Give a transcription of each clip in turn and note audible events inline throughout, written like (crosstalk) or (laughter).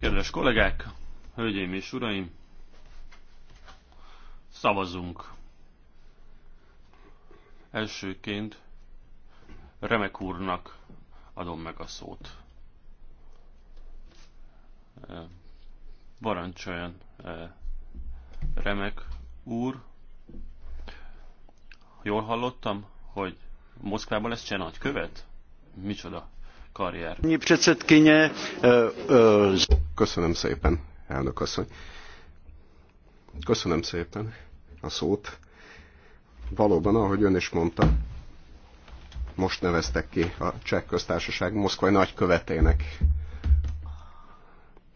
Kedves kollégák, hölgyeim és uraim, szavazunk. Elsőként Remek úrnak adom meg a szót. Parancsoljon Remek úr. Jól hallottam, hogy Moszkvában lesz cseh követ? Micsoda karrier. Eh, eh, Köszönöm szépen, elnök asszony. Köszönöm szépen a szót. Valóban, ahogy ön is mondta, most neveztek ki a Cseh Köztársaság Moszkvai nagykövetének.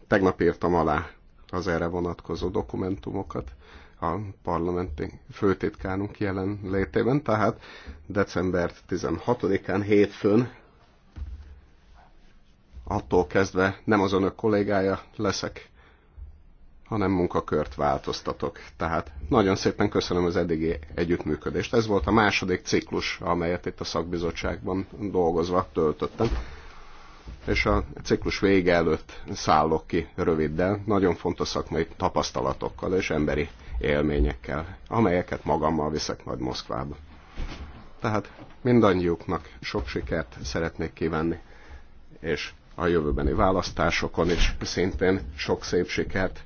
Tegnap írtam alá az erre vonatkozó dokumentumokat, a parlamenti főtitkárunk jelen létében, tehát december 16-án hétfőn attól kezdve nem az önök kollégája leszek, hanem munkakört változtatok. Tehát nagyon szépen köszönöm az eddigi együttműködést. Ez volt a második ciklus, amelyet itt a szakbizottságban dolgozva töltöttem. És a ciklus vége előtt szállok ki röviddel, nagyon fontos szakmai tapasztalatokkal és emberi élményekkel, amelyeket magammal viszek majd Moszkvába. Tehát mindannyiuknak sok sikert szeretnék kívánni, és a jövőbeni választásokon is szintén sok szép sikert.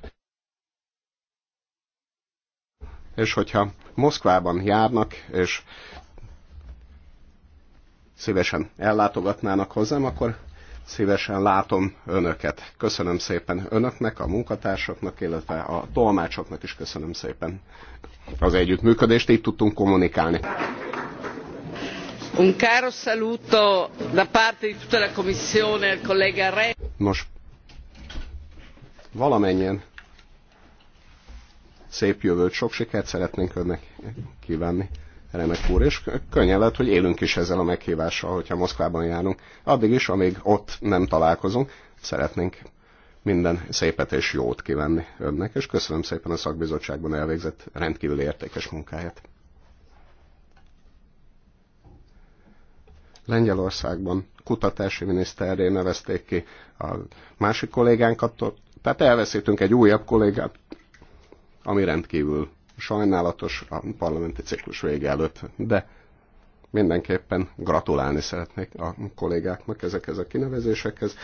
És hogyha Moszkvában járnak, és szívesen ellátogatnának hozzám, akkor szívesen látom önöket. Köszönöm szépen önöknek, a munkatársaknak, illetve a tolmácsoknak is köszönöm szépen az együttműködést, így tudtunk kommunikálni. Un caro saluto da parte di tutta la commissione al collega Re. Nos, valamennyien szép jövőt, sok sikert szeretnénk önnek kívánni remek úr, és könnyen lehet, hogy élünk is ezzel a meghívással, hogyha Moszkvában járunk. Addig is, amíg ott nem találkozunk, szeretnénk minden szépet és jót kívánni önnek, és köszönöm szépen a szakbizottságban elvégzett rendkívül értékes munkáját. Lengyelországban kutatási miniszterré nevezték ki a másik kollégánkat, tehát elveszítünk egy újabb kollégát, ami rendkívül sajnálatos a parlamenti ciklus vége előtt, de mindenképpen gratulálni szeretnék a kollégáknak ezekhez a kinevezésekhez.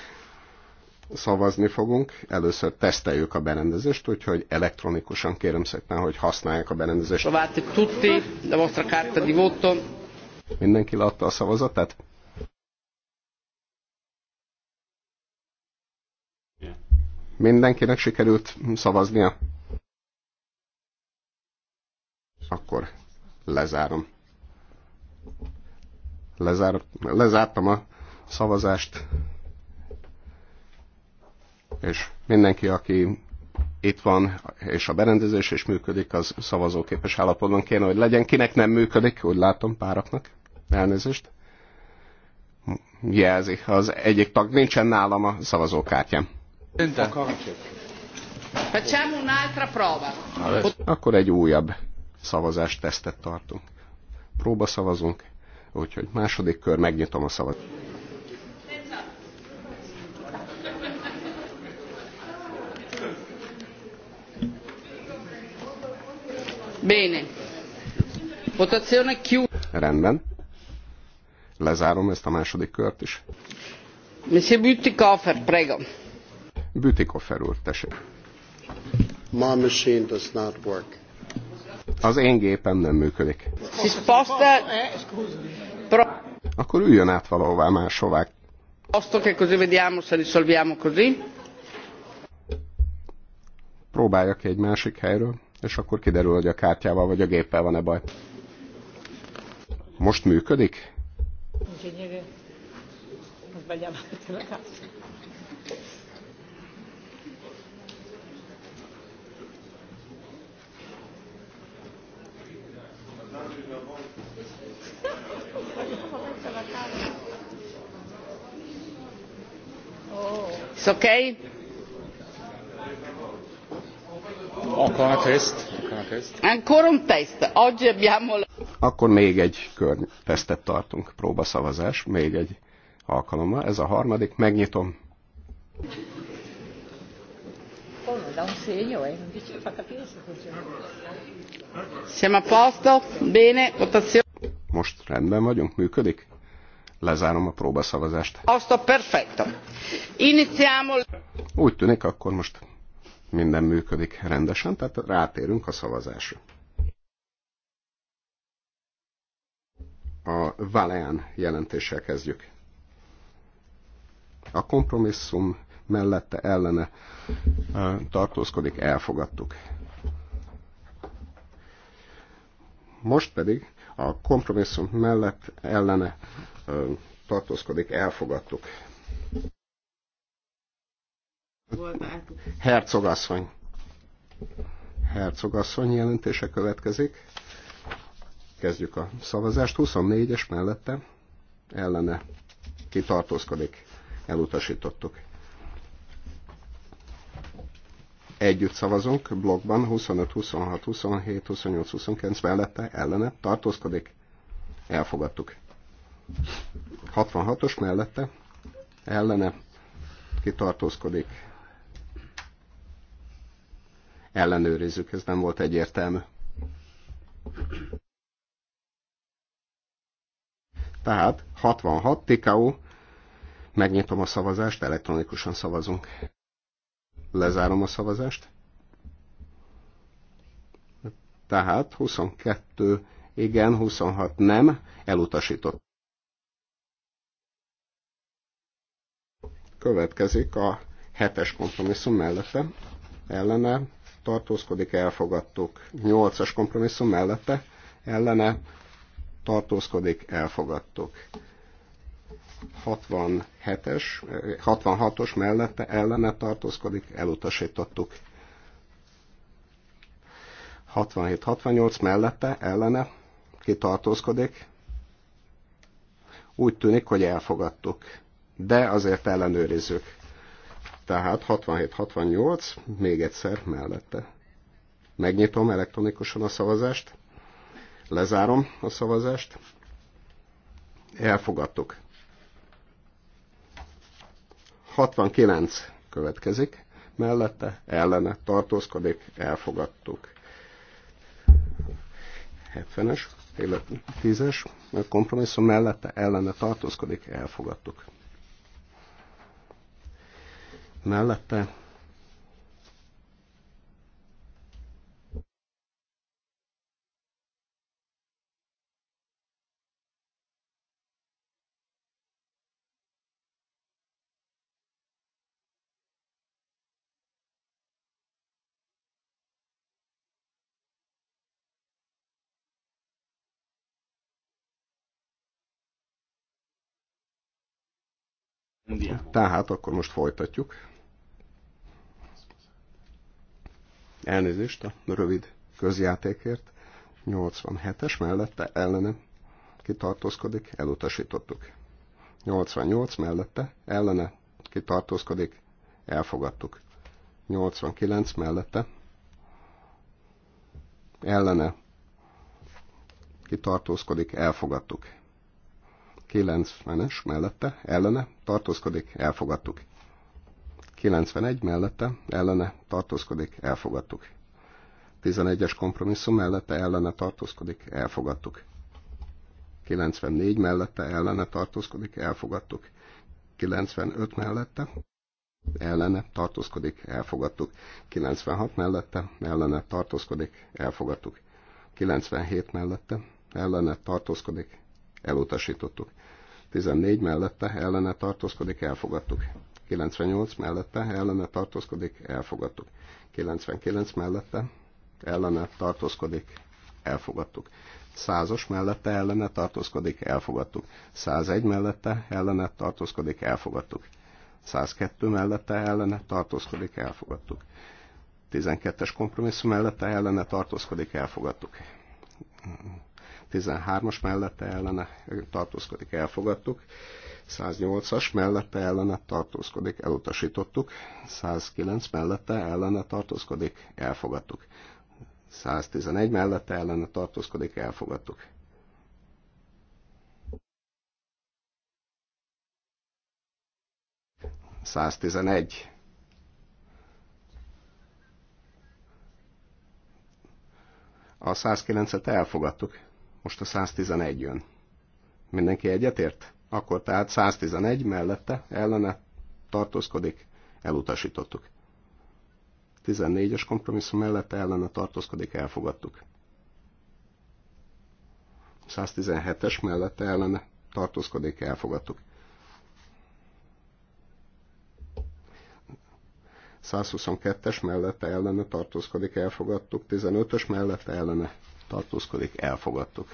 Szavazni fogunk, először teszteljük a berendezést, úgyhogy elektronikusan kérem szépen, hogy használják a berendezést. Provate tutti la vostra carta di voto. Mindenki látta a szavazatát? Mindenkinek sikerült szavaznia? akkor lezárom. Lezár, lezártam a szavazást, és mindenki, aki itt van, és a berendezés is működik, az szavazóképes állapotban kéne, hogy legyen. Kinek nem működik, úgy látom páraknak. Elnézést. Jelzi, az egyik tag nincsen nálam a szavazókártyám. Facciamo un'altra prova. Akkor egy újabb szavazást, tesztet tartunk. Próba szavazunk, úgyhogy második kör, megnyitom a szavat. Bene. Votazione chiusa. Rendben. Lezárom ezt a második kört is. Monsieur Bütikofer, prego. Bütikofer úr, tessék. Ma machine does not work. Az én gépem nem működik. Akkor üljön át valahová máshová. Próbálja ki egy másik helyről, és akkor kiderül, hogy a kártyával vagy a géppel van-e baj. Most működik? It's okay? Ancora una test. Ancora un test. Oggi abbiamo... Akkor még egy körny tesztet tartunk, próbaszavazás, még egy alkalommal. Ez a harmadik, megnyitom da un segno, eh. non dice, fa capire se funziona. Siamo a posto, bene, votazione. Most rendben vagyunk, működik? Lezárom a próbaszavazást. Posto perfetto. Iniziamo. Úgy tűnik, akkor most minden működik rendesen, tehát rátérünk a szavazásra. A Valean jelentéssel kezdjük. A kompromisszum mellette ellene tartózkodik, elfogadtuk. Most pedig a kompromisszum mellett ellene tartózkodik, elfogadtuk. Hercogasszony. Hercogasszony jelentése következik. Kezdjük a szavazást. 24-es mellette ellene kitartózkodik. Elutasítottuk. Együtt szavazunk blogban 25, 26, 27, 28, 29 mellette ellene tartózkodik. Elfogadtuk. 66-os mellette ellene kitartózkodik. Ellenőrizzük, ez nem volt egyértelmű. Tehát 66 TKO, megnyitom a szavazást, elektronikusan szavazunk. Lezárom a szavazást. Tehát 22 igen, 26 nem, elutasított. Következik a hetes kompromisszum mellette, ellene tartózkodik, elfogadtuk. 8-as kompromisszum mellette, ellene tartózkodik, elfogadtuk. 67-es, 66-os eh, mellette ellene tartózkodik, elutasítottuk. 67-68 mellette ellene kitartózkodik. Úgy tűnik, hogy elfogadtuk, de azért ellenőrizzük. Tehát 67-68 még egyszer mellette. Megnyitom elektronikusan a szavazást, lezárom a szavazást, elfogadtuk. 69 következik, mellette ellene tartózkodik, elfogadtuk. 70-es, 10-es kompromisszum mellette ellene tartózkodik, elfogadtuk. Mellette Tehát akkor most folytatjuk. Elnézést a rövid közjátékért. 87-es mellette ellene kitartózkodik, elutasítottuk. 88 mellette ellene kitartózkodik, elfogadtuk. 89 mellette ellene kitartózkodik, elfogadtuk. 90-es mellette, ellene, tartózkodik, elfogadtuk. 91 mellette, ellene, tartózkodik, elfogadtuk. 11-es kompromisszum mellette, ellene, tartózkodik, elfogadtuk. 94 mellette, ellene, tartózkodik, elfogadtuk. 95 mellette, ellene, tartózkodik, elfogadtuk. 96 mellette, ellene, tartózkodik, elfogadtuk. 97 mellette, ellene, tartózkodik, elutasítottuk. 14 mellette ellene tartózkodik, elfogadtuk. 98 mellette ellene tartózkodik, elfogadtuk. 99 mellette ellene tartózkodik, elfogadtuk. 100-os mellette ellene tartózkodik, elfogadtuk. 101 mellette ellene tartózkodik, elfogadtuk. 102 mellette ellene tartózkodik, elfogadtuk. 12-es kompromisszum mellette ellene tartózkodik, elfogadtuk. 113-as mellette ellene tartózkodik, elfogadtuk. 108-as mellette ellene tartózkodik, elutasítottuk. 109 mellette ellene tartózkodik, elfogadtuk. 111 mellette ellene tartózkodik, elfogadtuk. Száztizenegy. A 109-et elfogadtuk. Most a 111 jön. Mindenki egyetért? Akkor tehát 111 mellette ellene tartózkodik, elutasítottuk. 14-es kompromisszum mellette ellene tartózkodik, elfogadtuk. 117-es mellette ellene tartózkodik, elfogadtuk. 122-es mellette ellene tartózkodik, elfogadtuk. 15-ös mellette ellene tartózkodik, elfogadtuk.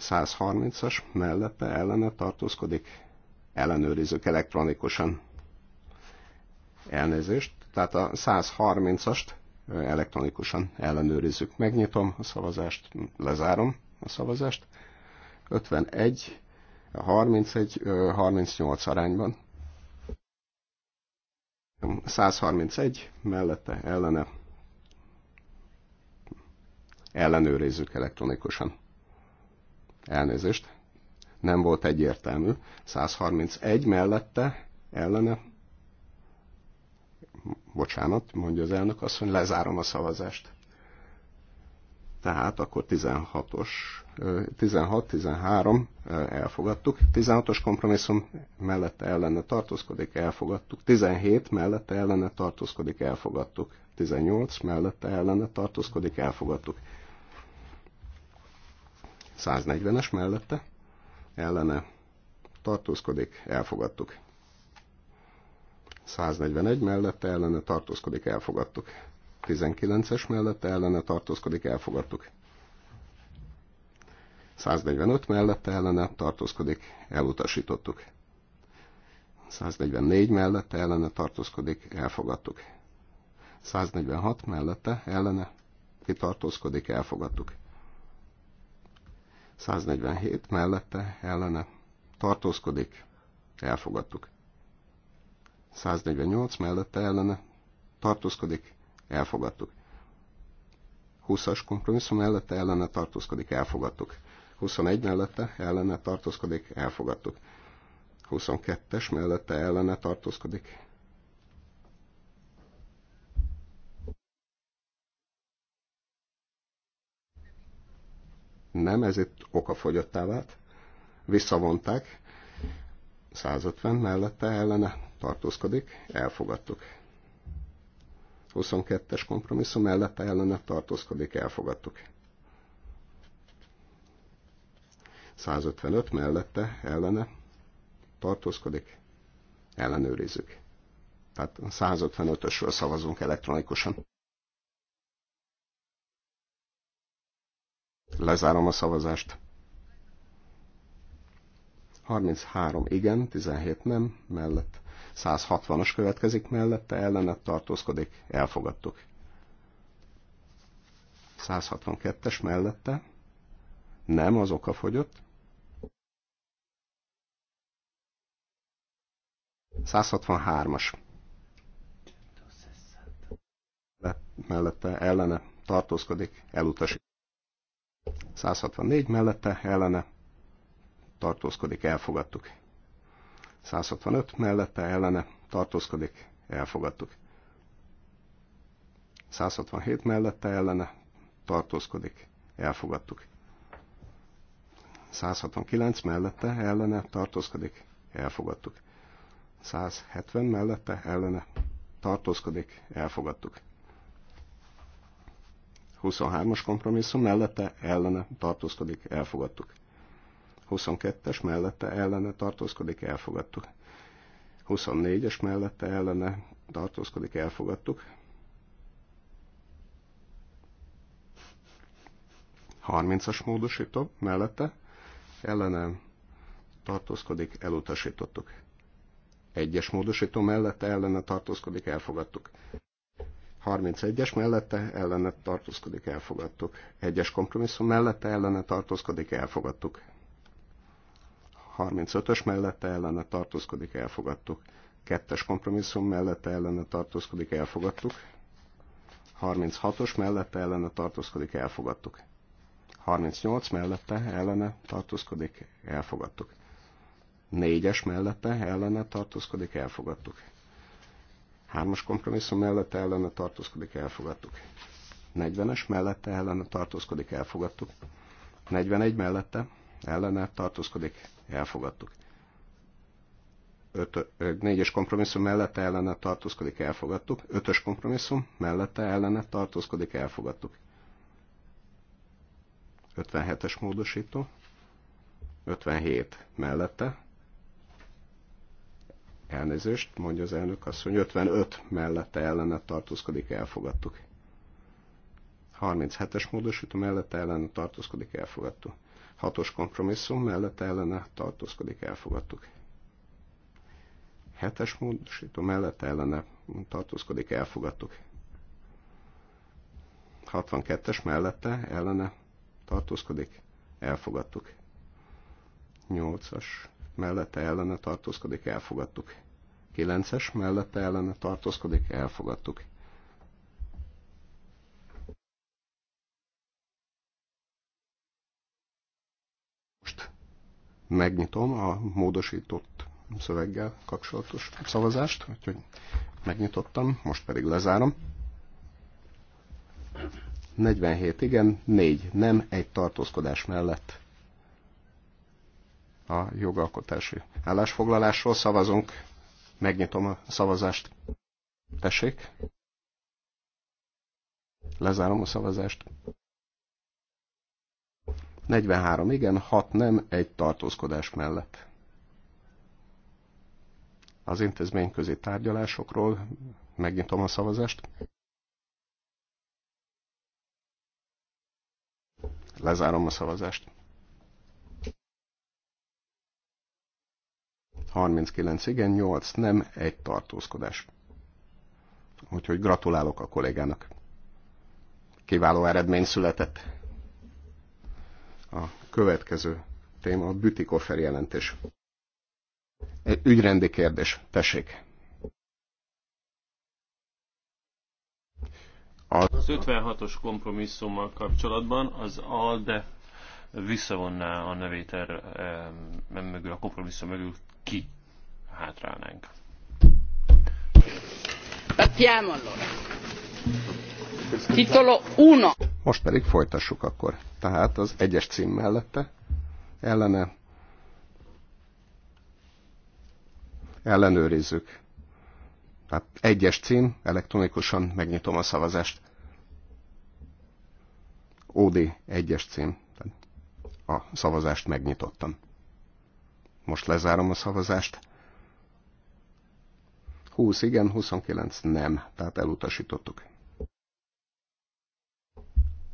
130-as mellette ellene tartózkodik, ellenőrizzük elektronikusan. Elnézést, tehát a 130-ast elektronikusan ellenőrizzük. Megnyitom a szavazást, lezárom a szavazást. 51, 31, 38 arányban. 131 mellette ellene ellenőrizzük elektronikusan. Elnézést, nem volt egyértelmű. 131 mellette, ellene, bocsánat, mondja az elnök azt, hogy lezárom a szavazást. Tehát akkor 16-os, 16-13 elfogadtuk, 16-os kompromisszum mellette ellene tartózkodik, elfogadtuk, 17 mellette ellene tartózkodik, elfogadtuk, 18 mellette ellene tartózkodik, elfogadtuk, 140-es mellette ellene tartózkodik, elfogadtuk. 141 mellette ellene tartózkodik, elfogadtuk. 19-es mellette ellene tartózkodik, elfogadtuk. 145 mellette ellene tartózkodik, elutasítottuk. 144 mellette ellene tartózkodik, elfogadtuk. 146 mellette ellene kitartózkodik, elfogadtuk. 147 mellette ellene tartózkodik, elfogadtuk. 148 mellette ellene tartózkodik, elfogadtuk. 20-as kompromisszum mellette ellene tartózkodik, elfogadtuk. 21 mellette ellene tartózkodik, elfogadtuk. 22-es mellette ellene tartózkodik, Nem, ez itt okafogyottá vált. Visszavonták. 150 mellette ellene tartózkodik. Elfogadtuk. 22-es kompromisszum mellette ellene tartózkodik. Elfogadtuk. 155 mellette ellene tartózkodik. Ellenőrizzük. Tehát 155-ösről szavazunk elektronikusan. Lezárom a szavazást. 33 igen, 17 nem, mellett 160-as következik mellette, ellenet tartózkodik, elfogadtuk. 162-es mellette, nem, az oka fogyott. 163-as mellette ellene tartózkodik, elutasít. 164 mellette ellene tartózkodik, elfogadtuk. 165 mellette ellene tartózkodik, elfogadtuk. 167 mellette ellene tartózkodik, elfogadtuk. 169 mellette ellene tartózkodik, elfogadtuk. 170 mellette ellene tartózkodik, elfogadtuk. 23-as kompromisszum mellette ellene tartózkodik, elfogadtuk. 22-es mellette ellene tartózkodik, elfogadtuk. 24-es mellette ellene tartózkodik, elfogadtuk. 30-as módosító mellette ellene tartózkodik, elutasítottuk. Egyes módosító mellette ellene tartózkodik, elfogadtuk. 31-es mellette ellene tartózkodik, elfogadtuk. 1-es kompromisszum mellette ellene tartózkodik, elfogadtuk. 35-ös mellette ellene tartózkodik, elfogadtuk. 2-es kompromisszum mellette ellene tartózkodik, elfogadtuk. 36-os mellette ellene tartózkodik, elfogadtuk. 38 mellette ellene tartózkodik, elfogadtuk. 4-es mellette ellene tartózkodik, elfogadtuk. Hármas kompromisszum mellette ellene tartózkodik, elfogadtuk. 40-es mellette ellene tartózkodik, elfogadtuk. 41 mellette ellene tartózkodik, elfogadtuk. 4-es kompromisszum mellette ellene tartózkodik, elfogadtuk. 5-ös kompromisszum mellette ellene tartózkodik, elfogadtuk. 57-es módosító. 57 mellette Elnézést, mondja az elnök asszony, 55 mellette ellene tartózkodik, elfogadtuk. 37-es módosító mellette ellene tartózkodik, elfogadtuk. 6-os kompromisszum mellette ellene tartózkodik, elfogadtuk. 7-es módosító mellette ellene tartózkodik, elfogadtuk. 62-es mellette ellene tartózkodik, elfogadtuk. 8-as mellette ellene tartózkodik, elfogadtuk. 9-es mellette ellene tartózkodik, elfogadtuk. Most megnyitom a módosított szöveggel kapcsolatos szavazást, úgyhogy megnyitottam, most pedig lezárom. 47 igen, 4 nem, egy tartózkodás mellett a jogalkotási állásfoglalásról szavazunk. Megnyitom a szavazást. Tessék. Lezárom a szavazást. 43 igen, 6 nem, egy tartózkodás mellett. Az intézményközi tárgyalásokról megnyitom a szavazást. Lezárom a szavazást. 39 igen, 8 nem, egy tartózkodás. Úgyhogy gratulálok a kollégának. Kiváló eredmény született. A következő téma a Bütikofer jelentés. Egy ügyrendi kérdés, tessék. Az 56-os kompromisszummal kapcsolatban az ALDE visszavonná a nevét erre, nem mögül, a kompromisszum mögül ki hátrálnánk. Titolo 1. Most pedig folytassuk akkor. Tehát az egyes cím mellette ellene ellenőrizzük. Tehát egyes cím, elektronikusan megnyitom a szavazást. OD egyes cím. A szavazást megnyitottam. Most lezárom a szavazást. 20 igen, 29 nem, tehát elutasítottuk.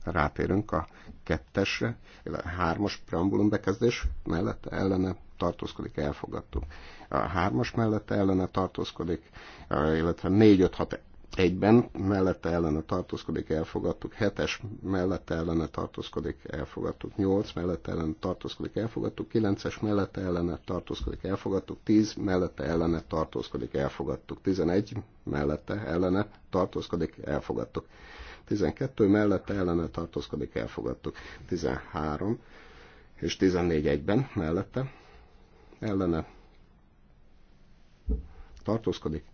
Rátérünk a kettesre, illetve hármas preambulum bekezdés mellett ellene tartózkodik, elfogadtuk. A hármas mellett ellene tartózkodik, illetve 4, 5, 6 egyben mellette ellene tartózkodik, elfogadtuk, hetes mellette ellene tartózkodik, elfogadtuk, nyolc mellette ellene tartózkodik, elfogadtuk, kilences mellette ellene tartózkodik, elfogadtuk, tíz mellette ellene tartózkodik, elfogadtuk, tizenegy mellette ellene tartózkodik, elfogadtuk, tizenkettő mellette ellene tartózkodik, elfogadtuk, tizenhárom és tizennégy egyben mellette ellene tartózkodik,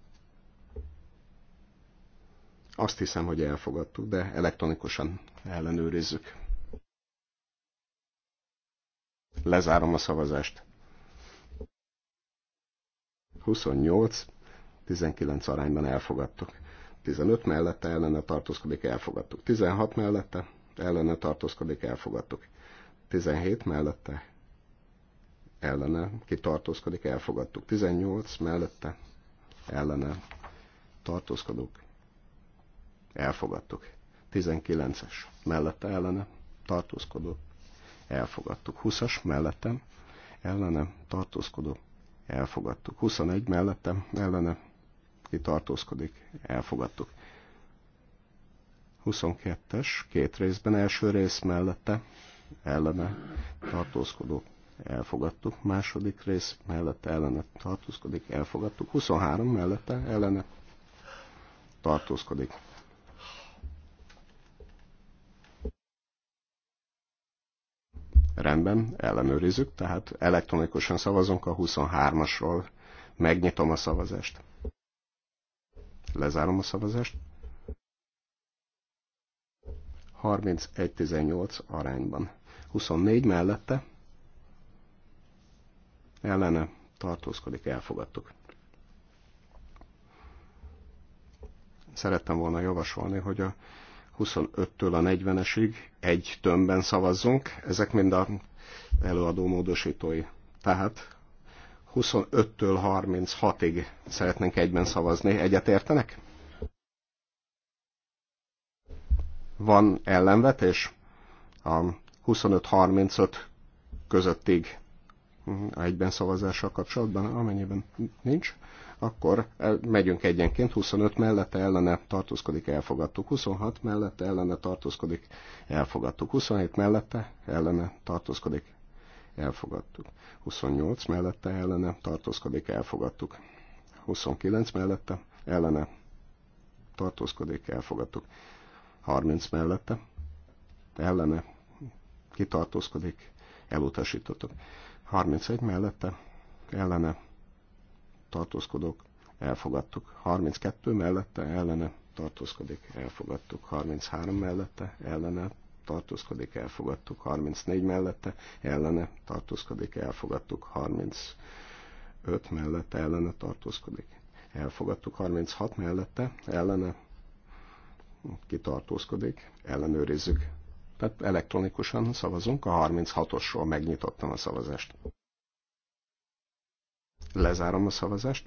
azt hiszem, hogy elfogadtuk, de elektronikusan ellenőrizzük. Lezárom a szavazást. 28, 19 arányban elfogadtuk. 15 mellette ellene tartózkodik, elfogadtuk. 16 mellette ellene tartózkodik, elfogadtuk. 17 mellette ellene, kitartózkodik, elfogadtuk. 18 mellette ellene tartózkodók, elfogadtuk. 19-es mellette ellene tartózkodó, elfogadtuk. 20-as mellettem ellene, tartózkodó, elfogadtuk. 21 mellettem ellene, ki tartózkodik, elfogadtuk. 22-es, két részben, első rész mellette ellene tartózkodó, elfogadtuk. Második rész mellette ellene tartózkodik, elfogadtuk. 23 mellette ellene tartózkodik, Rendben, ellenőrizzük, tehát elektronikusan szavazunk a 23-asról. Megnyitom a szavazást. Lezárom a szavazást. 31-18 arányban. 24 mellette ellene tartózkodik, elfogadtuk. Szerettem volna javasolni, hogy a 25-től a 40-esig egy tömbben szavazzunk, ezek mind a előadó módosítói. Tehát 25-től 36-ig szeretnénk egyben szavazni. Egyet értenek? Van ellenvetés? A 25-35 közöttig egyben szavazással kapcsolatban, amennyiben nincs, akkor megyünk egyenként, 25 mellette ellene tartózkodik, elfogadtuk, 26 mellette ellene tartózkodik, elfogadtuk, 27 mellette ellene tartózkodik, elfogadtuk, 28 mellette ellene tartózkodik, elfogadtuk, 29 mellette ellene tartózkodik, elfogadtuk, 30 mellette ellene kitartózkodik, elutasítottuk, 31 mellette ellene tartózkodok, elfogadtuk. 32 mellette ellene tartózkodik, elfogadtuk. 33 mellette ellene tartózkodik, elfogadtuk. 34 mellette ellene tartózkodik, elfogadtuk. 35 mellette ellene tartózkodik, elfogadtuk. 36 mellette ellene kitartózkodik, ellenőrizzük. Tehát elektronikusan szavazunk, a 36-osról megnyitottam a szavazást. Lezárom a szavazást.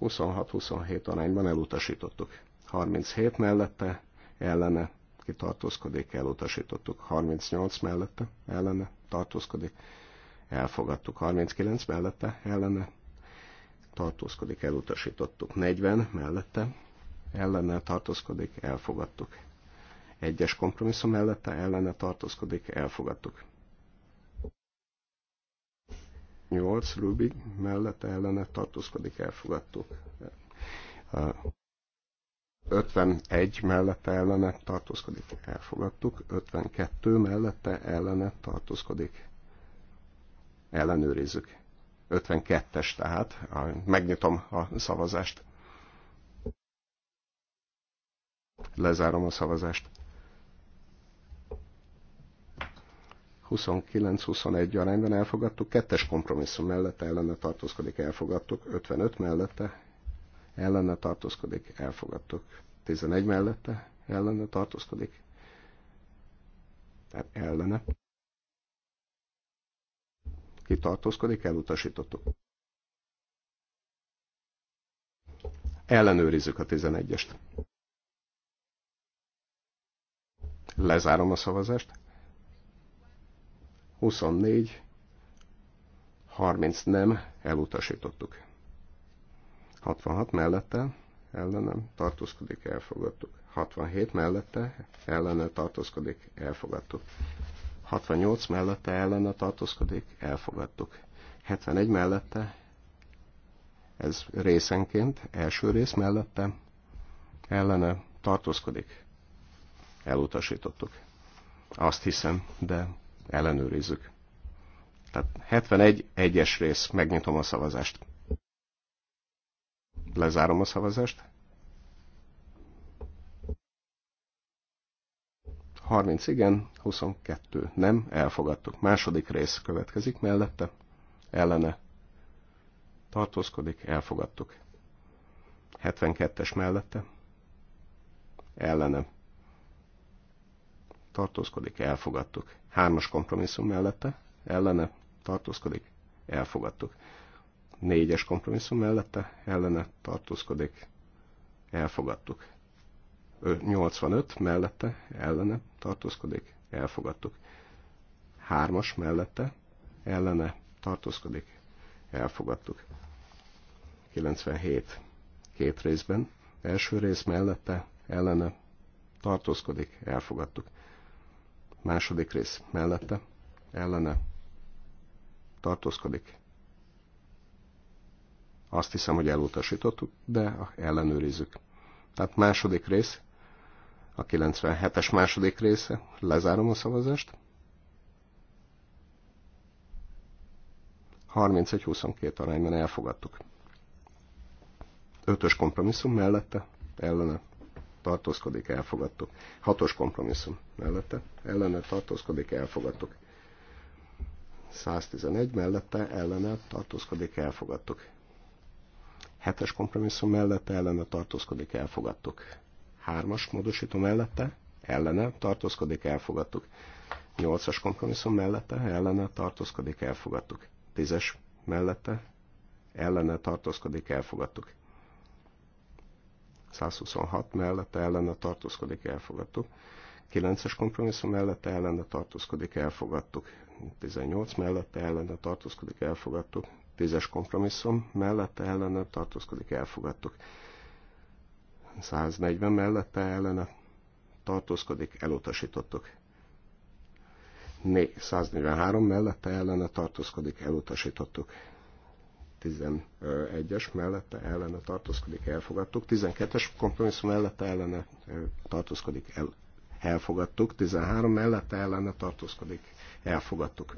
26-27 arányban elutasítottuk. 37 mellette, ellene, ki tartózkodik, elutasítottuk. 38 mellette, ellene, tartózkodik, elfogadtuk. 39 mellette, ellene, tartózkodik, elutasítottuk. 40 mellette, ellene tartózkodik, elfogadtuk. Egyes kompromisszum mellette, ellene tartózkodik, elfogadtuk. 8 Rubik mellette ellene tartózkodik, elfogadtuk. 51 mellette ellene tartózkodik, elfogadtuk. 52 mellette ellene tartózkodik, ellenőrizzük. 52-es tehát, megnyitom a szavazást. Lezárom a szavazást. 29-21 arányban elfogadtuk, kettes kompromisszum mellette ellene tartózkodik, elfogadtuk, 55 mellette ellene tartózkodik, elfogadtuk, 11 mellette ellene tartózkodik, tehát ellene. Ki tartózkodik, elutasítottuk. Ellenőrizzük a 11-est. Lezárom a szavazást. 24, 30 nem, elutasítottuk. 66 mellette, ellenem tartózkodik, elfogadtuk. 67 mellette, ellene tartózkodik, elfogadtuk. 68 mellette, ellene tartózkodik, elfogadtuk. 71 mellette, ez részenként, első rész mellette, ellene tartózkodik, elutasítottuk. Azt hiszem, de ellenőrizzük. Tehát 71 egyes rész, megnyitom a szavazást. Lezárom a szavazást. 30 igen, 22 nem, elfogadtuk. Második rész következik mellette, ellene tartózkodik, elfogadtuk. 72-es mellette, ellene tartózkodik, elfogadtuk. Hármas kompromisszum mellette, ellene, tartózkodik, elfogadtuk. Négyes kompromisszum mellette, ellene, tartózkodik, elfogadtuk. 85 mellette, ellene, tartózkodik, elfogadtuk. Hármas mellette, ellene, tartózkodik, elfogadtuk. 97 két részben, első rész mellette, ellene, tartózkodik, elfogadtuk. Második rész mellette, ellene tartózkodik. Azt hiszem, hogy elutasítottuk, de ellenőrizzük. Tehát második rész, a 97-es második része, lezárom a szavazást. 31-22 arányban elfogadtuk. Ötös kompromisszum mellette, ellene tartózkodik, elfogadtuk. Hatos kompromisszum mellette, ellene tartózkodik, elfogadtuk. 111 mellette, ellene tartózkodik, elfogadtuk. Hetes kompromisszum mellette, ellene tartózkodik, elfogadtuk. Hármas módosító mellette, ellene tartózkodik, elfogadtuk. Nyolcas kompromisszum mellette, ellene tartózkodik, elfogadtuk. Tízes mellette, ellene tartózkodik, elfogadtuk. 126 mellette ellene tartózkodik, elfogadtuk. 9-es kompromisszum mellette ellene tartózkodik, elfogadtuk. 18 mellette ellene tartózkodik, elfogadtuk. 10-es kompromisszum mellette ellene tartózkodik, elfogadtuk. 140 mellette ellene tartózkodik, elutasítottuk. 143 mellette ellene tartózkodik, elutasítottuk. 11-es mellette ellene tartózkodik, elfogadtuk. 12-es kompromisszum mellette ellene tartózkodik, el, elfogadtuk. 13 mellette ellene tartózkodik, elfogadtuk.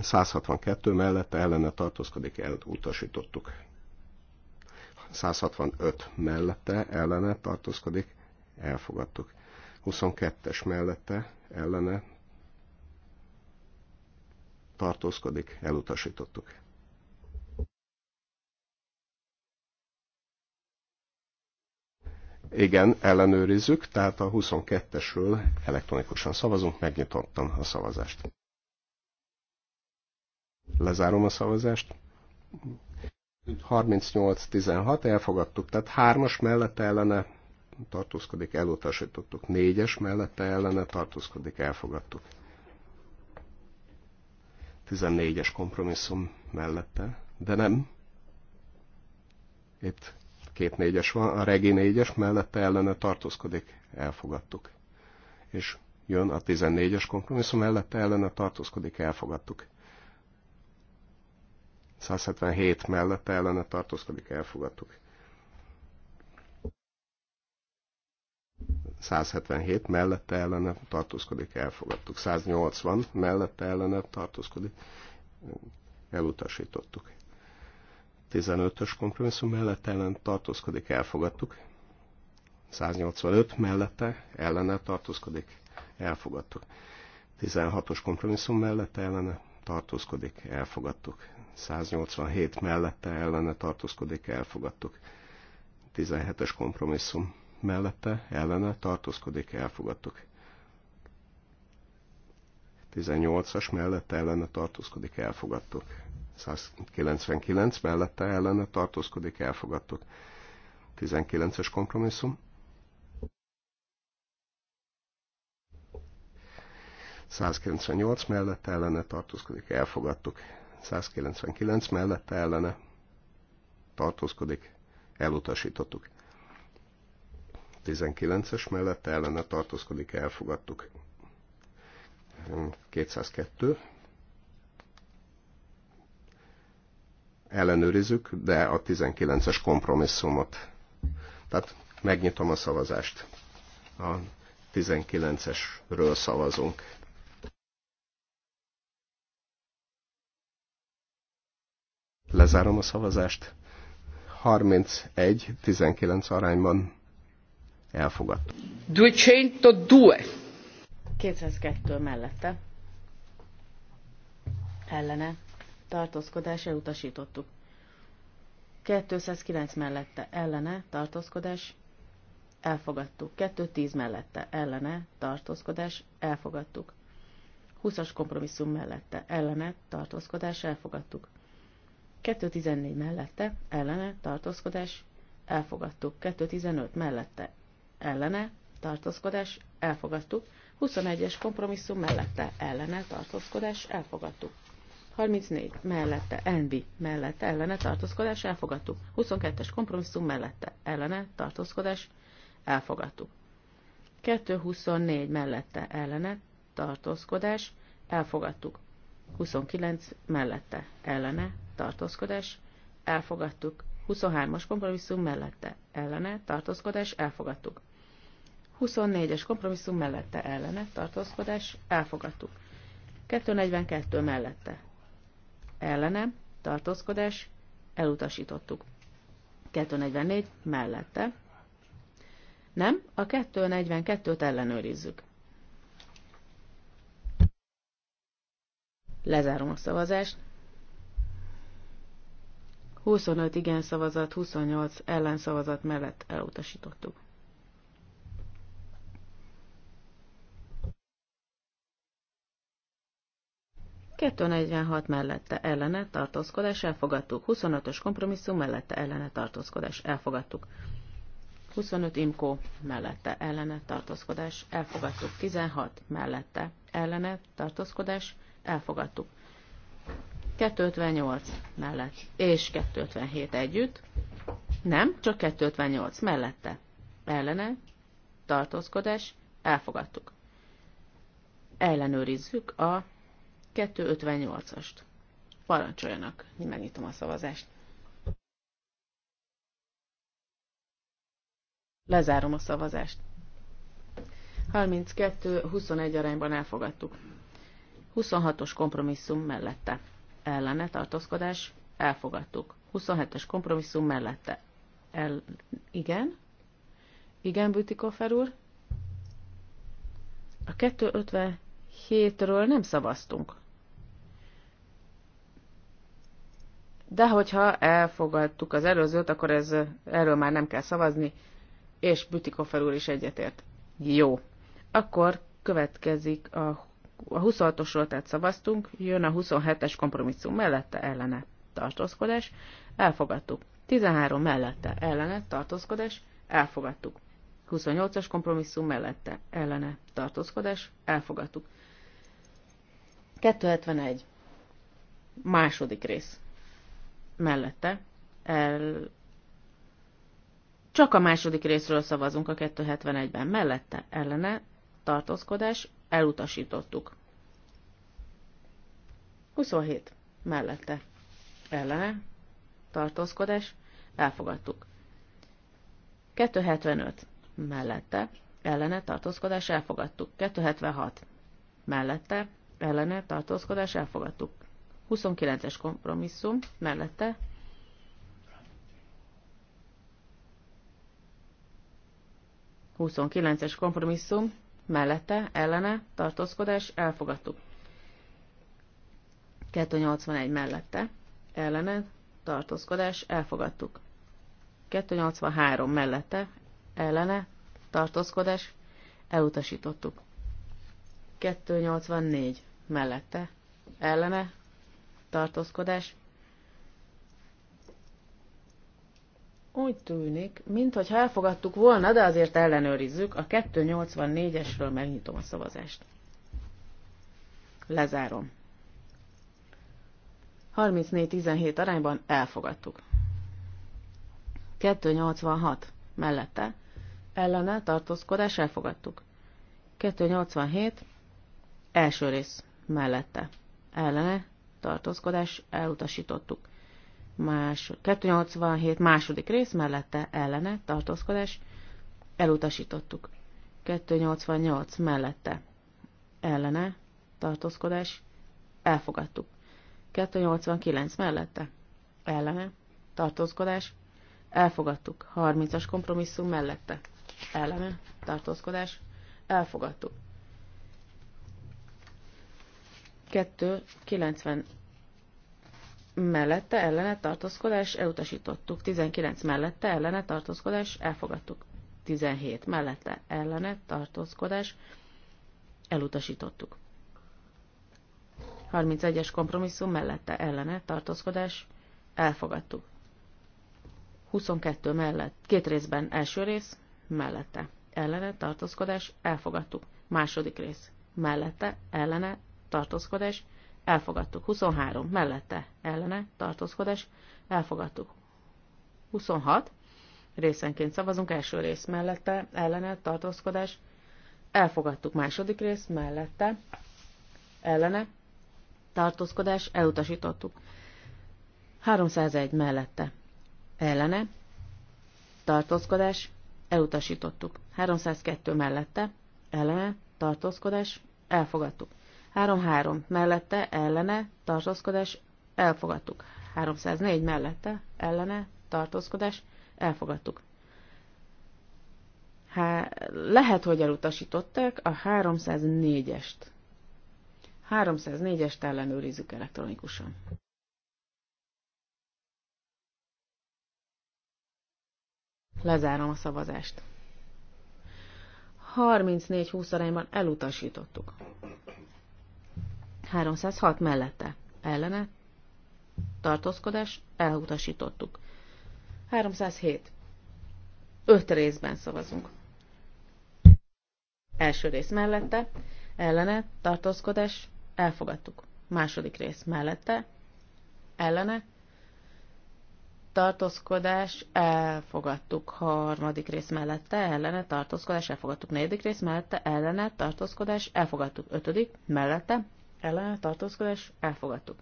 162 mellette ellene tartózkodik, elutasítottuk. 165 mellette ellene tartózkodik, elfogadtuk. 22-es mellette ellene tartózkodik, elutasítottuk. Igen, ellenőrizzük, tehát a 22-esről elektronikusan szavazunk, megnyitottam a szavazást. Lezárom a szavazást. 38-16 elfogadtuk, tehát 3-as mellette ellene tartózkodik, elutasítottuk. 4-es mellette ellene tartózkodik, elfogadtuk. 14-es kompromisszum mellette, de nem. Itt két négyes van, a regi négyes mellette ellene tartózkodik, elfogadtuk. És jön a 14-es kompromisszum mellette ellene tartózkodik, elfogadtuk. 177 mellette ellene tartózkodik, elfogadtuk. 177 mellette ellene tartózkodik, elfogadtuk. 180 mellette ellene tartózkodik, elutasítottuk. 15-ös kompromisszum mellette ellen tartózkodik, elfogadtuk. 185 mellette ellene tartózkodik, elfogadtuk. 16-os kompromisszum mellette ellene tartózkodik, elfogadtuk. 187 mellette ellene tartózkodik, elfogadtuk. 17-es kompromisszum mellette ellene tartózkodik, elfogadtok. 18-as mellette ellene tartózkodik, elfogadtok. 199 mellette ellene tartózkodik, elfogadtok. 19-es kompromisszum. 198 mellette ellene tartózkodik, elfogadtok. 199 mellette ellene tartózkodik, elutasítottuk. 19-es mellett ellene tartózkodik, elfogadtuk. 202. Ellenőrizzük, de a 19-es kompromisszumot. Tehát megnyitom a szavazást. A 19-esről szavazunk. Lezárom a szavazást. 31-19 arányban Elfogadt. 202. 202 mellette. Ellene. Tartózkodás elutasítottuk. 209 mellette ellene tartózkodás, elfogadtuk. 210 mellette ellene tartózkodás, elfogadtuk. 20-as kompromisszum mellette ellene tartózkodás, elfogadtuk. 214 mellette ellene tartózkodás, elfogadtuk. 215 mellette ellene, tartózkodás, elfogadtuk. 21-es kompromisszum mellette, ellene, tartózkodás, elfogadtuk. 34 mellette, NB mellette, ellene, tartózkodás, elfogadtuk. 22-es kompromisszum mellette, ellene, tartózkodás, elfogadtuk. 224 mellette, ellene, tartózkodás, elfogadtuk. 29 mellette, ellene, tartózkodás, elfogadtuk. 23-as kompromisszum mellette, ellene, tartózkodás, elfogadtuk. 24-es kompromisszum mellette ellene tartózkodás elfogadtuk. 242 mellette ellene tartózkodás elutasítottuk. 244 mellette. Nem, a 242-t ellenőrizzük. Lezárom a szavazást. 25 igen szavazat, 28 ellenszavazat mellett elutasítottuk. 246 mellette ellene tartózkodás elfogadtuk. 25-ös kompromisszum mellette ellene tartózkodás elfogadtuk. 25 imkó mellette ellene tartózkodás elfogadtuk. 16 mellette ellene tartózkodás elfogadtuk. 258 mellett és 257 együtt. Nem, csak 258 mellette. Ellene tartózkodás elfogadtuk. Ellenőrizzük a 258-ast. Parancsoljanak, megnyitom a szavazást. Lezárom a szavazást. 32-21 arányban elfogadtuk. 26-os kompromisszum mellette. Ellene tartózkodás, elfogadtuk. 27-es kompromisszum mellette. El, igen? Igen, Bütikofer úr? A 257-ről nem szavaztunk. de hogyha elfogadtuk az előzőt, akkor ez, erről már nem kell szavazni, és Bütikofer úr is egyetért. Jó. Akkor következik a, a 26-osról, tehát szavaztunk, jön a 27-es kompromisszum mellette ellene tartózkodás, elfogadtuk. 13 mellette ellene tartózkodás, elfogadtuk. 28-as kompromisszum mellette ellene tartózkodás, elfogadtuk. 271. Második rész mellette el... Csak a második részről szavazunk a 271-ben. Mellette ellene tartózkodás elutasítottuk. 27. Mellette ellene tartózkodás elfogadtuk. 275. Mellette ellene tartózkodás elfogadtuk. 276. Mellette ellene tartózkodás elfogadtuk. 29-es kompromisszum mellette 29-es kompromisszum, mellette, ellene, tartózkodás, elfogadtuk. 281 mellette, ellene, tartózkodás, elfogadtuk. 283 mellette, ellene, tartózkodás, elutasítottuk. 284 mellette, ellene, tartózkodás. Úgy tűnik, mintha elfogadtuk volna, de azért ellenőrizzük. A 284-esről megnyitom a szavazást. Lezárom. 34-17 arányban elfogadtuk. 286 mellette ellene tartózkodás elfogadtuk. 287 első rész mellette ellene tartózkodás elutasítottuk. Más, 287 második rész mellette ellene tartózkodás elutasítottuk. 288 mellette ellene tartózkodás elfogadtuk. 289 mellette ellene tartózkodás elfogadtuk. 30-as kompromisszum mellette ellene tartózkodás elfogadtuk. 2, 90 mellette ellene tartózkodás elutasítottuk, 19 mellette ellene tartózkodás elfogadtuk, 17 mellette ellene tartózkodás elutasítottuk. 31-es kompromisszum mellette ellene tartózkodás elfogadtuk. 22 mellett, két részben első rész, mellette ellene tartózkodás elfogadtuk. Második rész mellette ellene tartózkodás, elfogadtuk. 23 mellette, ellene, tartózkodás, elfogadtuk. 26 részenként szavazunk, első rész mellette, ellene, tartózkodás, elfogadtuk. Második rész mellette, ellene, tartózkodás, elutasítottuk. 301 mellette, ellene, tartózkodás, elutasítottuk. 302 mellette, ellene, tartózkodás, elfogadtuk. 3-3 mellette ellene tartózkodás elfogadtuk. 304 mellette ellene tartózkodás elfogadtuk. Há, lehet, hogy elutasították a 304-est. 304-est ellenőrizzük elektronikusan. Lezárom a szavazást. 34-20 arányban elutasítottuk. 306 mellette. Ellene. Tartózkodás. Elutasítottuk. 307. Öt részben szavazunk. Első rész mellette. Ellene. Tartózkodás. Elfogadtuk. Második rész mellette. Ellene. Tartózkodás. Elfogadtuk. Harmadik rész mellette. Ellene. Tartózkodás. Elfogadtuk. Negyedik rész mellette. Ellene. Tartózkodás. Elfogadtuk. Ötödik. Mellette ellene tartózkodás elfogadtuk.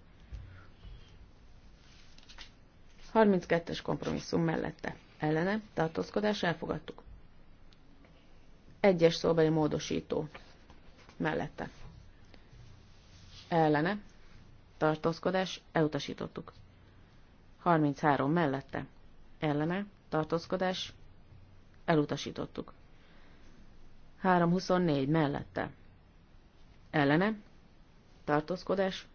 32-es kompromisszum mellette ellene tartózkodás elfogadtuk. Egyes szóbeli módosító mellette ellene tartózkodás elutasítottuk. 33 mellette ellene tartózkodás elutasítottuk. 324 mellette ellene tartózkodás,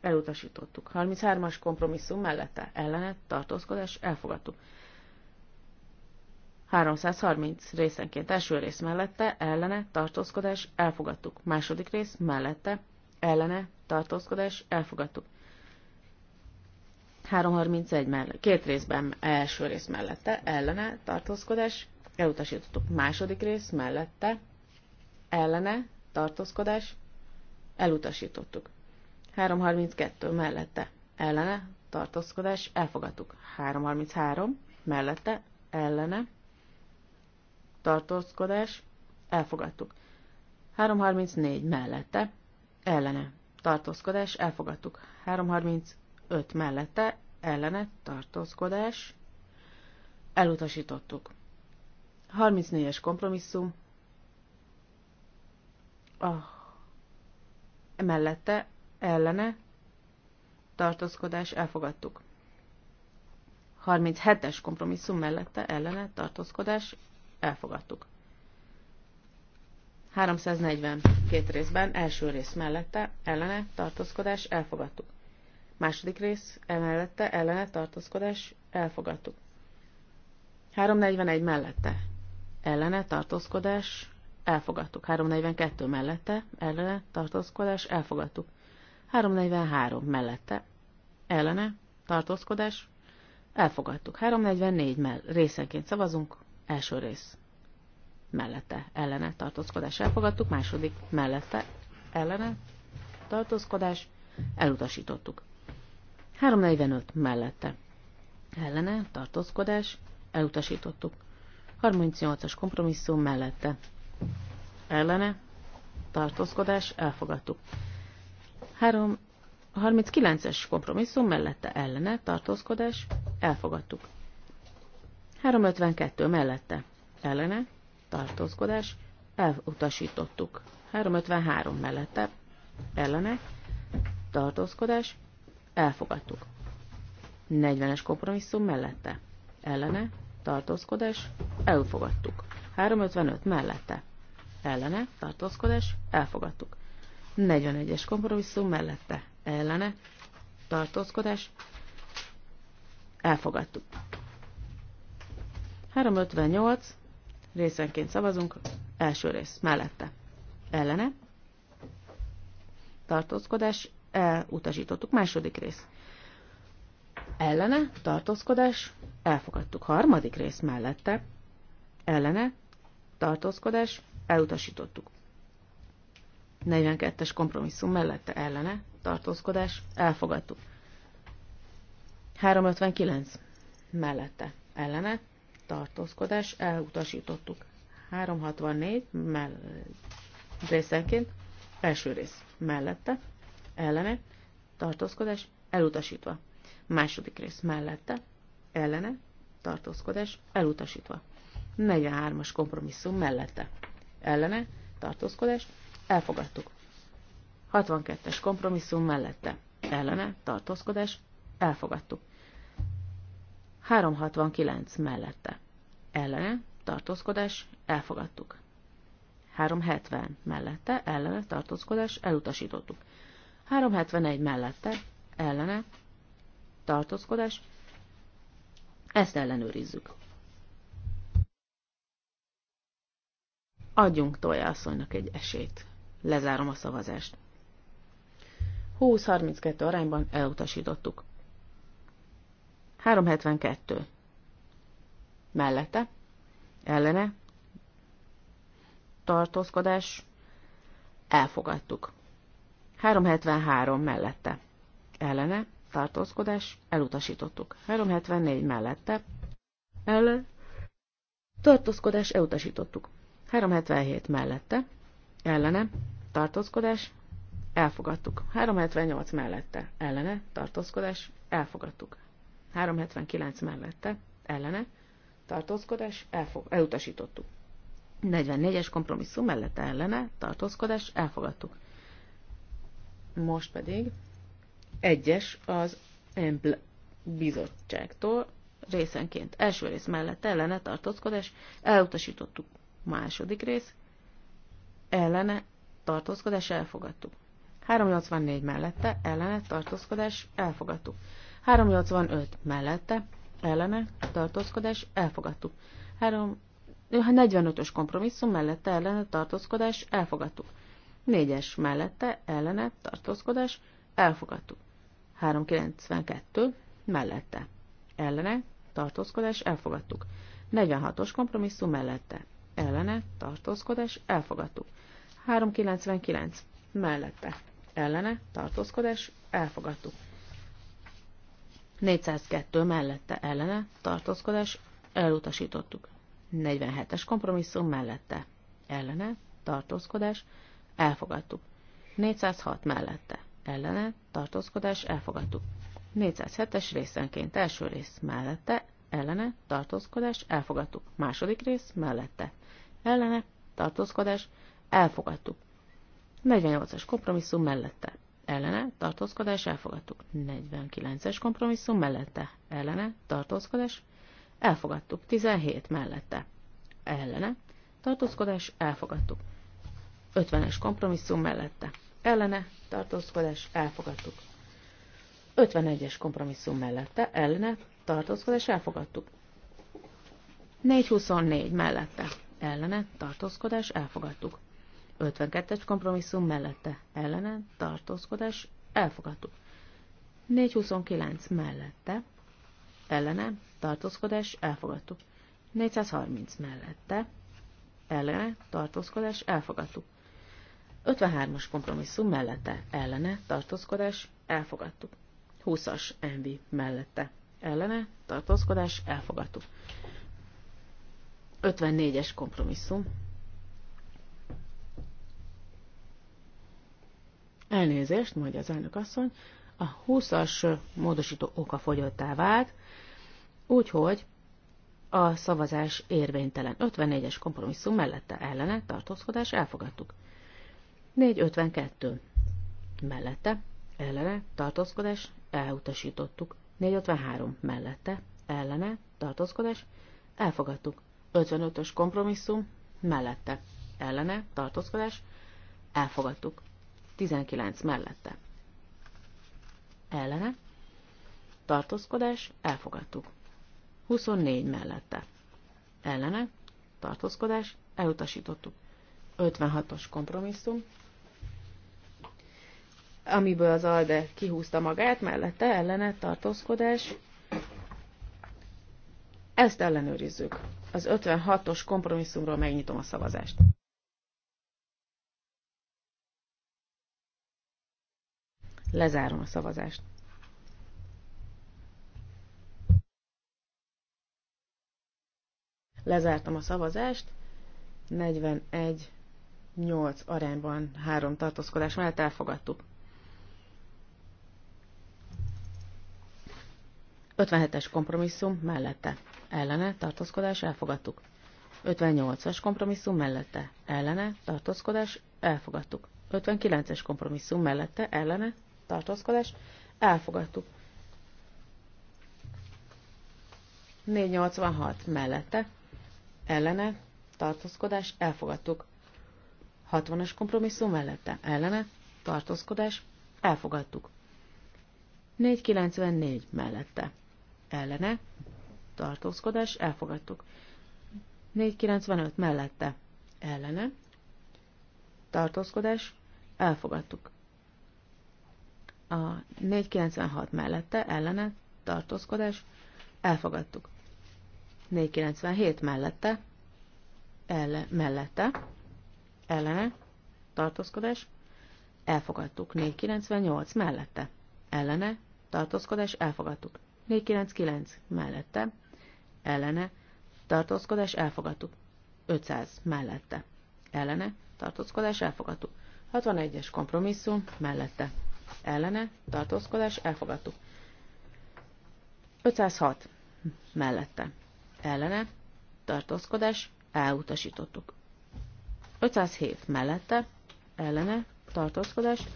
elutasítottuk. 33-as kompromisszum mellette, ellene, tartózkodás, elfogadtuk. 330 részenként első rész mellette, ellene, tartózkodás, elfogadtuk. Második rész mellette, ellene, tartózkodás, elfogadtuk. 331 mellett, két részben első rész mellette, ellene, tartózkodás, elutasítottuk. Második rész mellette, ellene, tartózkodás, elutasítottuk. 332 mellette ellene tartózkodás elfogadtuk. 333 mellette ellene tartózkodás elfogadtuk. 334 mellette ellene tartózkodás elfogadtuk. 335 mellette ellene tartózkodás elutasítottuk. 34-es kompromisszum a mellette, ellene, tartózkodás elfogadtuk. 37-es kompromisszum mellette, ellene, tartózkodás elfogadtuk. 340 két részben, első rész mellette, ellene, tartózkodás elfogadtuk. Második rész emellette, ellene, tartózkodás elfogadtuk. 341 mellette, ellene, tartózkodás elfogadtuk. 342 mellette, ellene, tartózkodás, elfogadtuk. 343 mellette, ellene, tartózkodás, elfogadtuk. 344 mell részenként szavazunk, első rész mellette, ellene, tartózkodás, elfogadtuk. Második mellette, ellene, tartózkodás, elutasítottuk. 345 mellette, ellene, tartózkodás, elutasítottuk. 38-as kompromisszum mellette, ellene, tartózkodás, elfogadtuk. 39-es kompromisszum mellette ellene, tartózkodás, elfogadtuk. 352 mellette ellene, tartózkodás, elutasítottuk. 353 mellette ellene, tartózkodás, elfogadtuk. 40-es kompromisszum mellette ellene, tartózkodás, elfogadtuk. 355 mellette ellene, tartózkodás, elfogadtuk. 41-es kompromisszum mellette, ellene, tartózkodás, elfogadtuk. 358, részenként szavazunk, első rész, mellette, ellene, tartózkodás, elutasítottuk, második rész, ellene, tartózkodás, elfogadtuk, harmadik rész mellette, ellene, tartózkodás, elutasítottuk. 42-es kompromisszum mellette ellene tartózkodás elfogadtuk. 359 mellette ellene tartózkodás elutasítottuk. 364 mell részenként első rész mellette ellene tartózkodás elutasítva. Második rész mellette ellene tartózkodás elutasítva. 43-as kompromisszum mellette ellene, tartózkodás, elfogadtuk. 62-es kompromisszum mellette, ellene, tartózkodás, elfogadtuk. 369 mellette, ellene, tartózkodás, elfogadtuk. 370 mellette, ellene, tartózkodás, elutasítottuk. 371 mellette, ellene, tartózkodás, ezt ellenőrizzük. Adjunk asszonynak egy esélyt. Lezárom a szavazást. 20-32 arányban elutasítottuk. 372. Mellette, ellene, tartózkodás, elfogadtuk. 373 mellette, ellene, tartózkodás, elutasítottuk. 374 mellette, ellene, tartózkodás, elutasítottuk. 377 mellette, ellene, tartózkodás, elfogadtuk. 378 mellette, ellene, tartózkodás, elfogadtuk. 379 mellette, ellene, tartózkodás, elfog, elutasítottuk. 44-es kompromisszum mellette, ellene, tartózkodás, elfogadtuk. Most pedig egyes az EMPL bizottságtól részenként. Első rész mellette, ellene tartózkodás, elutasítottuk. Második rész. Ellene tartózkodás elfogadtuk. 384 mellette ellene tartózkodás elfogadtuk. 385 mellette ellene tartózkodás elfogadtuk. 45-ös hát kompromisszum mellette ellene tartózkodás elfogadtuk. 4-es mellette ellene tartózkodás elfogadtuk. 392 mellette ellene tartózkodás elfogadtuk. 46-os kompromisszum mellette ellene, tartózkodás, elfogadtuk. 399 mellette, ellene, tartózkodás, elfogadtuk. 402 mellette, ellene, tartózkodás, elutasítottuk. 47-es kompromisszum mellette, ellene, tartózkodás, elfogadtuk. 406 mellette, ellene, tartózkodás, elfogadtuk. 407-es részenként első rész mellette, ellene, tartózkodás, elfogadtuk. Második rész, mellette, ellene, tartózkodás, elfogadtuk. 48-as kompromisszum mellette, ellene, tartózkodás, elfogadtuk. 49-es kompromisszum mellette, ellene, tartózkodás, elfogadtuk. 17 mellette, ellene, tartózkodás, elfogadtuk. 50-es kompromisszum mellette, ellene, tartózkodás, elfogadtuk. 51-es kompromisszum mellette, ellene, tartózkodás elfogadtuk. 424 mellette ellene tartózkodás elfogadtuk. 52-es kompromisszum mellette ellene tartózkodás elfogadtuk. 429 mellette ellene tartózkodás elfogadtuk. 430 mellette ellene tartózkodás elfogadtuk. 53-as kompromisszum mellette ellene tartózkodás elfogadtuk. 20-as envi mellette ellene tartózkodás elfogadtuk. 54-es kompromisszum. Elnézést, mondja az elnök asszony, a 20-as módosító oka fogyottá vált, úgyhogy a szavazás érvénytelen. 54-es kompromisszum mellette ellene tartózkodás elfogadtuk. 452 mellette ellene tartózkodás elutasítottuk. 453 mellette, ellene, tartózkodás, elfogadtuk. 55-ös kompromisszum, mellette, ellene, tartózkodás, elfogadtuk. 19 mellette, ellene, tartózkodás, elfogadtuk. 24 mellette, ellene, tartózkodás, elutasítottuk. 56-os kompromisszum, amiből az ALDE kihúzta magát, mellette ellene tartózkodás. Ezt ellenőrizzük. Az 56-os kompromisszumról megnyitom a szavazást. Lezárom a szavazást. Lezártam a szavazást. 41-8 arányban három tartózkodás mellett elfogadtuk. 57-es kompromisszum mellette, ellene, tartózkodás, elfogadtuk. 58-as kompromisszum mellette, ellene, tartózkodás, elfogadtuk. 59-es kompromisszum mellette, ellene, tartózkodás, elfogadtuk. 486 mellette, ellene, tartózkodás, elfogadtuk. 60-as kompromisszum mellette, ellene, tartózkodás, elfogadtuk. 494 mellette, ellene, tartózkodás, elfogadtuk. 495 mellette, ellene, tartózkodás, elfogadtuk. A 496 mellette, ellene, tartózkodás, elfogadtuk. 497 mellette, elle, mellette, ellene, tartózkodás, elfogadtuk. 498 mellette, ellene, tartózkodás, elfogadtuk. 499 mellette, ellene, tartózkodás elfogadtuk. 500 mellette, ellene, tartózkodás elfogadtuk. 61-es kompromisszum mellette, ellene, tartózkodás elfogadtuk. 506 mellette, ellene, tartózkodás elutasítottuk. 507 mellette, ellene, tartózkodás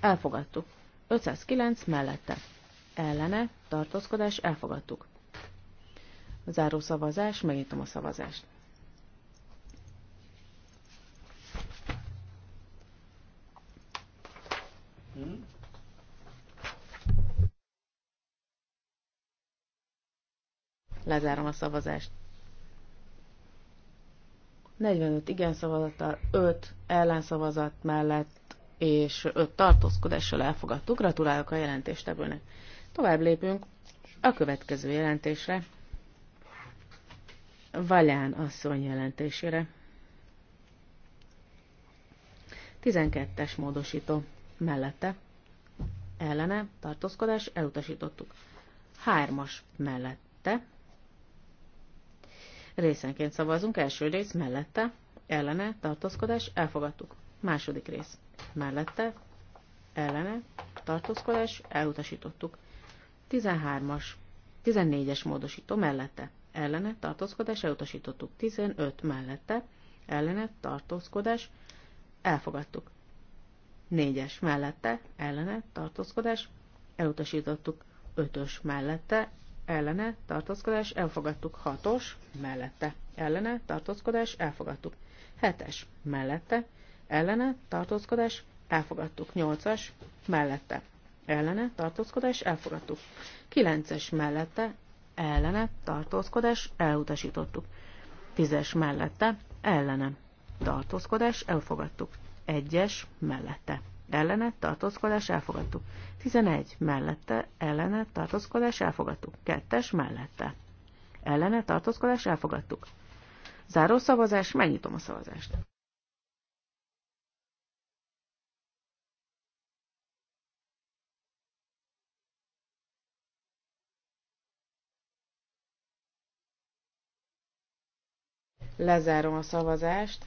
elfogadtuk. 509 mellette, ellene, tartózkodás, elfogadtuk. Záró szavazás, megnyitom a szavazást. Lezárom a szavazást. 45 igen szavazattal, 5 ellenszavazat mellett és 5 tartózkodással elfogadtuk. Gratulálok a jelentéstevőnek. Tovább lépünk a következő jelentésre. Valján asszony jelentésére. 12-es módosító mellette. Ellene tartózkodás elutasítottuk. 3-as mellette. Részenként szavazunk. Első rész mellette. Ellene tartózkodás elfogadtuk. Második rész mellette. Ellene tartózkodás elutasítottuk. 13-as, 14-es módosító mellette, ellene tartózkodás elutasítottuk. 15 mellette, ellene tartózkodás elfogadtuk. 4-es mellette, ellene tartózkodás elutasítottuk. 5-ös mellette, ellene tartózkodás elfogadtuk. 6-os mellette, ellene tartózkodás elfogadtuk. 7-es mellette, ellene tartózkodás elfogadtuk. 8-as mellette, ellene tartózkodás elfogadtuk. 9-es mellette ellene tartózkodás elutasítottuk. 10-es mellette ellene tartózkodás elfogadtuk. 1-es mellette ellene tartózkodás elfogadtuk. 11 mellette ellene tartózkodás elfogadtuk. 2-es mellette ellene tartózkodás elfogadtuk. Záró szavazás, megnyitom a szavazást. Lezárom a szavazást.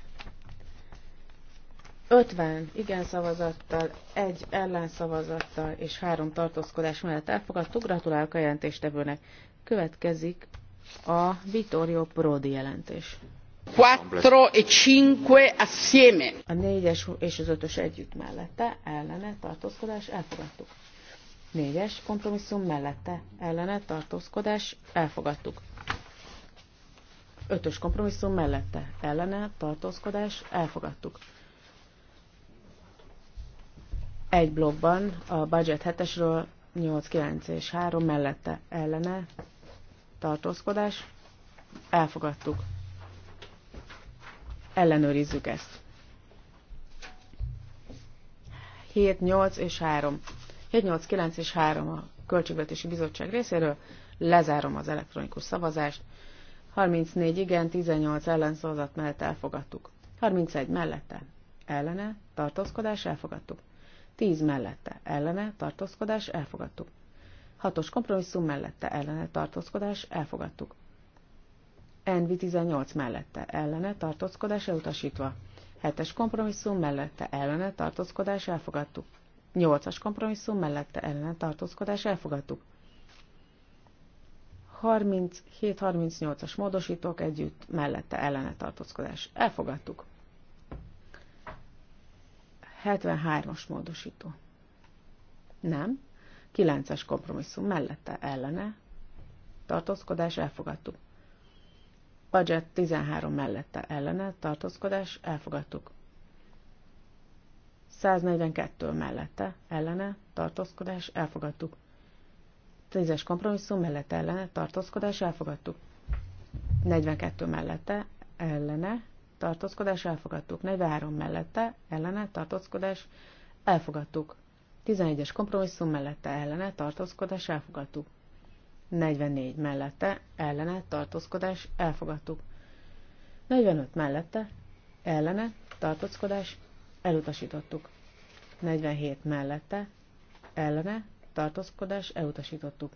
50 igen szavazattal, egy ellen szavazattal és három tartózkodás mellett elfogadtuk. Gratulálok a jelentéstevőnek. Következik a Vittorio Prodi jelentés. 4 e 5 assieme. A 4-es és az 5-ös együtt mellette, ellene, tartózkodás, elfogadtuk. 4-es kompromisszum mellette, ellene, tartózkodás, elfogadtuk. Ötös kompromisszum mellette ellene tartózkodás elfogadtuk. Egy blogban a budget 7-esről 8, 9 és 3 mellette ellene tartózkodás elfogadtuk. Ellenőrizzük ezt. 7, 8 és 3. 7, 8, 9 és 3 a Költségvetési Bizottság részéről. Lezárom az elektronikus szavazást. 34 igen, 18 ellenszavazat mellett elfogadtuk. 31 mellette, ellene, tartózkodás, elfogadtuk. 10 mellette, ellene, tartózkodás, elfogadtuk. 6-os kompromisszum mellette, ellene, tartózkodás, elfogadtuk. Envi 18 mellette, ellene, tartózkodás, elutasítva. 7-es kompromisszum mellette, ellene, tartózkodás, elfogadtuk. 8-as kompromisszum mellette, ellene, tartózkodás, elfogadtuk. 37-38-as módosítók együtt mellette ellene tartózkodás. Elfogadtuk. 73-as módosító. Nem. 9-es kompromisszum mellette ellene tartózkodás. Elfogadtuk. Budget 13 mellette ellene tartózkodás. Elfogadtuk. 142 mellette ellene tartózkodás. Elfogadtuk. Tízes kompromisszum mellett ellene tartózkodás elfogadtuk. 42 mellette ellene tartózkodás elfogadtuk. 43 mellette ellene tartózkodás elfogadtuk. 11-es kompromisszum mellette ellene tartózkodás elfogadtuk. 44 mellette ellene tartózkodás elfogadtuk. 45 mellette ellene tartózkodás elutasítottuk. 47 mellette ellene tartózkodás elutasítottuk.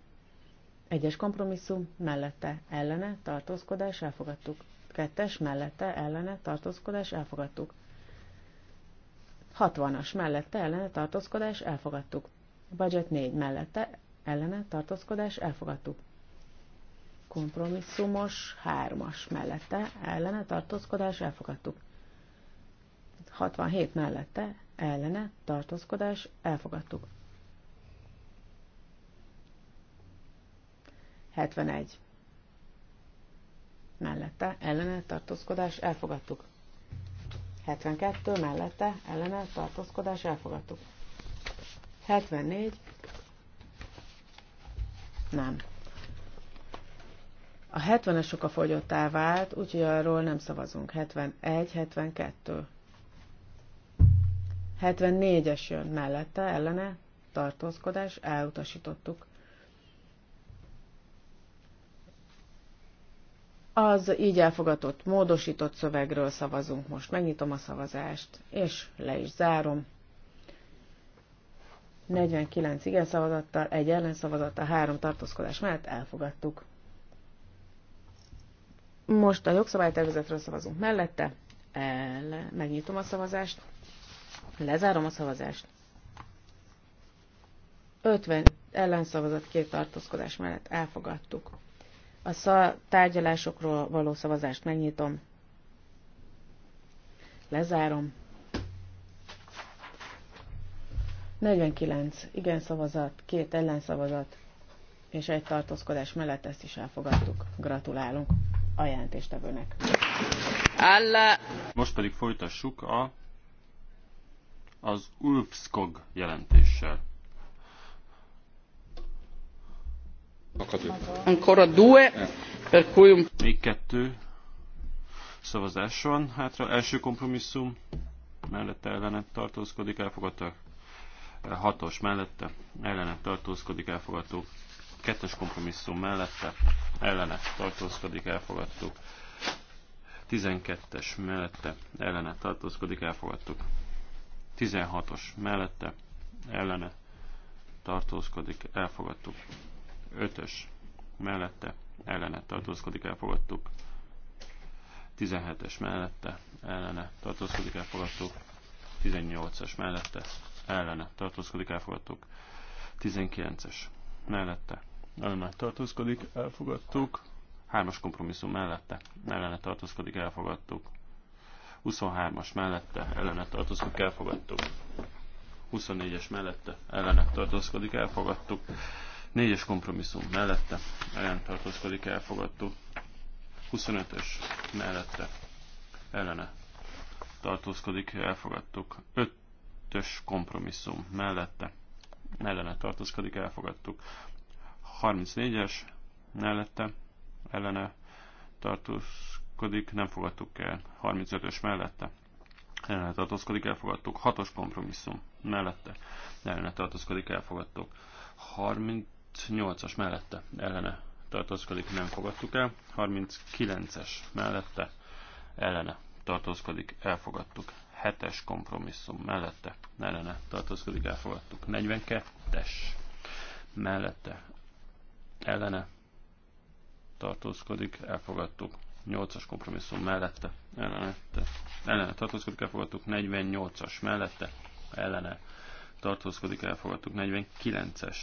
Egyes kompromisszum mellette ellene tartózkodás elfogadtuk. Kettes mellette ellene tartózkodás elfogadtuk. 60-as mellette ellene tartózkodás elfogadtuk. Budget 4 mellette ellene tartózkodás elfogadtuk. Kompromisszumos 3-as mellette ellene tartózkodás elfogadtuk. 67 mellette ellene tartózkodás elfogadtuk. 71. Mellette, ellene, tartózkodás, elfogadtuk. 72. Mellette, ellene, tartózkodás, elfogadtuk. 74. Nem. A 70-es soka fogyottá vált, úgyhogy arról nem szavazunk. 71, 72. 74-es jön mellette, ellene, tartózkodás, elutasítottuk. Az így elfogadott, módosított szövegről szavazunk most. Megnyitom a szavazást, és le is zárom. 49 igen szavazattal, egy ellen szavazattal, három tartózkodás mellett elfogadtuk. Most a jogszabálytervezetről szavazunk mellette. El, megnyitom a szavazást. Lezárom a szavazást. 50 ellenszavazat, két tartózkodás mellett elfogadtuk. A szá tárgyalásokról való szavazást megnyitom. Lezárom. 49 igen szavazat, két ellenszavazat és egy tartózkodás mellett ezt is elfogadtuk. Gratulálunk a jelentéstevőnek. Alla. Most pedig folytassuk a az Ulfskog jelentéssel. Ancora due, eh. per cui... Még kettő szavazás van hátra. Első kompromisszum mellette ellenet tartózkodik, elfogadta. Eh, hatos mellette ellenet tartózkodik, elfogadó. Kettes kompromisszum mellette ellenet tartózkodik, elfogadtuk. 12-es mellette ellene tartózkodik, elfogadtuk. 16-os mellette ellene tartózkodik, elfogadtuk. 5-ös mellette ellene tartózkodik, elfogadtuk. 17-es mellette ellene tartózkodik, elfogadtuk. 18-es mellette ellene tartózkodik, elfogadtuk. 19-es mellette ellene tartózkodik, elfogadtuk. 3-as kompromisszum mellette ellene tartózkodik, elfogadtuk. 23-as mellette ellene tartózkodik, elfogadtuk. 24-es mellette ellene tartózkodik, elfogadtuk. Négyes kompromisszum mellette ellen tartózkodik, elfogadtó, 25-ös mellette ellene tartózkodik, elfogadtuk. 5-ös kompromisszum mellette ellene tartózkodik, elfogadtuk. 34-es mellette ellene tartózkodik, nem fogadtuk el. 35-ös mellette ellene tartózkodik, elfogadtuk. 6-os kompromisszum mellette ellene tartózkodik, elfogadtuk. 30 38-as mellette ellene tartózkodik, nem fogadtuk el. 39-es mellette ellene tartózkodik, elfogadtuk. 7-es kompromisszum mellette ellene tartózkodik, elfogadtuk. 42-es mellette ellene tartózkodik, elfogadtuk. 8-as kompromisszum mellette ellene, ellene tartózkodik, elfogadtuk. 48-as mellette ellene tartózkodik, elfogadtuk. 49-es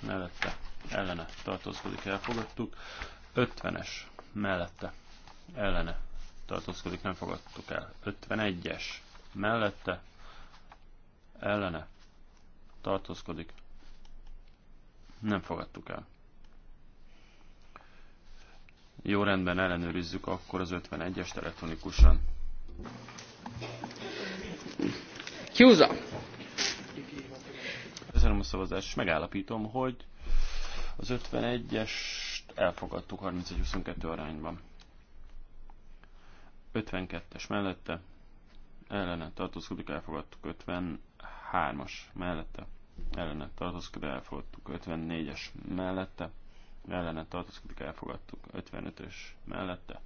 mellette ellene tartózkodik, elfogadtuk. 50-es mellette ellene tartózkodik, nem fogadtuk el. 51-es mellette ellene tartózkodik, nem fogadtuk el. Jó rendben ellenőrizzük akkor az 51 es telefonikusan. Kiúza! Lezárom a szavazást, és megállapítom, hogy az 51-est elfogadtuk 31-22 arányban. 52-es mellette, ellene tartózkodik, elfogadtuk 53-as mellette, ellene tartózkodik, elfogadtuk 54-es mellette, ellene tartózkodik, elfogadtuk 55-ös mellette,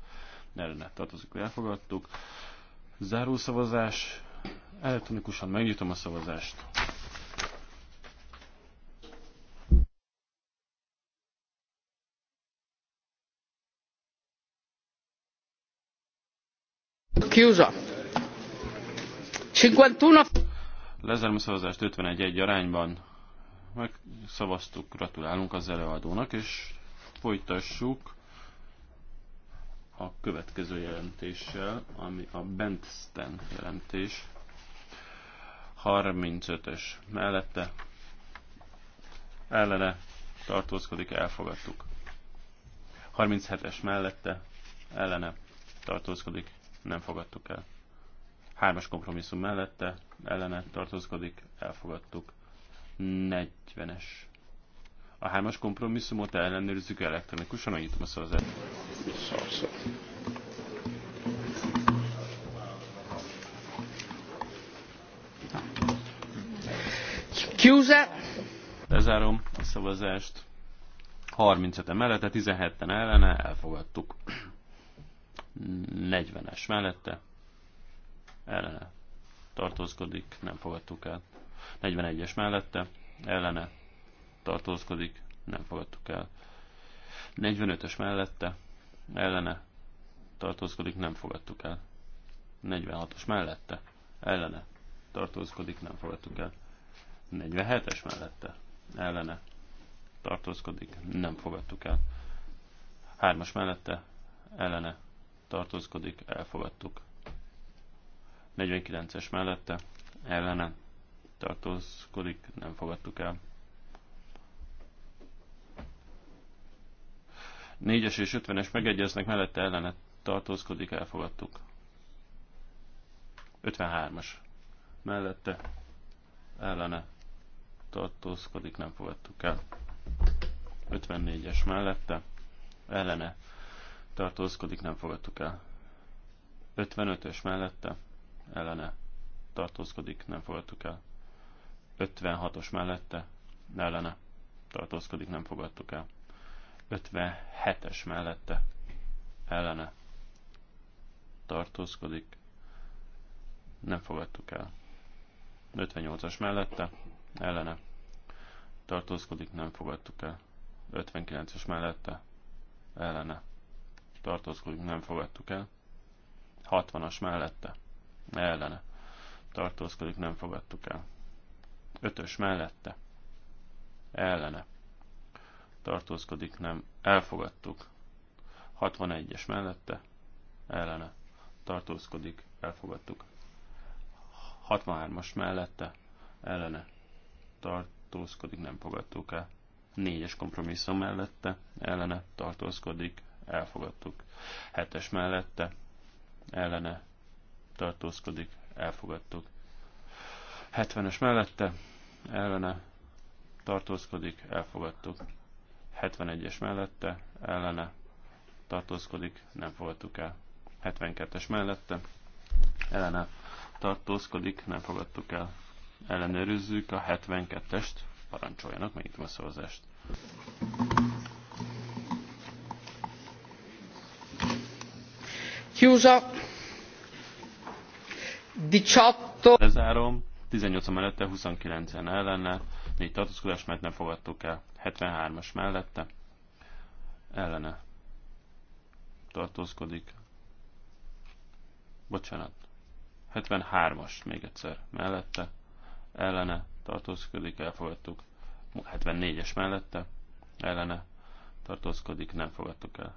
ellene tartózkodik, elfogadtuk. Zárószavazás, elektronikusan megnyitom a szavazást. 51. Lezárom a szavazást 51-1 arányban. Meg szavaztuk, gratulálunk az előadónak, és folytassuk a következő jelentéssel, ami a Bentsten jelentés. 35-ös mellette ellene tartózkodik, elfogadtuk. 37-es mellette ellene tartózkodik, nem fogadtuk el. Hármas kompromisszum mellette, ellene tartózkodik, elfogadtuk. 40-es. A hármas kompromisszumot ellenőrizzük elektronikusan, hogy itt ma szó az el. Chiusa. Lezárom a szavazást. 35 -e mellette, 17-en ellene, elfogadtuk. 40-es mellette ellene tartózkodik, nem fogadtuk el. 41-es mellette ellene tartózkodik, nem fogadtuk el. 45-ös mellette ellene tartózkodik, nem fogadtuk el. 46-os mellette ellene tartózkodik, nem fogadtuk el. 47-es mellette ellene tartózkodik, nem fogadtuk el. 3-as mellette ellene tartózkodik, elfogadtuk. 49-es mellette, ellene tartózkodik, nem fogadtuk el. 4-es és 50-es megegyeznek, mellette ellene tartózkodik, elfogadtuk. 53-as mellette ellene tartózkodik, nem fogadtuk el. 54-es mellette ellene tartózkodik, nem fogadtuk el. 55-ös mellette ellene tartózkodik, nem fogadtuk el. 56-os mellette ellene tartózkodik, nem fogadtuk el. 57-es mellette ellene tartózkodik, nem fogadtuk el. 58-as mellette ellene tartózkodik, nem fogadtuk el. 59-es mellette ellene tartózkodunk, nem fogadtuk el. 60-as mellette, ellene, tartózkodik, nem fogadtuk el. 5-ös mellette, ellene, tartózkodik, nem, elfogadtuk. 61-es mellette, ellene, tartózkodik, elfogadtuk. 63-as mellette, ellene, tartózkodik, nem fogadtuk el. 4-es kompromisszum mellette, ellene, tartózkodik, elfogadtuk. Hetes mellette ellene tartózkodik, elfogadtuk. 70-es mellette ellene tartózkodik, elfogadtuk. 71-es mellette ellene tartózkodik, nem fogadtuk el. 72-es mellette ellene tartózkodik, nem fogadtuk el. Ellenőrizzük a 72-est, parancsoljanak, megnyitom a szavazást. Chiuso. 18. Lezárom. 18 mellette, 29-en ellene. 4 tartózkodás, mert nem fogadtuk el. 73-as mellette. Ellene. Tartózkodik. Bocsánat. 73-as még egyszer mellette. Ellene. Tartózkodik, elfogadtuk. 74-es mellette. Ellene. Tartózkodik, nem fogadtuk el.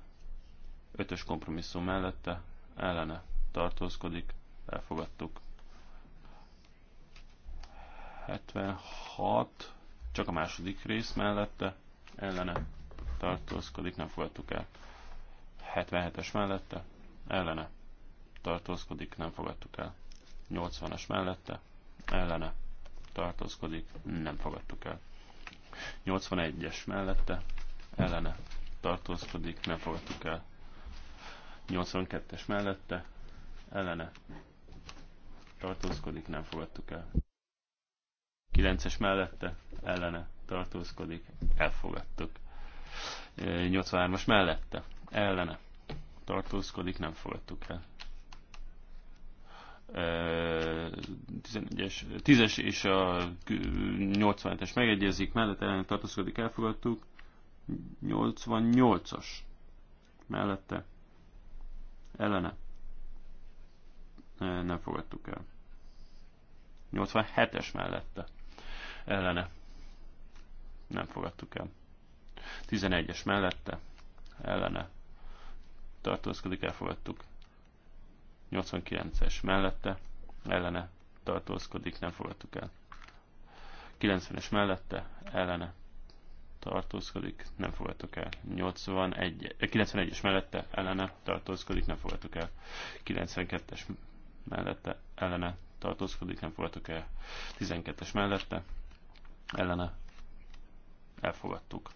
5-ös kompromisszum mellette ellene tartózkodik, elfogadtuk. 76, csak a második rész mellette, ellene tartózkodik, nem fogadtuk el. 77-es mellette, ellene tartózkodik, nem fogadtuk el. 80-as mellette, ellene tartózkodik, nem fogadtuk el. 81-es mellette, ellene tartózkodik, nem fogadtuk el. 82-es mellette ellene tartózkodik, nem fogadtuk el. 9-es mellette ellene tartózkodik, elfogadtuk. 83-as mellette ellene tartózkodik, nem fogadtuk el. 11-es, 10-es és a 87-es megegyezik, mellette ellene tartózkodik, elfogadtuk. 88-as mellette ellene nem fogadtuk el. 87-es mellette ellene nem fogadtuk el. 11-es mellette ellene tartózkodik, elfogadtuk. 89-es mellette ellene tartózkodik, nem fogadtuk el. 90-es mellette ellene tartózkodik, nem fogadtok el. 81, 91-es mellette ellene tartózkodik, nem fogadtok el. 92-es mellette ellene tartózkodik, nem fogadtok el. 12-es mellette ellene elfogadtuk.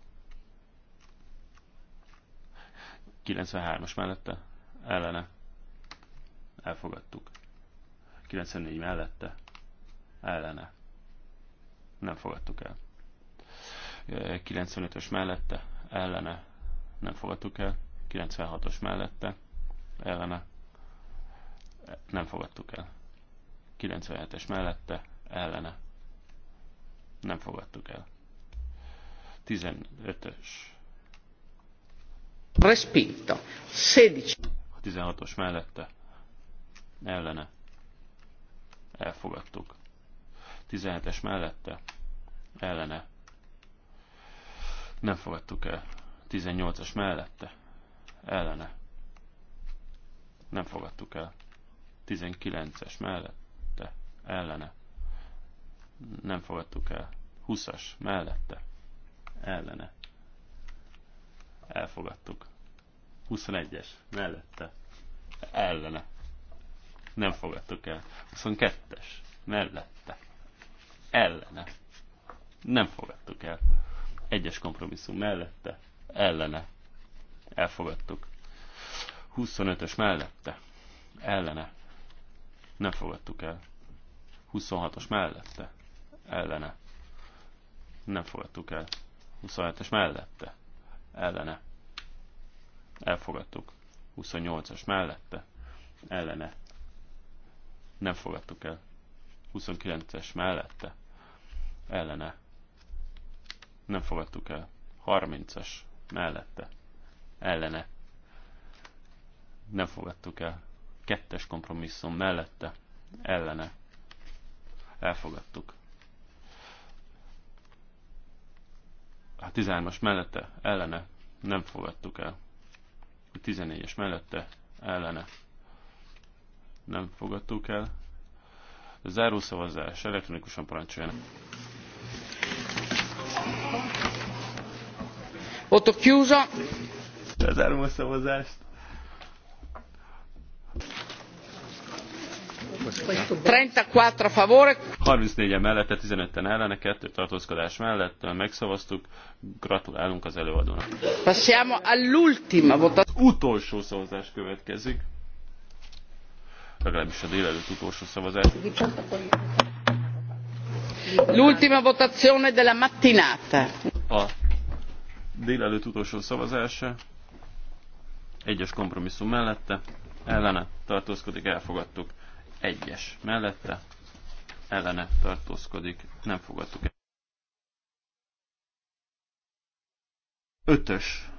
93-as mellette ellene elfogadtuk. 94 mellette ellene nem fogadtuk el. 95-ös mellette, ellene nem fogadtuk el, 96-os mellette, ellene nem fogadtuk el, 97-es mellette, ellene nem fogadtuk el, 15-ös respinto, 16 16-os mellette, ellene elfogadtuk, 17-es mellette, ellene nem fogadtuk el. 18-as mellette, ellene, nem fogadtuk el. 19-es mellette, ellene, nem fogadtuk el. 20-as mellette, ellene, elfogadtuk. 21-es mellette, ellene, nem fogadtuk el. 22-es mellette, ellene, nem fogadtuk el. Egyes kompromisszum mellette, ellene. Elfogadtuk. 25-ös mellette, ellene. Nem fogadtuk el. 26-os mellette, ellene. Nem fogadtuk el. 27-es mellette, ellene. Elfogadtuk. 28-as mellette, ellene. Nem fogadtuk el. 29-es mellette, ellene nem fogadtuk el. 30-as mellette, ellene, nem fogadtuk el. Kettes kompromisszum mellette, ellene, elfogadtuk. A 13-as mellette, ellene, nem fogadtuk el. A 14-es mellette, ellene, nem fogadtuk el. A zárószavazás elektronikusan parancsoljanak. Voto chiuso. Lezárom a szavazást. 34 favore. 34 mellette, 15-en ellene, kettő tartózkodás mellett megszavaztuk. Gratulálunk az előadónak. Passiamo all'ultima votazione. Utolsó szavazás következik. Legalábbis a délelőtt utolsó szavazás. L'ultima votazione della mattinata. A délelőtt utolsó szavazása. Egyes kompromisszum mellette, ellene tartózkodik, elfogadtuk. Egyes mellette, ellene tartózkodik, nem fogadtuk el. Ötös.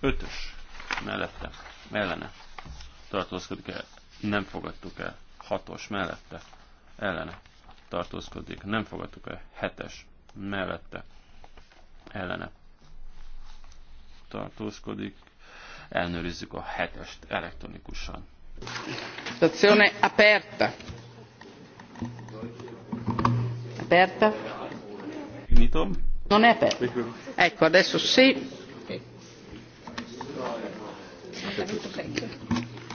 Ötös mellette, ellene tartózkodik el, nem fogadtuk el. Hatos mellette, ellene tartózkodik, nem fogadtuk el. Hetes mellette ellene tartózkodik. Elnőrizzük a hetest elektronikusan. Stazione aperta. Aperta. Nyitom. Non è aperta. Ecco, adesso sì.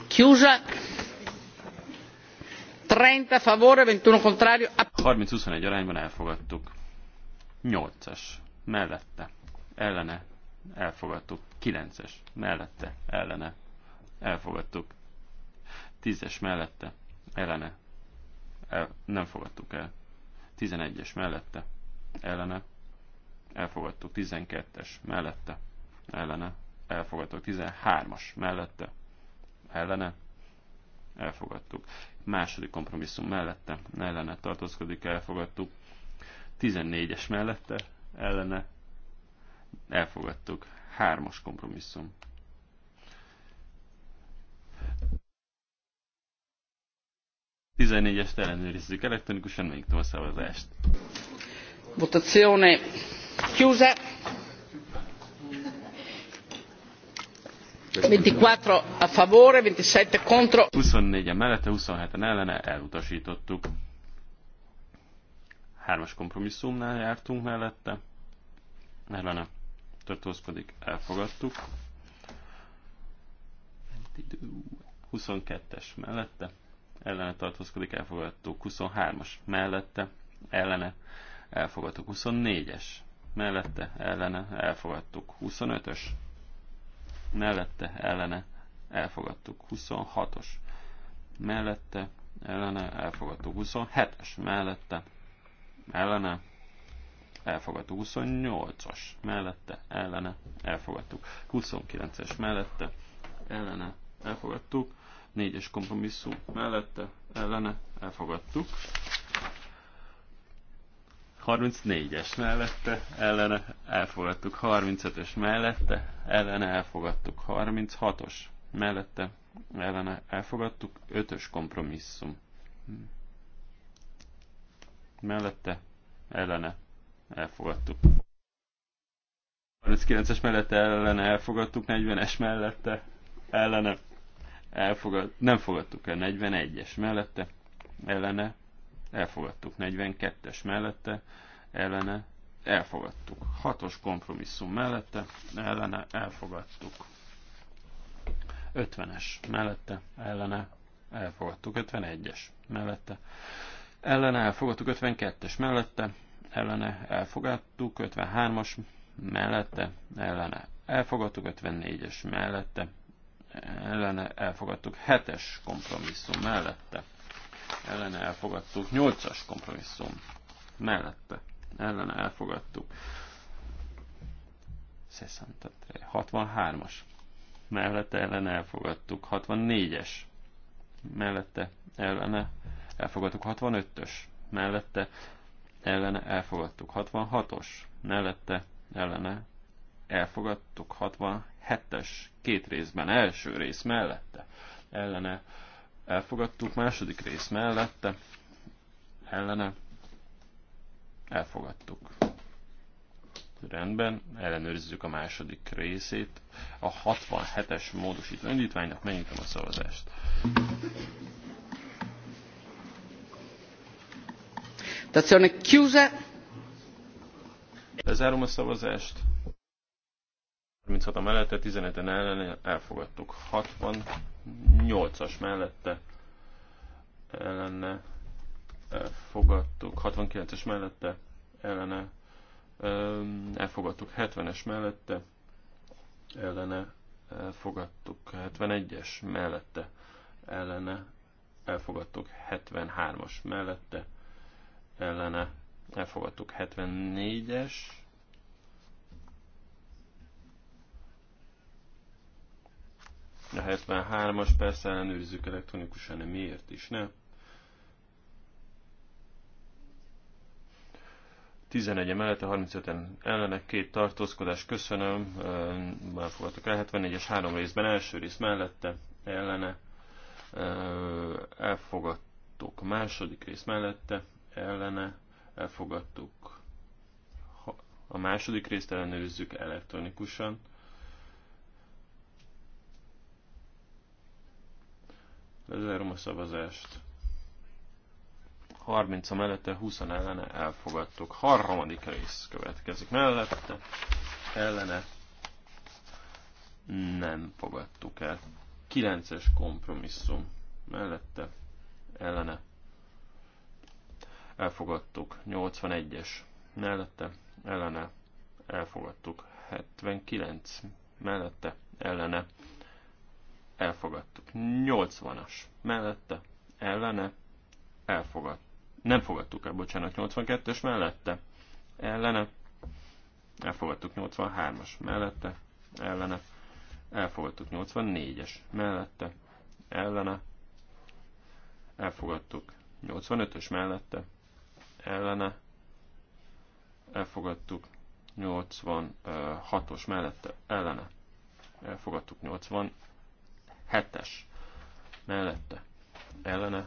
Chiusa. 30 favore, 21 contrario. 30-21 arányban elfogadtuk. 8-as mellette ellene elfogadtuk. 9-es mellette ellene elfogadtuk. 10-es mellette ellene el, nem fogadtuk el. 11-es mellette ellene elfogadtuk. 12-es mellette ellene elfogadtuk. 13-as mellette ellene elfogadtuk. Második kompromisszum mellette ellene tartózkodik, elfogadtuk. 14-es mellette ellene elfogadtuk. Hármas kompromisszum. Tizennégyest ellenőrizzük elektronikusan, megnyitom a szavazást. Votazione chiusa. 24 a favore, 27 contro. 24 a mellette, 27 ellene elutasítottuk hármas kompromisszumnál jártunk mellette, ellene tartózkodik, elfogadtuk. 22-es mellette, ellene tartózkodik, elfogadtuk. 23-as mellette, ellene, elfogadtuk. 24-es mellette, ellene, elfogadtuk. 25-ös mellette, ellene, elfogadtuk. 26-os mellette, ellene, elfogadtuk. 27-es mellette, ellene, elfogadtuk. 28-as mellette, ellene, elfogadtuk. 29-es mellette, ellene, elfogadtuk. 4-es kompromisszum mellette, ellene, elfogadtuk. 34-es mellette, ellene elfogadtuk 35-ös mellette, ellene elfogadtuk 36-os mellette, ellene elfogadtuk 5-ös kompromisszum mellette, ellene, elfogadtuk. 39-es mellette ellene elfogadtuk, 40-es mellette ellene elfogad, nem fogadtuk el, 41-es mellette ellene elfogadtuk, 42-es mellette ellene elfogadtuk, 6-os kompromisszum mellette ellene elfogadtuk, 50-es mellette ellene elfogadtuk, 51-es mellette ellene elfogadtuk 52-es mellette, ellene elfogadtuk 53-as mellette, ellene elfogadtuk 54-es mellette, ellene elfogadtuk 7-es kompromisszum mellette, ellene elfogadtuk 8-as kompromisszum mellette, ellene elfogadtuk 63-as mellette, ellene elfogadtuk 64-es mellette, ellene elfogadtuk 65-ös, mellette ellene elfogadtuk 66-os, mellette ellene elfogadtuk 67-es, két részben, első rész mellette ellene elfogadtuk, második rész mellette ellene elfogadtuk. Rendben, ellenőrizzük a második részét. A 67-es módosító indítványnak megnyitom a szavazást. Votazione chiusa. Lezárom a szavazást. 36 a mellette, 15-en ellen elfogadtuk. 68-as mellette ellene elfogadtuk. 69-es mellette ellene elfogadtuk. 70-es mellette ellene elfogadtuk. 71-es mellette ellene elfogadtuk. 73-as mellette ellene elfogadtuk 74-es, a 73-as persze ellenőrizzük elektronikusan, miért is ne. 11 emellett a 35-en ellenek, két tartózkodás, köszönöm, már fogadtak el, 74-es három részben, első rész mellette, ellene, elfogadtuk második rész mellette, ellene elfogadtuk. A második részt ellenőrizzük elektronikusan. Lezárom a szavazást. 30 a mellette, 20 ellene elfogadtuk. Harmadik rész következik mellette, ellene nem fogadtuk el. 9-es kompromisszum mellette, ellene elfogadtuk. 81-es mellette, ellene, elfogadtuk. 79 mellette, ellene, elfogadtuk. 80-as mellette, ellene, elfogadt. Nem fogadtuk el, bocsánat, 82-es mellette, ellene, elfogadtuk 83-as mellette, ellene, elfogadtuk 84-es mellette, ellene, elfogadtuk 85-ös mellette, ellene elfogadtuk 86-os mellette ellene elfogadtuk 87-es mellette ellene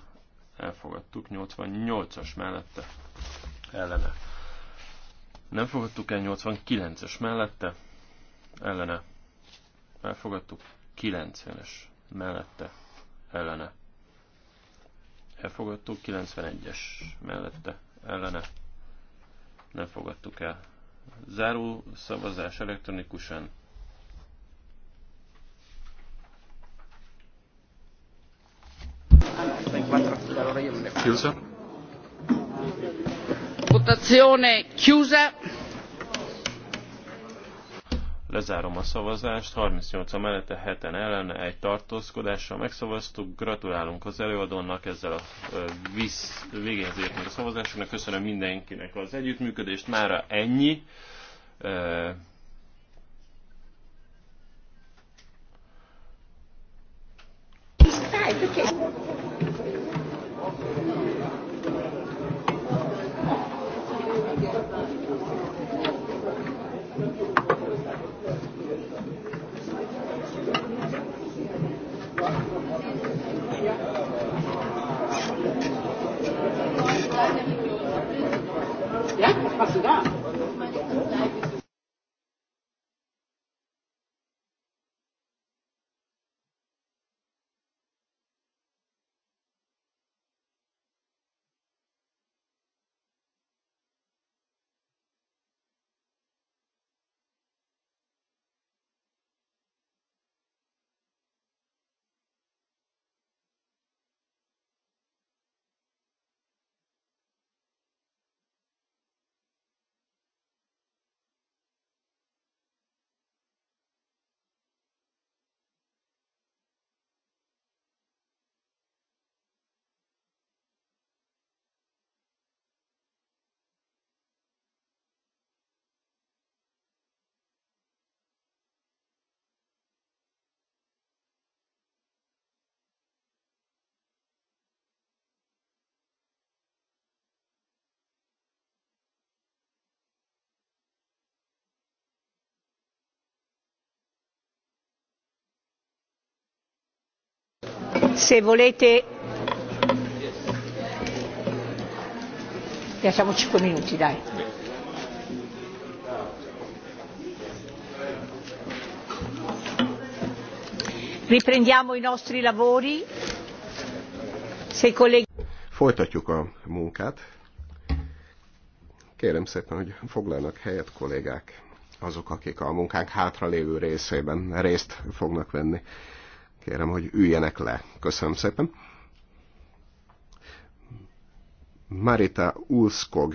elfogadtuk 88-as mellette ellene nem fogadtuk el 89-es mellette ellene elfogadtuk 90-es mellette ellene elfogadtuk 91-es mellette ellene nem fogadtuk el. Záró szavazás elektronikusan. Chiusa. Votazione chiusa. Lezárom a szavazást, 38 a mellette, 7 ellen, egy tartózkodással megszavaztuk. Gratulálunk az előadónak ezzel a visz végéhez a szavazásoknak Köszönöm mindenkinek az együttműködést, mára ennyi. se volete lasciamo minuti dai riprendiamo i nostri lavori se colleghi Folytatjuk a munkát. Kérem szépen, hogy foglalnak helyet kollégák, azok, akik a munkánk hátralévő részében részt fognak venni. Kérem, hogy üljenek le. Köszönöm szépen. Marita Ulskog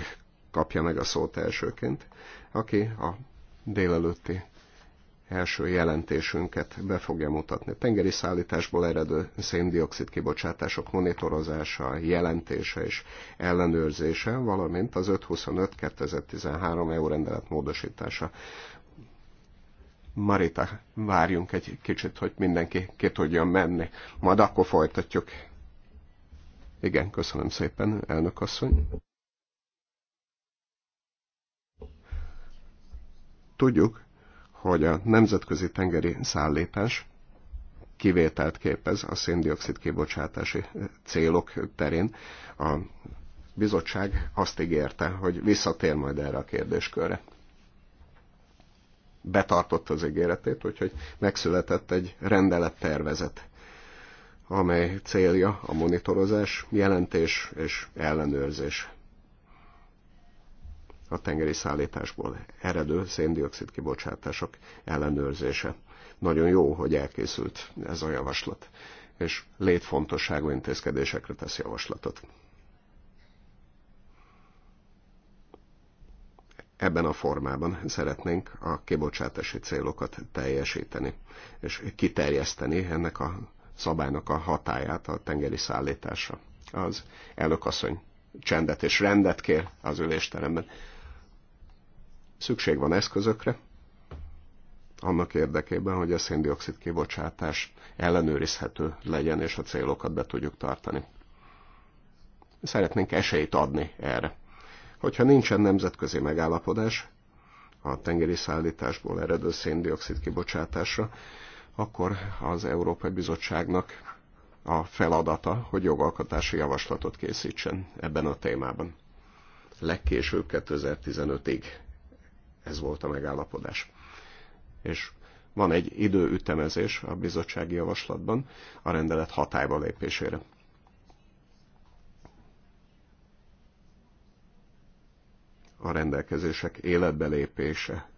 kapja meg a szót elsőként, aki a délelőtti első jelentésünket be fogja mutatni. Tengeri szállításból eredő széndiokszid kibocsátások monitorozása, jelentése és ellenőrzése, valamint az 525-2013 EU rendelet módosítása Marita, várjunk egy kicsit, hogy mindenki ki tudjon menni. Majd akkor folytatjuk. Igen, köszönöm szépen, elnök asszony. Tudjuk, hogy a nemzetközi tengeri szállítás kivételt képez a széndiokszid kibocsátási célok terén. A bizottság azt ígérte, hogy visszatér majd erre a kérdéskörre betartotta az ígéretét, úgyhogy megszületett egy rendelettervezet, amely célja a monitorozás, jelentés és ellenőrzés a tengeri szállításból eredő széndiokszid kibocsátások ellenőrzése. Nagyon jó, hogy elkészült ez a javaslat, és létfontosságú intézkedésekre tesz javaslatot. ebben a formában szeretnénk a kibocsátási célokat teljesíteni, és kiterjeszteni ennek a szabálynak a hatáját a tengeri szállításra. Az elnökasszony csendet és rendet kér az ülésteremben. Szükség van eszközökre, annak érdekében, hogy a széndiokszid kibocsátás ellenőrizhető legyen, és a célokat be tudjuk tartani. Szeretnénk esélyt adni erre Hogyha nincsen nemzetközi megállapodás a tengeri szállításból eredő széndiokszid kibocsátásra, akkor az Európai Bizottságnak a feladata, hogy jogalkotási javaslatot készítsen ebben a témában. Legkésőbb 2015-ig ez volt a megállapodás. És van egy időütemezés a bizottsági javaslatban a rendelet hatályba lépésére. a rendelkezések életbelépése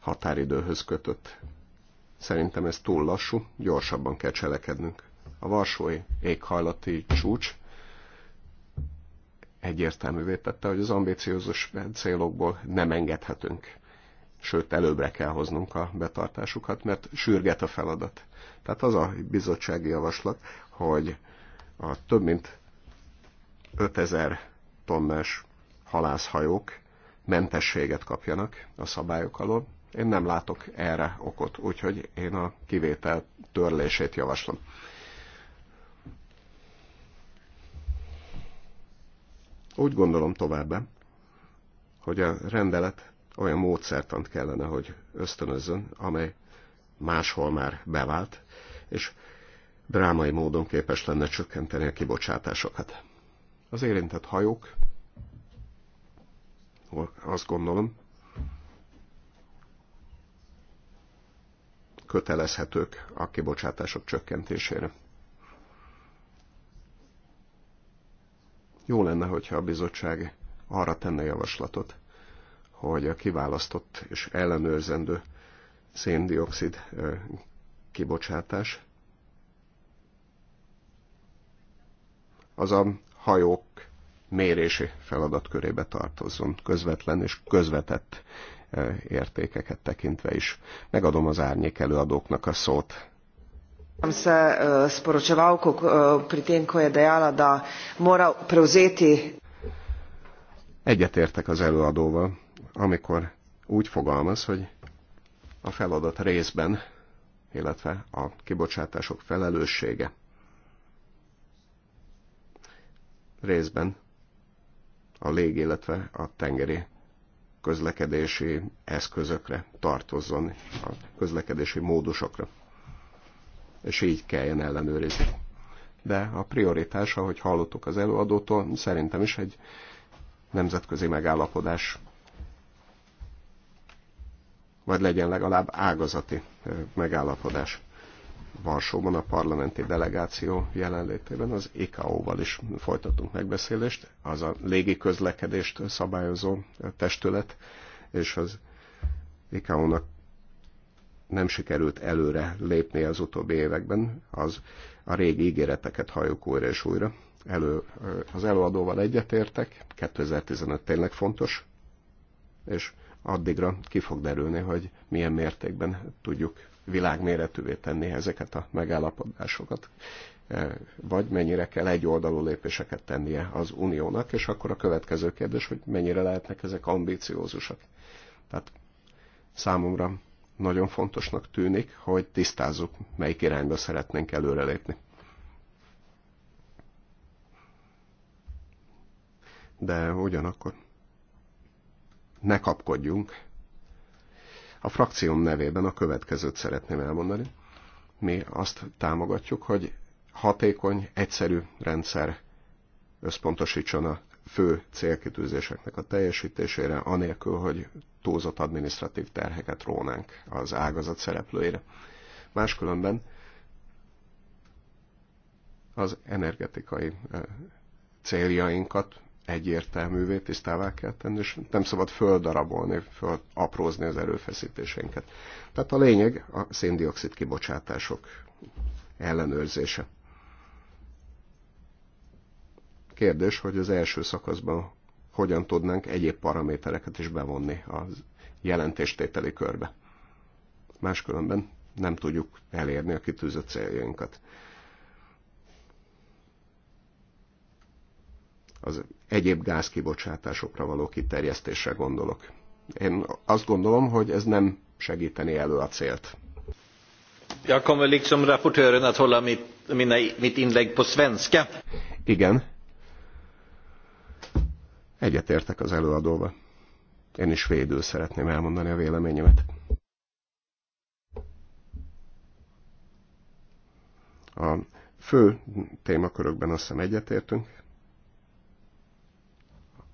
határidőhöz kötött. Szerintem ez túl lassú, gyorsabban kell cselekednünk. A Varsói éghajlati csúcs egyértelművé tette, hogy az ambíciózus célokból nem engedhetünk. Sőt, előbbre kell hoznunk a betartásukat, mert sürget a feladat. Tehát az a bizottsági javaslat, hogy a több mint 5000 tonnás halászhajók mentességet kapjanak a szabályok alól. Én nem látok erre okot, úgyhogy én a kivétel törlését javaslom. Úgy gondolom továbbá, hogy a rendelet olyan módszertant kellene, hogy ösztönözzön, amely máshol már bevált, és drámai módon képes lenne csökkenteni a kibocsátásokat. Az érintett hajók azt gondolom, kötelezhetők a kibocsátások csökkentésére. Jó lenne, hogyha a bizottság arra tenne javaslatot, hogy a kiválasztott és ellenőrzendő széndiokszid kibocsátás az a hajók mérési feladatkörébe tartozzon, közvetlen és közvetett eh, értékeket tekintve is. Megadom az árnyék előadóknak a szót. Sem se eh, sporočevalko uh, pri tem, ko je dejala, da mora prevzeti. Egyetértek az előadóval, amikor úgy fogalmaz, hogy a feladat részben, illetve a kibocsátások felelőssége részben a lég, illetve a tengeri közlekedési eszközökre tartozzon, a közlekedési módusokra. És így kelljen ellenőrizni. De a prioritás, ahogy hallottuk az előadótól, szerintem is egy nemzetközi megállapodás, vagy legyen legalább ágazati megállapodás. Varsóban a parlamenti delegáció jelenlétében az ICAO-val is folytatunk megbeszélést, az a légi közlekedést szabályozó testület, és az ICAO-nak nem sikerült előre lépni az utóbbi években, az a régi ígéreteket halljuk újra és újra. Elő, az előadóval egyetértek, 2015 tényleg fontos, és addigra ki fog derülni, hogy milyen mértékben tudjuk világméretűvé tenni ezeket a megállapodásokat, e, vagy mennyire kell egyoldalú lépéseket tennie az uniónak, és akkor a következő kérdés, hogy mennyire lehetnek ezek ambíciózusak. Tehát számomra nagyon fontosnak tűnik, hogy tisztázzuk, melyik irányba szeretnénk előrelépni. De ugyanakkor ne kapkodjunk a frakcióm nevében a következőt szeretném elmondani. Mi azt támogatjuk, hogy hatékony, egyszerű rendszer összpontosítson a fő célkitűzéseknek a teljesítésére, anélkül, hogy túlzott adminisztratív terheket rónánk az ágazat szereplőire. Máskülönben az energetikai céljainkat egyértelművé tisztává kell tenni, és nem szabad földarabolni, fölaprózni az erőfeszítéseinket. Tehát a lényeg a széndiokszid kibocsátások ellenőrzése. Kérdés, hogy az első szakaszban hogyan tudnánk egyéb paramétereket is bevonni a jelentéstételi körbe. Máskülönben nem tudjuk elérni a kitűzött céljainkat. az egyéb gázkibocsátásokra való kiterjesztésre gondolok. Én azt gondolom, hogy ez nem segíteni elő a célt. Jag kommer liksom rapportören att hålla mitt, mina, mitt inlägg på svenska. Igen. Egyetértek az előadóval. Én is védő szeretném elmondani a véleményemet. A fő témakörökben azt hiszem egyetértünk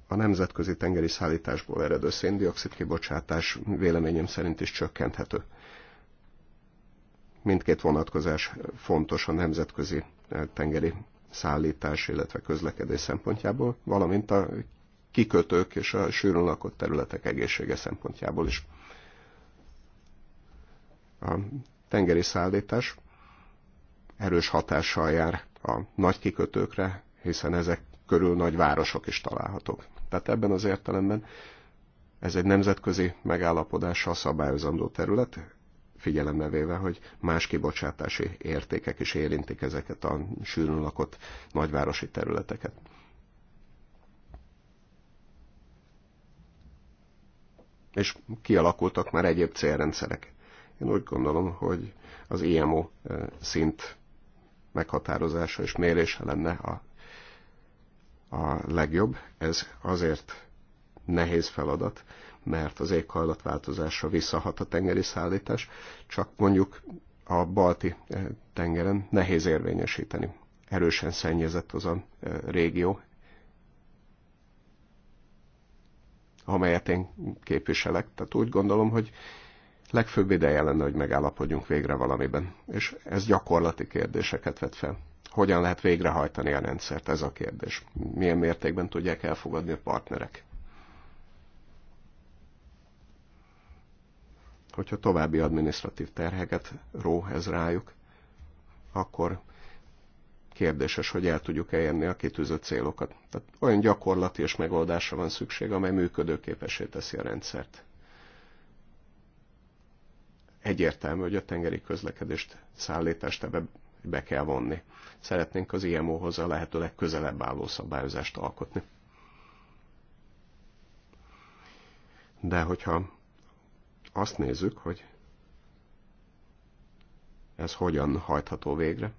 a nemzetközi tengeri szállításból eredő széndiokszid kibocsátás véleményem szerint is csökkenthető. Mindkét vonatkozás fontos a nemzetközi eh, tengeri szállítás, illetve közlekedés szempontjából, valamint a kikötők és a sűrűn lakott területek egészsége szempontjából is. A tengeri szállítás erős hatással jár a nagy kikötőkre, hiszen ezek körül nagy városok is találhatók. Tehát ebben az értelemben ez egy nemzetközi megállapodással szabályozandó terület, figyelembe véve, hogy más kibocsátási értékek is érintik ezeket a sűrűn lakott nagyvárosi területeket. És kialakultak már egyéb célrendszerek. Én úgy gondolom, hogy az IMO eh, szint meghatározása és mérése lenne a a legjobb. Ez azért nehéz feladat, mert az éghajlatváltozásra visszahat a tengeri szállítás, csak mondjuk a balti eh, tengeren nehéz érvényesíteni. Erősen szennyezett az a eh, régió, amelyet én képviselek. Tehát úgy gondolom, hogy legfőbb ideje lenne, hogy megállapodjunk végre valamiben. És ez gyakorlati kérdéseket vet fel hogyan lehet végrehajtani a rendszert, ez a kérdés. Milyen mértékben tudják elfogadni a partnerek. Hogyha további administratív terheket ró ez rájuk, akkor kérdéses, hogy el tudjuk elérni a kitűzött célokat. Tehát olyan gyakorlati és megoldásra van szükség, amely működőképessé teszi a rendszert. Egyértelmű, hogy a tengeri közlekedést, szállítást ebbe be kell vonni. Szeretnénk az IMO-hoz a lehető legközelebb álló szabályozást alkotni. De hogyha azt nézzük, hogy ez hogyan hajtható végre,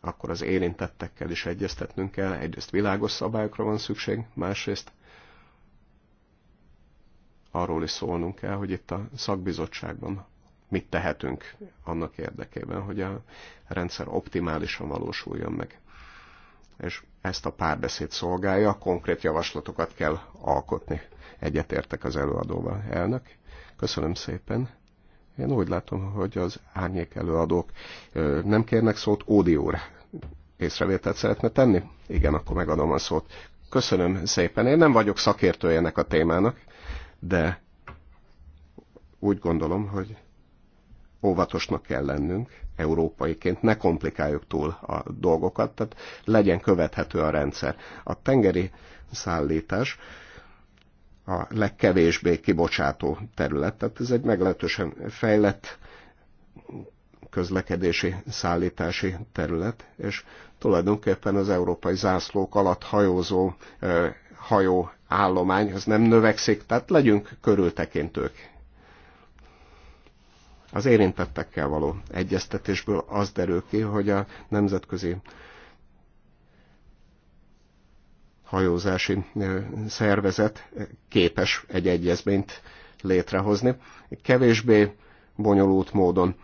akkor az érintettekkel is egyeztetnünk kell. Egyrészt világos szabályokra van szükség, másrészt arról is szólnunk kell, hogy itt a szakbizottságban mit tehetünk annak érdekében, hogy a rendszer optimálisan valósuljon meg. És ezt a párbeszéd szolgálja, konkrét javaslatokat kell alkotni. Egyetértek az előadóval. Elnök, köszönöm szépen. Én úgy látom, hogy az árnyék előadók nem kérnek szót, Ódi úr észrevételt szeretne tenni? Igen, akkor megadom a szót. Köszönöm szépen. Én nem vagyok szakértője ennek a témának, de úgy gondolom, hogy óvatosnak kell lennünk, európaiként, ne komplikáljuk túl a dolgokat, tehát legyen követhető a rendszer. A tengeri szállítás a legkevésbé kibocsátó terület, tehát ez egy meglehetősen fejlett közlekedési, szállítási terület, és tulajdonképpen az európai zászlók alatt hajózó hajó állomány, az nem növekszik, tehát legyünk körültekintők az érintettekkel való egyeztetésből az derül ki, hogy a nemzetközi hajózási szervezet képes egy egyezményt létrehozni. Kevésbé bonyolult módon,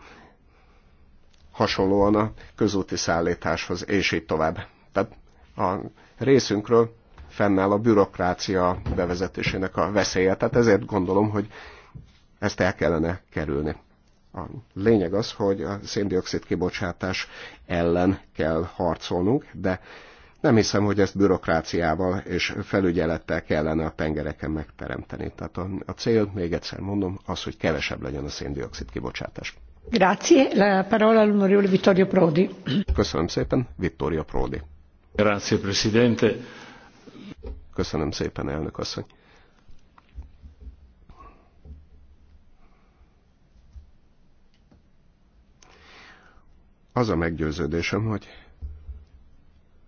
hasonlóan a közúti szállításhoz, és így tovább. Tehát a részünkről fennáll a bürokrácia bevezetésének a veszélye, tehát ezért gondolom, hogy ezt el kellene kerülni. A lényeg az, hogy a széndiokszid kibocsátás ellen kell harcolnunk, de nem hiszem, hogy ezt bürokráciával és felügyelettel kellene a tengereken megteremteni. Tehát a, a cél, még egyszer mondom, az, hogy kevesebb legyen a széndiokszid kibocsátás. Grazie, la parola all'onorevole Vittorio Prodi. Köszönöm szépen, Vittorio Prodi. Grazie, Presidente. Köszönöm szépen, elnök asszony. Az a meggyőződésem, hogy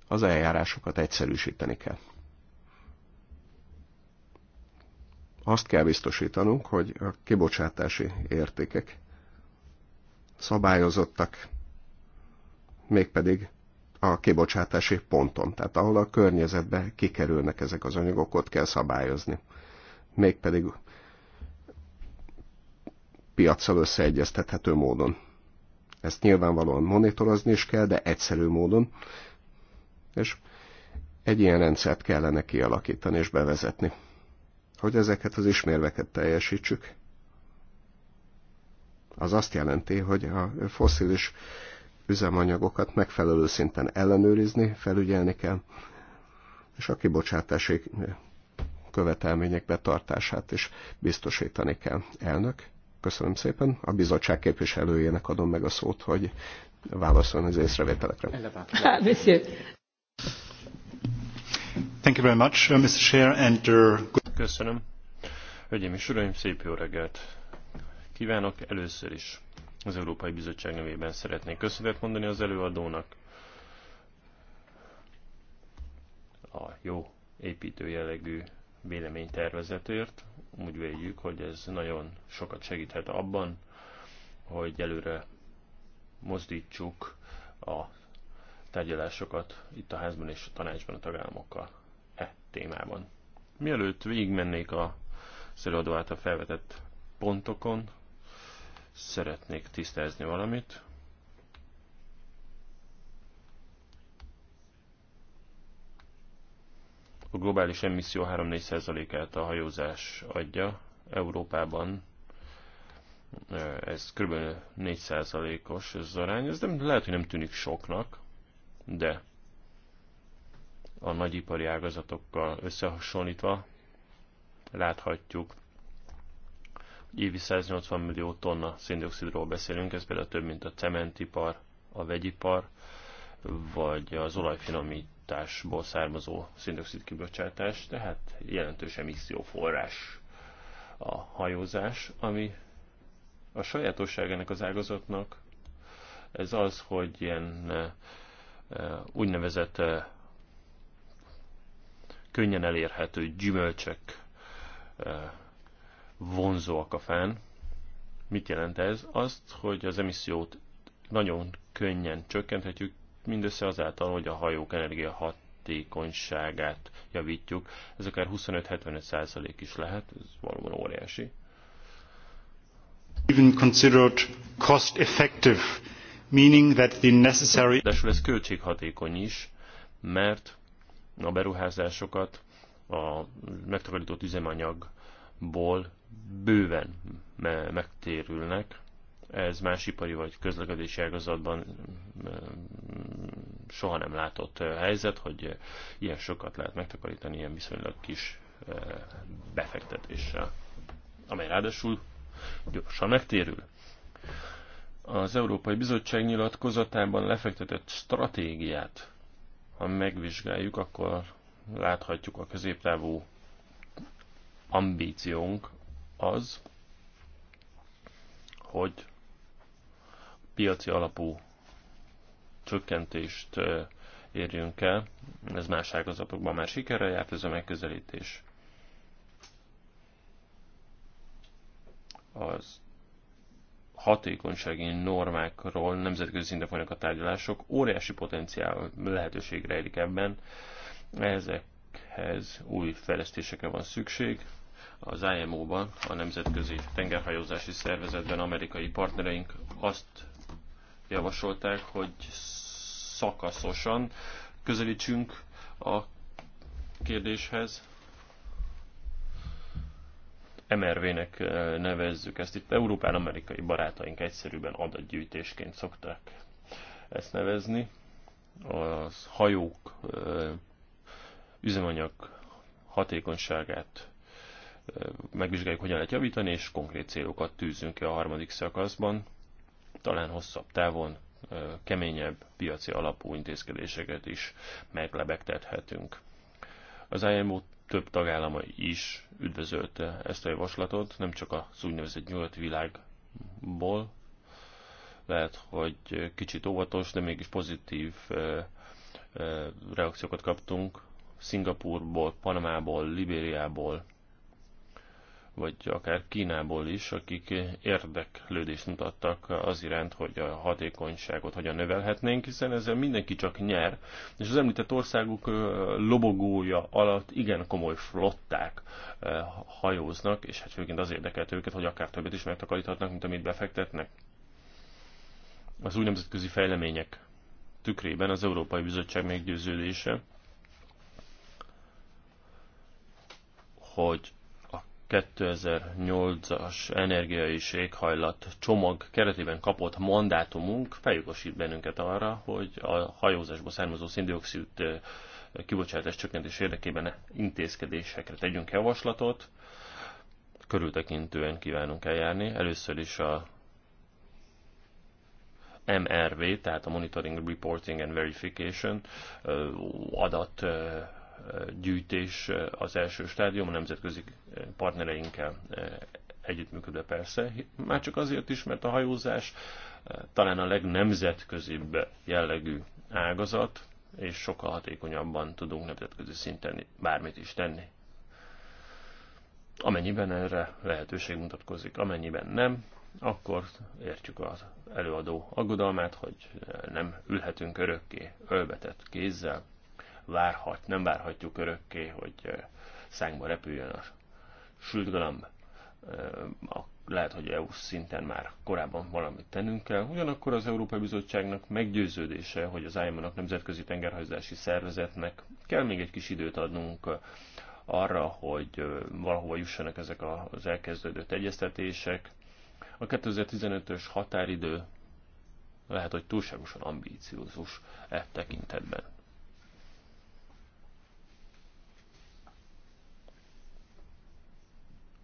az eljárásokat egyszerűsíteni kell. Azt kell biztosítanunk, hogy a kibocsátási értékek szabályozottak, mégpedig a kibocsátási ponton, tehát ahol a környezetbe kikerülnek ezek az anyagok, ott kell szabályozni. Mégpedig piaccal összeegyeztethető módon. Ezt nyilvánvalóan monitorozni is kell, de egyszerű módon. És egy ilyen rendszert kellene kialakítani és bevezetni, hogy ezeket az ismérveket teljesítsük. Az azt jelenti, hogy a foszilis üzemanyagokat megfelelő szinten ellenőrizni, felügyelni kell, és a kibocsátási követelmények betartását is biztosítani kell. Elnök, Köszönöm szépen. A bizottság képviselőjének adom meg a szót, hogy válaszoljon az észrevételekre. (laughs) Thank you very much, uh, Mr. Chair, and Köszönöm. Hölgyeim és Uraim, szép jó reggelt kívánok. Először is az Európai Bizottság nevében szeretnék köszönetet mondani az előadónak. A jó építő jellegű véleménytervezetért, úgy véljük, hogy ez nagyon sokat segíthet abban, hogy előre mozdítsuk a tárgyalásokat itt a házban és a tanácsban a tagállamokkal e témában. Mielőtt végigmennék a előadó által felvetett pontokon, szeretnék tisztázni valamit. A globális emisszió 3-4%-át a hajózás adja. Európában ez kb. 4%-os ez az arány. Ez nem, lehet, hogy nem tűnik soknak, de a nagyipari ágazatokkal összehasonlítva láthatjuk, hogy évi 180 millió tonna széndiokszidról beszélünk, ez például több, mint a cementipar, a vegyipar, vagy az olajfinomít gyártásból származó szindoxid kibocsátás, tehát jelentős emisszióforrás a hajózás, ami a sajátosság ennek az ágazatnak ez az, hogy ilyen e, e, úgynevezett e, könnyen elérhető gyümölcsek vonzóak a fán. Mit jelent ez? Azt, hogy az emissziót nagyon könnyen csökkenthetjük, mindössze azáltal, hogy a hajók energiahatékonyságát javítjuk. Ez akár 25-75 százalék is lehet, ez valóban óriási. Even considered cost effective, meaning that the necessary... ez költséghatékony is, mert a beruházásokat a megtakarított üzemanyagból bőven megtérülnek, ez más ipari vagy közlekedési ágazatban soha nem látott helyzet, hogy ilyen sokat lehet megtakarítani ilyen viszonylag kis befektetéssel, amely ráadásul gyorsan megtérül. Az Európai Bizottság nyilatkozatában lefektetett stratégiát, ha megvizsgáljuk, akkor láthatjuk a középtávú ambíciónk az, hogy piaci alapú csökkentést érjünk el. Ez más ágazatokban már sikerrel járt ez a megközelítés. Az hatékonysági normákról nemzetközi szinten folynak a tárgyalások, óriási potenciál lehetőség rejlik ebben. Ezekhez új fejlesztésekre van szükség. Az IMO-ban, a Nemzetközi Tengerhajózási Szervezetben amerikai partnereink azt javasolták, hogy szakaszosan közelítsünk a kérdéshez. MRV-nek eh, nevezzük ezt. Itt Európán-amerikai barátaink egyszerűen adatgyűjtésként szokták ezt nevezni. Az hajók eh, üzemanyag hatékonyságát eh, megvizsgáljuk, hogyan lehet javítani, és konkrét célokat tűzünk ki a harmadik szakaszban talán hosszabb távon keményebb piaci alapú intézkedéseket is meglebegtethetünk. Az IMO több tagállama is üdvözölte ezt a javaslatot, nem csak az úgynevezett nyugat világból, lehet, hogy kicsit óvatos, de mégis pozitív reakciókat kaptunk Szingapurból, Panamából, Libériából, vagy akár Kínából is, akik érdeklődést mutattak az iránt, hogy a hatékonyságot hogyan növelhetnénk, hiszen ezzel mindenki csak nyer, és az említett országok lobogója alatt igen komoly flották hajóznak, és hát főként az érdekelt őket, hogy akár többet is megtakaríthatnak, mint amit befektetnek. Az új nemzetközi fejlemények tükrében az Európai Bizottság meggyőződése, hogy 2008-as energia és éghajlat csomag keretében kapott mandátumunk feljogosít bennünket arra, hogy a hajózásból származó széndiokszid kibocsátás csökkentés érdekében intézkedésekre tegyünk javaslatot. Körültekintően kívánunk eljárni. Először is a MRV, tehát a Monitoring, Reporting and Verification adat gyűjtés eh, az első stádium, a nemzetközi eh, partnereinkkel eh, együttműködve persze, már csak azért is, mert a hajózás talán a legnemzetközibb jellegű ágazat, és sokkal hatékonyabban tudunk nemzetközi szinten bármit is tenni. Amennyiben erre lehetőség mutatkozik, amennyiben nem, akkor értjük az előadó aggodalmát, hogy nem ülhetünk örökké ölbetett kézzel, várhat, nem várhatjuk örökké, hogy szánkba repüljön a sült galamb. Lehet, hogy EU szinten már korábban valamit tennünk kell. Ugyanakkor az Európai Bizottságnak meggyőződése, hogy az IMO-nak nemzetközi tengerhajózási szervezetnek kell még egy kis időt adnunk arra, hogy valahova jussanak ezek az elkezdődött egyeztetések. A 2015-ös határidő lehet, hogy túlságosan ambíciózus e tekintetben.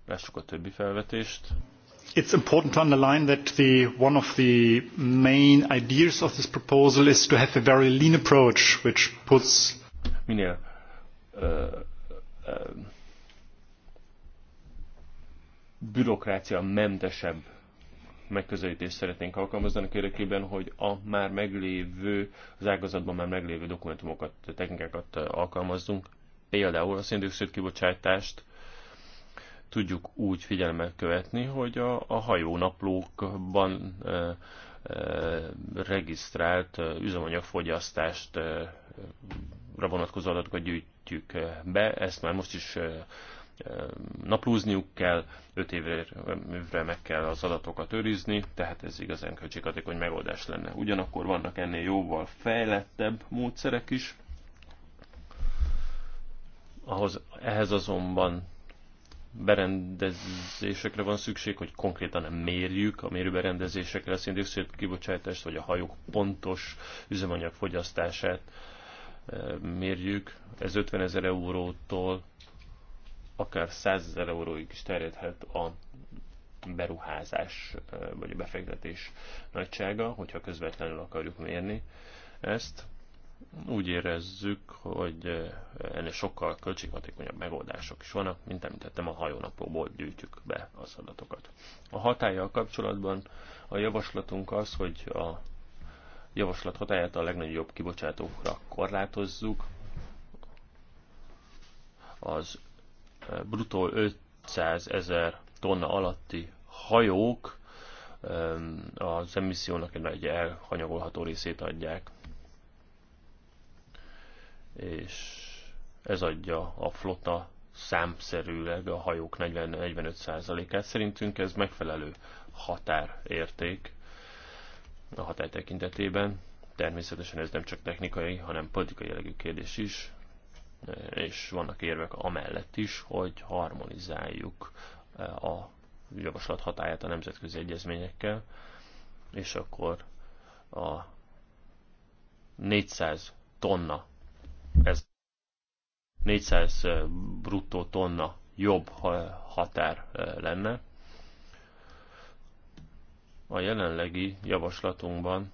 Lássuk a többi felvetést. It's important to underline that the, one of the main ideas of this proposal is to have a very lean approach, which puts... Minél uh, uh, bürokrácia mentesebb megközelítést szeretnénk alkalmazni a kérdekében, hogy a már meglévő, az ágazatban már meglévő dokumentumokat, technikákat alkalmazzunk, például a széndiokszid kibocsátást tudjuk úgy figyelemmel követni, hogy a, a hajónaplókban e, e, regisztrált üzemanyagfogyasztást e, vonatkozó adatokat gyűjtjük be, ezt már most is e, naplózniuk kell, 5 évre, évre meg kell az adatokat őrizni, tehát ez igazán költséghatékony megoldás lenne. Ugyanakkor vannak ennél jóval fejlettebb módszerek is, ahhoz, ehhez azonban berendezésekre van szükség, hogy konkrétan mérjük a mérőberendezésekre a széndiokszid kibocsátást, vagy a hajók pontos üzemanyag fogyasztását e, mérjük. Ez 50 ezer eurótól akár 100 ezer euróig is terjedhet a beruházás e, vagy a befektetés nagysága, hogyha közvetlenül akarjuk mérni ezt. Úgy érezzük, hogy eh, ennél sokkal költséghatékonyabb megoldások is vannak, mint említettem, a hajónaplóból gyűjtjük be az adatokat. A hatállyal kapcsolatban a javaslatunk az, hogy a javaslat hatáját a legnagyobb kibocsátókra korlátozzuk. Az eh, bruttó 500 ezer tonna alatti hajók az emissziónak egy nagy elhanyagolható részét adják és ez adja a flotta számszerűleg a hajók 40-45%-át. Szerintünk ez megfelelő határérték a határ tekintetében. Természetesen ez nem csak technikai, hanem politikai jellegű kérdés is, és vannak érvek amellett is, hogy harmonizáljuk eh, a javaslat hatáját a nemzetközi egyezményekkel, és akkor a 400 tonna ez 400 bruttó tonna jobb határ lenne. A jelenlegi javaslatunkban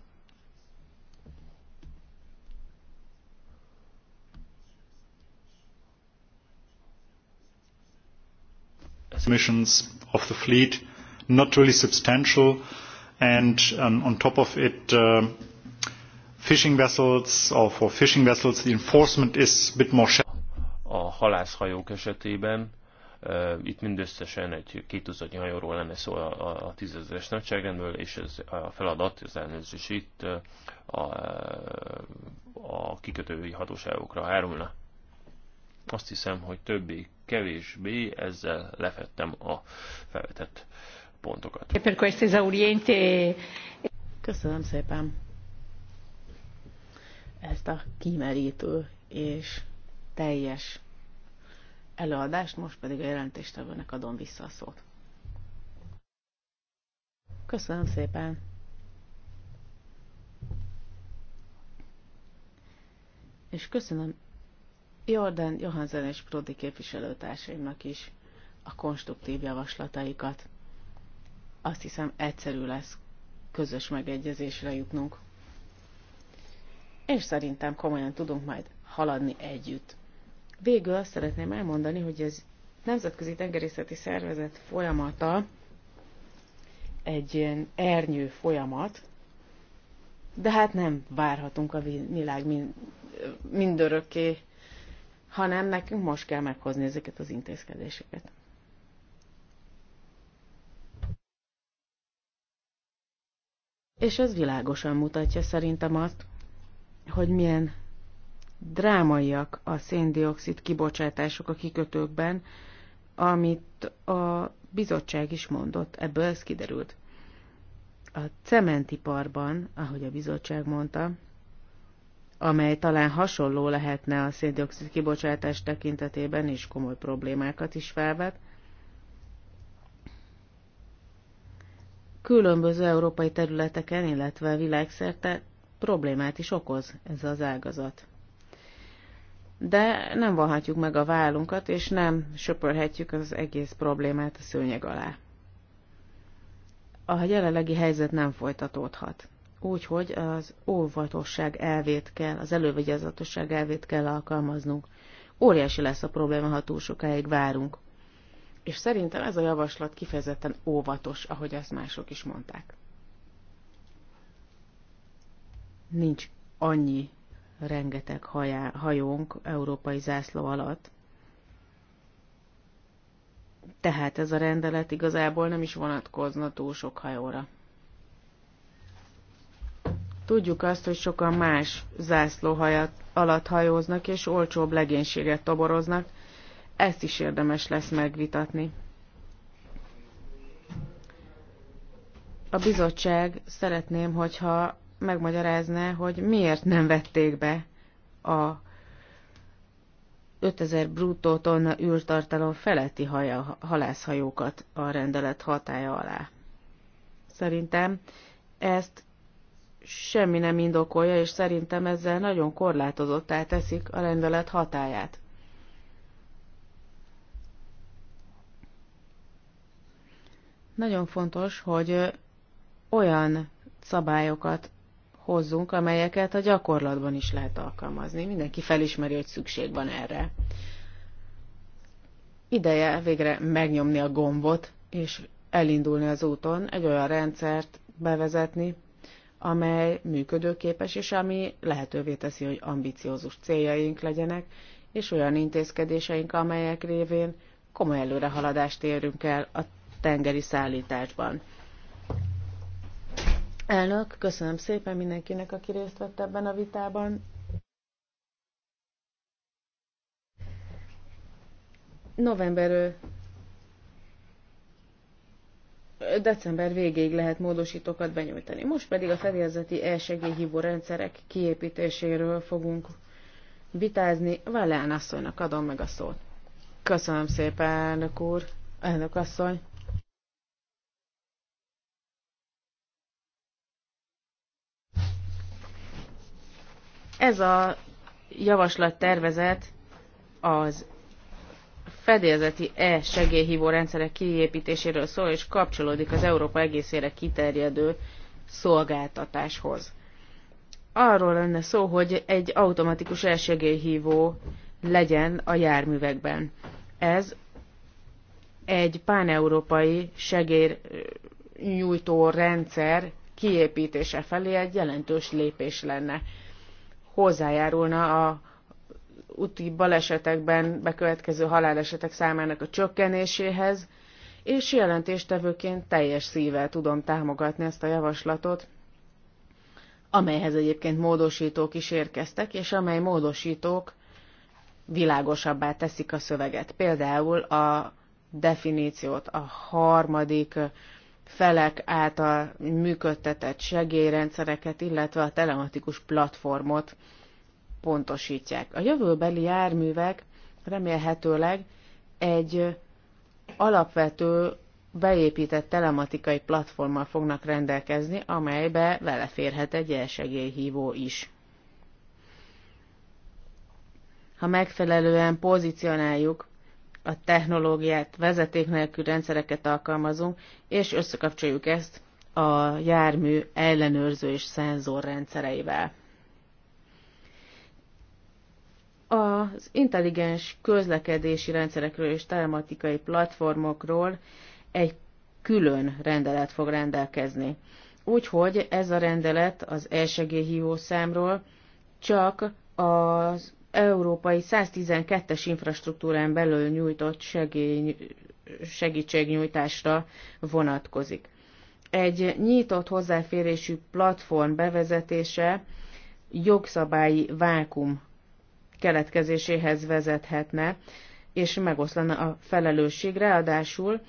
emissions of the fleet, not really substantial, and um, on top of it, uh, fishing vessels, or for fishing vessels the enforcement is a bit more shallow. A halászhajók esetében uh, itt mindösszesen egy két tucatnyi hajóról lenne szó a, a, a tízezeres nagyságrendből, és ez a feladat, az elnőzés itt a, a kikötői hatóságokra hárulna. Azt hiszem, hogy többé-kevésbé ezzel lefettem a felvetett pontokat. Köszönöm szépen! ezt a kimerítő és teljes előadást, most pedig a jelentéstevőnek adom vissza a szót. Köszönöm szépen! És köszönöm Jordan Johansen és Prodi képviselőtársaimnak is a konstruktív javaslataikat. Azt hiszem egyszerű lesz közös megegyezésre jutnunk és szerintem komolyan tudunk majd haladni együtt. Végül azt szeretném elmondani, hogy ez Nemzetközi Tengerészeti Szervezet folyamata egy ilyen ernyő folyamat, de hát nem várhatunk a világ mindörökké, hanem nekünk most kell meghozni ezeket az intézkedéseket. És ez világosan mutatja szerintem azt, hogy milyen drámaiak a széndiokszid kibocsátások a kikötőkben, amit a bizottság is mondott, ebből ez kiderült. A cementiparban, ahogy a bizottság mondta, amely talán hasonló lehetne a széndiokszid kibocsátás tekintetében, és komoly problémákat is felvet, különböző európai területeken, illetve világszerte problémát is okoz ez az ágazat. De nem vonhatjuk meg a vállunkat, és nem söpörhetjük az egész problémát a szőnyeg alá. A jelenlegi helyzet nem folytatódhat. Úgyhogy az óvatosság elvét kell, az elővigyázatosság elvét kell alkalmaznunk. Óriási lesz a probléma, ha túl sokáig várunk. És szerintem ez a javaslat kifejezetten óvatos, ahogy ezt mások is mondták. nincs annyi rengeteg hajá, hajónk európai zászló alatt. Tehát ez a rendelet igazából nem is vonatkozna túl sok hajóra. Tudjuk azt, hogy sokan más zászlóhajat alatt hajóznak, és olcsóbb legénységet toboroznak, ezt is érdemes lesz megvitatni. A bizottság szeretném, hogyha megmagyarázná, hogy miért nem vették be a 5000 bruttó tonna űrtartalom feletti haja, halászhajókat a rendelet hatája alá. Szerintem ezt semmi nem indokolja, és szerintem ezzel nagyon korlátozottá teszik a rendelet hatáját. Nagyon fontos, hogy olyan szabályokat hozzunk, amelyeket a gyakorlatban is lehet alkalmazni. Mindenki felismeri, hogy szükség van erre. Ideje végre megnyomni a gombot, és elindulni az úton, egy olyan rendszert bevezetni, amely működőképes, és ami lehetővé teszi, hogy ambiciózus céljaink legyenek, és olyan intézkedéseink, amelyek révén komoly előrehaladást érünk el a tengeri szállításban. Elnök, köszönöm szépen mindenkinek, aki részt vett ebben a vitában. November december végéig lehet módosítókat benyújtani. Most pedig a fedélzeti elsegélyhívó rendszerek kiépítéséről fogunk vitázni. Valán asszonynak adom meg a szót. Köszönöm szépen, elnök úr, elnök asszony. Ez a javaslat tervezet az fedélzeti e-segélyhívó rendszerek kiépítéséről szól, és kapcsolódik az Európa egészére kiterjedő szolgáltatáshoz. Arról lenne szó, hogy egy automatikus e-segélyhívó legyen a járművekben. Ez egy páneurópai segélynyújtó rendszer kiépítése felé egy jelentős lépés lenne hozzájárulna a úti balesetekben bekövetkező halálesetek számának a csökkenéséhez, és jelentéstevőként teljes szívvel tudom támogatni ezt a javaslatot, amelyhez egyébként módosítók is érkeztek, és amely módosítók világosabbá teszik a szöveget. Például a definíciót, a harmadik felek által működtetett segélyrendszereket, illetve a telematikus platformot pontosítják. A jövőbeli járművek remélhetőleg egy alapvető beépített telematikai platformmal fognak rendelkezni, amelybe férhet egy elsegélyhívó is. Ha megfelelően pozícionáljuk a technológiát, vezeték nélkül rendszereket alkalmazunk, és összekapcsoljuk ezt a jármű ellenőrző és szenzor rendszereivel. Az intelligens közlekedési rendszerekről és telematikai platformokról egy külön rendelet fog rendelkezni. Úgyhogy ez a rendelet az ESG hívószámról csak az európai 112-es infrastruktúrán belül nyújtott segély, segítségnyújtásra vonatkozik. Egy nyitott hozzáférésű platform bevezetése jogszabályi vákum keletkezéséhez vezethetne, és megoszlana a felelősség. Ráadásul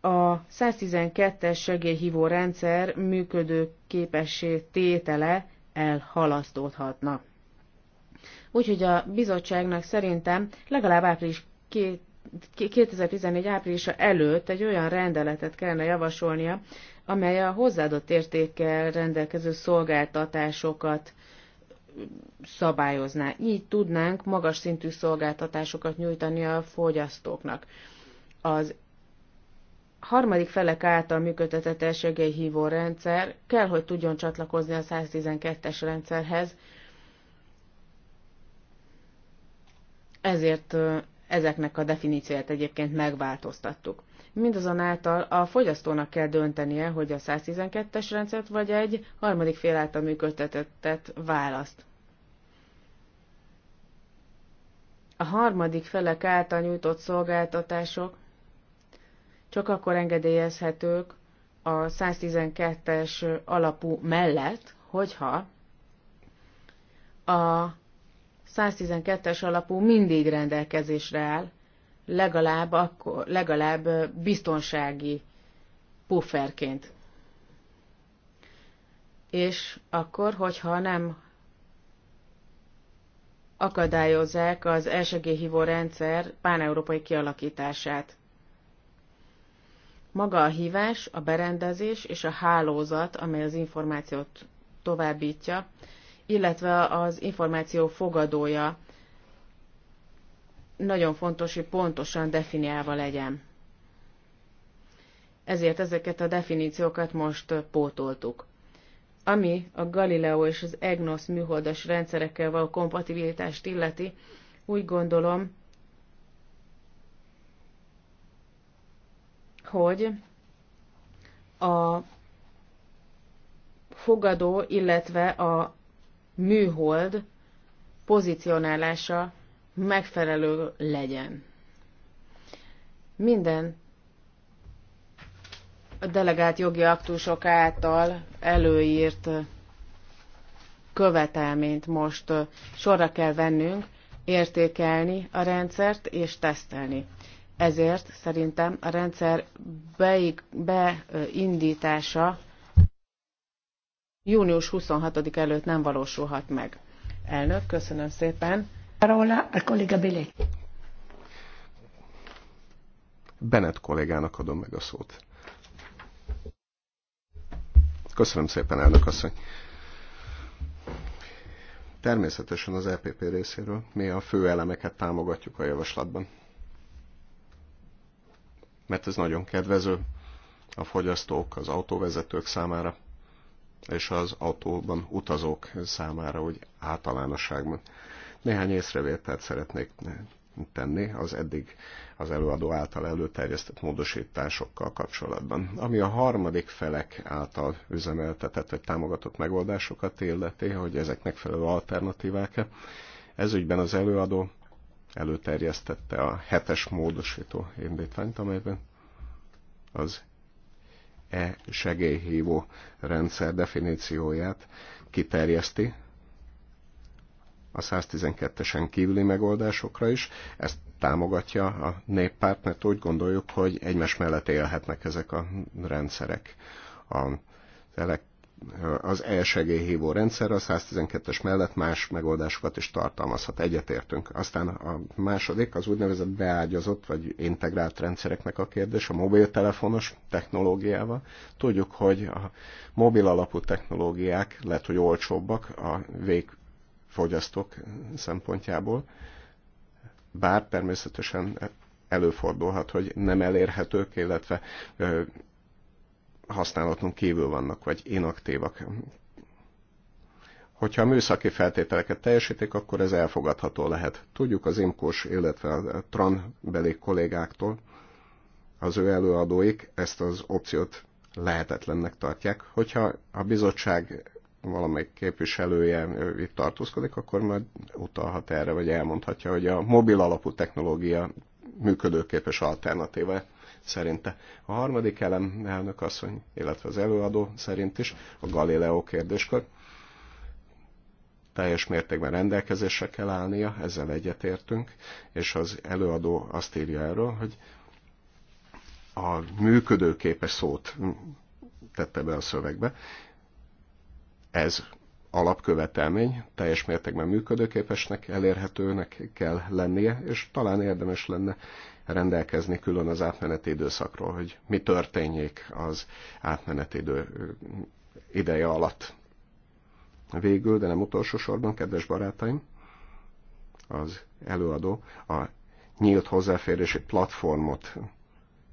a 112-es segélyhívó rendszer működő képessé tétele elhalasztódhatna. Úgyhogy a bizottságnak szerintem legalább április 2 2014 áprilisa előtt egy olyan rendeletet kellene javasolnia, amely a hozzáadott értékkel rendelkező szolgáltatásokat szabályozná. Így tudnánk magas szintű szolgáltatásokat nyújtani a fogyasztóknak. Az harmadik felek által működtetett elsőgei hívó rendszer kell, hogy tudjon csatlakozni a 112-es rendszerhez, ezért ezeknek a definícióját egyébként megváltoztattuk. Mindazonáltal a fogyasztónak kell döntenie, hogy a 112-es rendszert vagy egy harmadik fél által működtetett választ. A harmadik felek által nyújtott szolgáltatások csak akkor engedélyezhetők a 112-es alapú mellett, hogyha a 112-es alapú mindig rendelkezésre áll, legalább, akkor, legalább biztonsági pufferként. És akkor, hogyha nem akadályozzák az elsegélyhívó rendszer páneurópai kialakítását. Maga a hívás, a berendezés és a hálózat, amely az információt továbbítja, illetve az információ fogadója nagyon fontos, hogy pontosan definiálva legyen. Ezért ezeket a definíciókat most pótoltuk. Ami a Galileo és az EGNOS műholdas rendszerekkel való kompatibilitást illeti, úgy gondolom, hogy a fogadó, illetve a műhold pozícionálása megfelelő legyen. Minden a delegált jogi aktusok által előírt követelményt most sorra kell vennünk, értékelni a rendszert és tesztelni. Ezért szerintem a rendszer beindítása június 26 előtt nem valósulhat meg. Elnök, köszönöm szépen. Parola a kolléga Bilé. Benet kollégának adom meg a szót. Köszönöm szépen, elnök asszony. Természetesen az EPP részéről mi a fő elemeket támogatjuk a javaslatban. Mert ez nagyon kedvező a fogyasztók, az autóvezetők számára és az autóban utazók számára hogy általánosságban. Néhány észrevételt szeretnék tenni az eddig az előadó által előterjesztett módosításokkal kapcsolatban. Ami a harmadik felek által üzemeltetett vagy támogatott megoldásokat illeti, hogy ezek megfelelő alternatívák-e, ezügyben az előadó előterjesztette a hetes módosító indítványt, amelyben az e-segélyhívó rendszer definícióját kiterjeszti a 112-esen kívüli megoldásokra is. Ezt támogatja a néppárt, mert úgy gondoljuk, hogy egymás mellett élhetnek ezek a rendszerek. A az e-segélyhívó rendszer a 112-es mellett más megoldásokat is tartalmazhat, egyetértünk. Aztán a második, az úgynevezett beágyazott vagy integrált rendszereknek a kérdés, a mobiltelefonos technológiával. Tudjuk, hogy a mobil alapú technológiák lehet, hogy olcsóbbak a végfogyasztók szempontjából, bár természetesen előfordulhat, hogy nem elérhetők, illetve használatunk kívül vannak, vagy inaktívak. Hogyha a műszaki feltételeket teljesítik, akkor ez elfogadható lehet. Tudjuk az imkós, illetve a TRAN beli kollégáktól, az ő előadóik ezt az opciót lehetetlennek tartják. Hogyha a bizottság valamelyik képviselője itt tartózkodik, akkor majd utalhat erre, vagy elmondhatja, hogy a mobil alapú technológia működőképes alternatíva szerinte. A harmadik elem, elnök asszony, illetve az előadó szerint is a Galileo kérdéskör teljes mértékben rendelkezésre kell állnia, ezzel egyetértünk, és az előadó azt írja erről, hogy a működőképes szót tette be a szövegbe. Ez alapkövetelmény, teljes mértékben működőképesnek, elérhetőnek kell lennie, és talán érdemes lenne rendelkezni külön az átmeneti időszakról, hogy mi történjék az átmeneti idő ideje alatt. Végül, de nem utolsó sorban, kedves barátaim, az előadó a nyílt hozzáférési platformot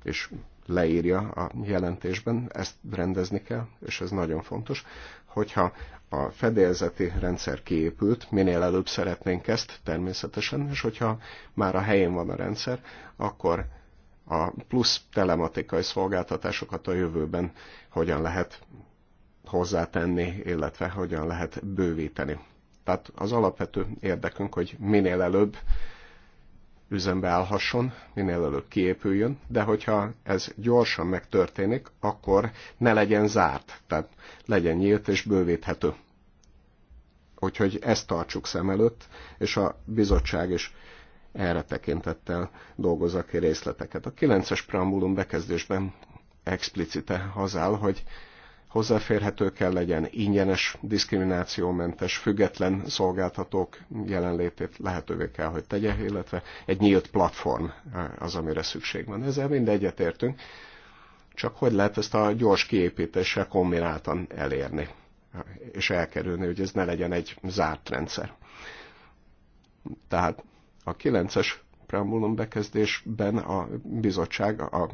és leírja a jelentésben, ezt rendezni kell, és ez nagyon fontos, hogyha a fedélzeti rendszer kiépült, minél előbb szeretnénk ezt természetesen, és hogyha már a helyén van a rendszer, akkor a plusz telematikai szolgáltatásokat a jövőben hogyan lehet hozzátenni, illetve hogyan lehet bővíteni. Tehát az alapvető érdekünk, hogy minél előbb üzembe állhasson, minél előbb kiépüljön, de hogyha ez gyorsan megtörténik, akkor ne legyen zárt, tehát legyen nyílt és bővíthető. Úgyhogy ezt tartsuk szem előtt, és a bizottság is erre tekintettel dolgozza ki részleteket. A 9-es preambulum bekezdésben explicite hazál, hogy hozzáférhető kell legyen, ingyenes, diszkriminációmentes, független szolgáltatók jelenlétét lehetővé kell, hogy tegye, illetve egy nyílt platform eh, az, amire szükség van. Ezzel mind egyetértünk, csak hogy lehet ezt a gyors kiépítéssel kombináltan elérni, eh, és elkerülni, hogy ez ne legyen egy zárt rendszer. Tehát a 9-es preambulum bekezdésben a bizottság a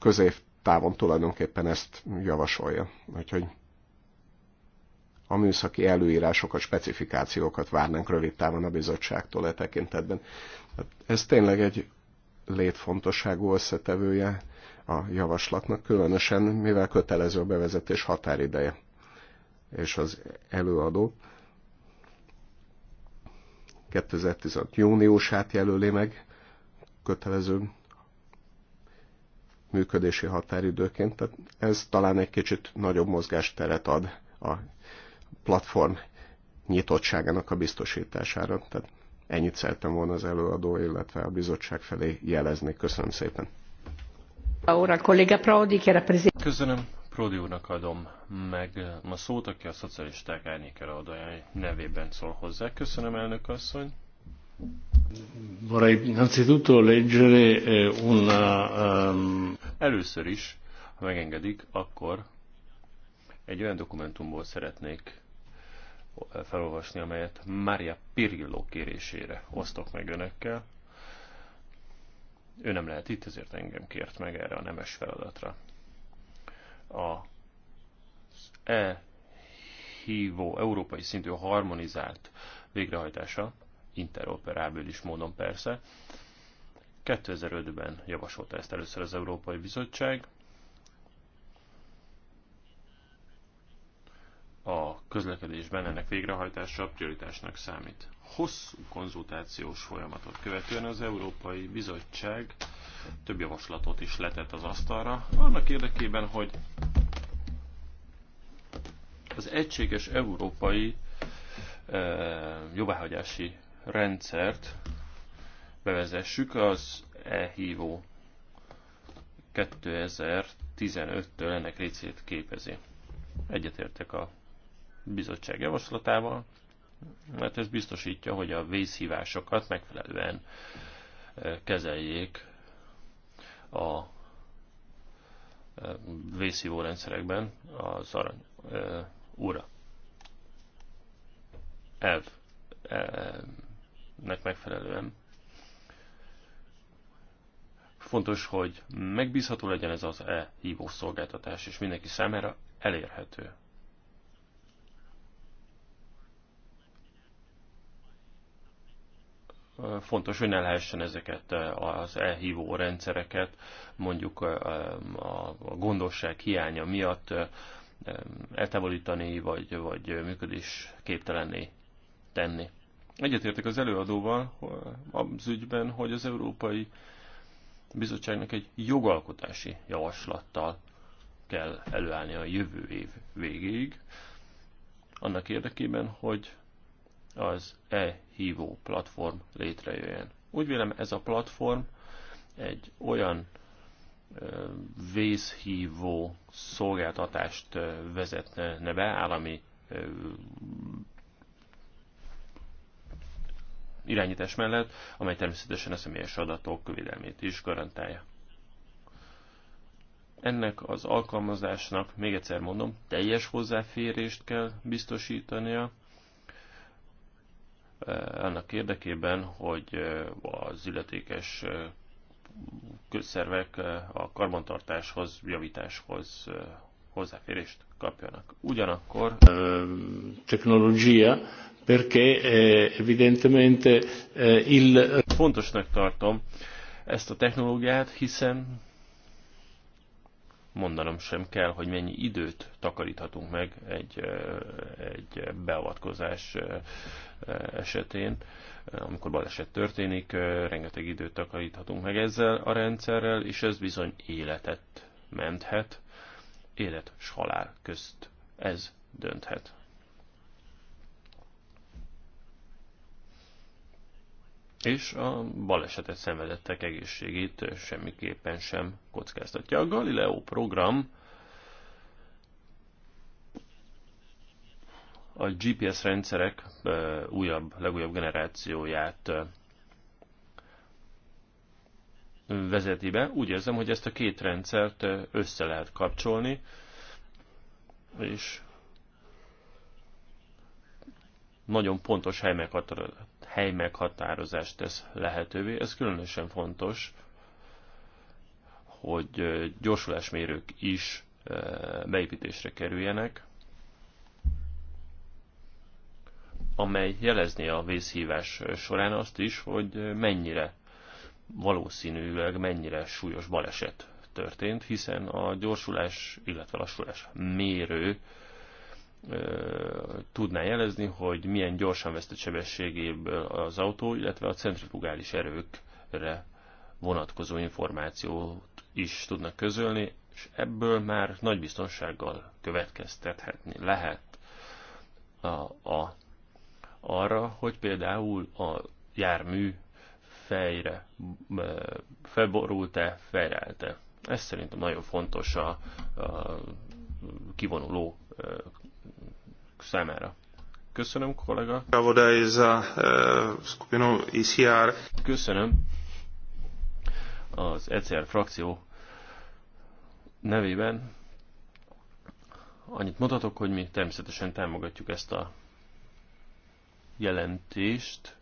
közép távon tulajdonképpen ezt javasolja. Úgyhogy a műszaki előírásokat, specifikációkat várnánk rövid távon a bizottságtól e tekintetben. Hát ez tényleg egy létfontosságú összetevője a javaslatnak, különösen mivel kötelező a bevezetés határideje. És az előadó 2015 júniusát jelöli meg kötelező működési határidőként, tehát ez talán egy kicsit nagyobb mozgásteret ad a platform nyitottságának a biztosítására. Tehát ennyit szerettem volna az előadó, illetve a bizottság felé jelezni. Köszönöm szépen. Köszönöm. Prodi úrnak adom meg a szót, aki a szocialisták árnyék előadója nevében szól hozzá. Köszönöm, elnök asszony. Eh, ehm, Először is, ha megengedik, akkor egy olyan dokumentumból szeretnék eh, felolvasni, amelyet Mária Pirillo kérésére osztok meg önökkel. Ő nem lehet itt, ezért engem kért meg erre a nemes feladatra. A e hívó európai szintű harmonizált végrehajtása interoperábilis módon persze. 2005-ben javasolta ezt először az Európai Bizottság. A közlekedésben ennek végrehajtása prioritásnak számít. Hosszú konzultációs folyamatot követően az Európai Bizottság több javaslatot is letett az asztalra, annak érdekében, hogy az egységes európai e, eh, jobbáhagyási rendszert bevezessük az e-hívó 2015-től ennek részét képezi. Egyetértek a bizottság javaslatával, mert ez biztosítja, hogy a vészhívásokat megfelelően e, kezeljék a e, vészhívó rendszerekben az arany e, ura Elv. elv nek megfelelően. Fontos, hogy megbízható legyen ez az e-hívó szolgáltatás, és mindenki számára elérhető. Fontos, hogy ne lehessen ezeket e, az elhívó rendszereket mondjuk e, a gondosság hiánya miatt e, eltávolítani, vagy, vagy működés képtelenné tenni. Egyetértek az előadóval az ügyben, hogy az Európai Bizottságnak egy jogalkotási javaslattal kell előállni a jövő év végéig, annak érdekében, hogy az e-hívó platform létrejöjjön. Úgy vélem, ez a platform egy olyan vészhívó szolgáltatást vezetne be állami irányítás mellett, amely természetesen a személyes adatok védelmét is garantálja. Ennek az alkalmazásnak, még egyszer mondom, teljes hozzáférést kell biztosítania, eh, annak érdekében, hogy eh, az illetékes eh, közszervek a karbantartáshoz, javításhoz hozzáférést kapjanak. Ugyanakkor technológia perché eh, evidentemente eh, il... Fontosnak tartom ezt a technológiát, hiszen mondanom sem kell, hogy mennyi időt takaríthatunk meg egy, eh, egy beavatkozás esetén. Amikor baleset történik, rengeteg időt takaríthatunk meg ezzel a rendszerrel, és ez bizony életet menthet, élet és halál közt ez dönthet. és a balesetet szenvedettek egészségét semmiképpen sem kockáztatja. A Galileo program a GPS rendszerek újabb, legújabb generációját vezeti be. Úgy érzem, hogy ezt a két rendszert össze lehet kapcsolni, és nagyon pontos hely hely meghatározást tesz lehetővé. Ez különösen fontos, hogy gyorsulásmérők is beépítésre kerüljenek, amely jelezné a vészhívás során azt is, hogy mennyire valószínűleg mennyire súlyos baleset történt, hiszen a gyorsulás, illetve lassulás mérő tudná jelezni, hogy milyen gyorsan vesztett sebességéből az autó, illetve a centrifugális erőkre vonatkozó információt is tudnak közölni, és ebből már nagy biztonsággal következtethetni lehet a, a, arra, hogy például a jármű fejre felborult-e, fejrelte. Ez szerintem nagyon fontos a, a kivonuló számára. Köszönöm, kollega. za e, skupinu ICR. E Köszönöm. Az ECR frakció nevében annyit mutatok, hogy mi természetesen támogatjuk ezt a jelentést,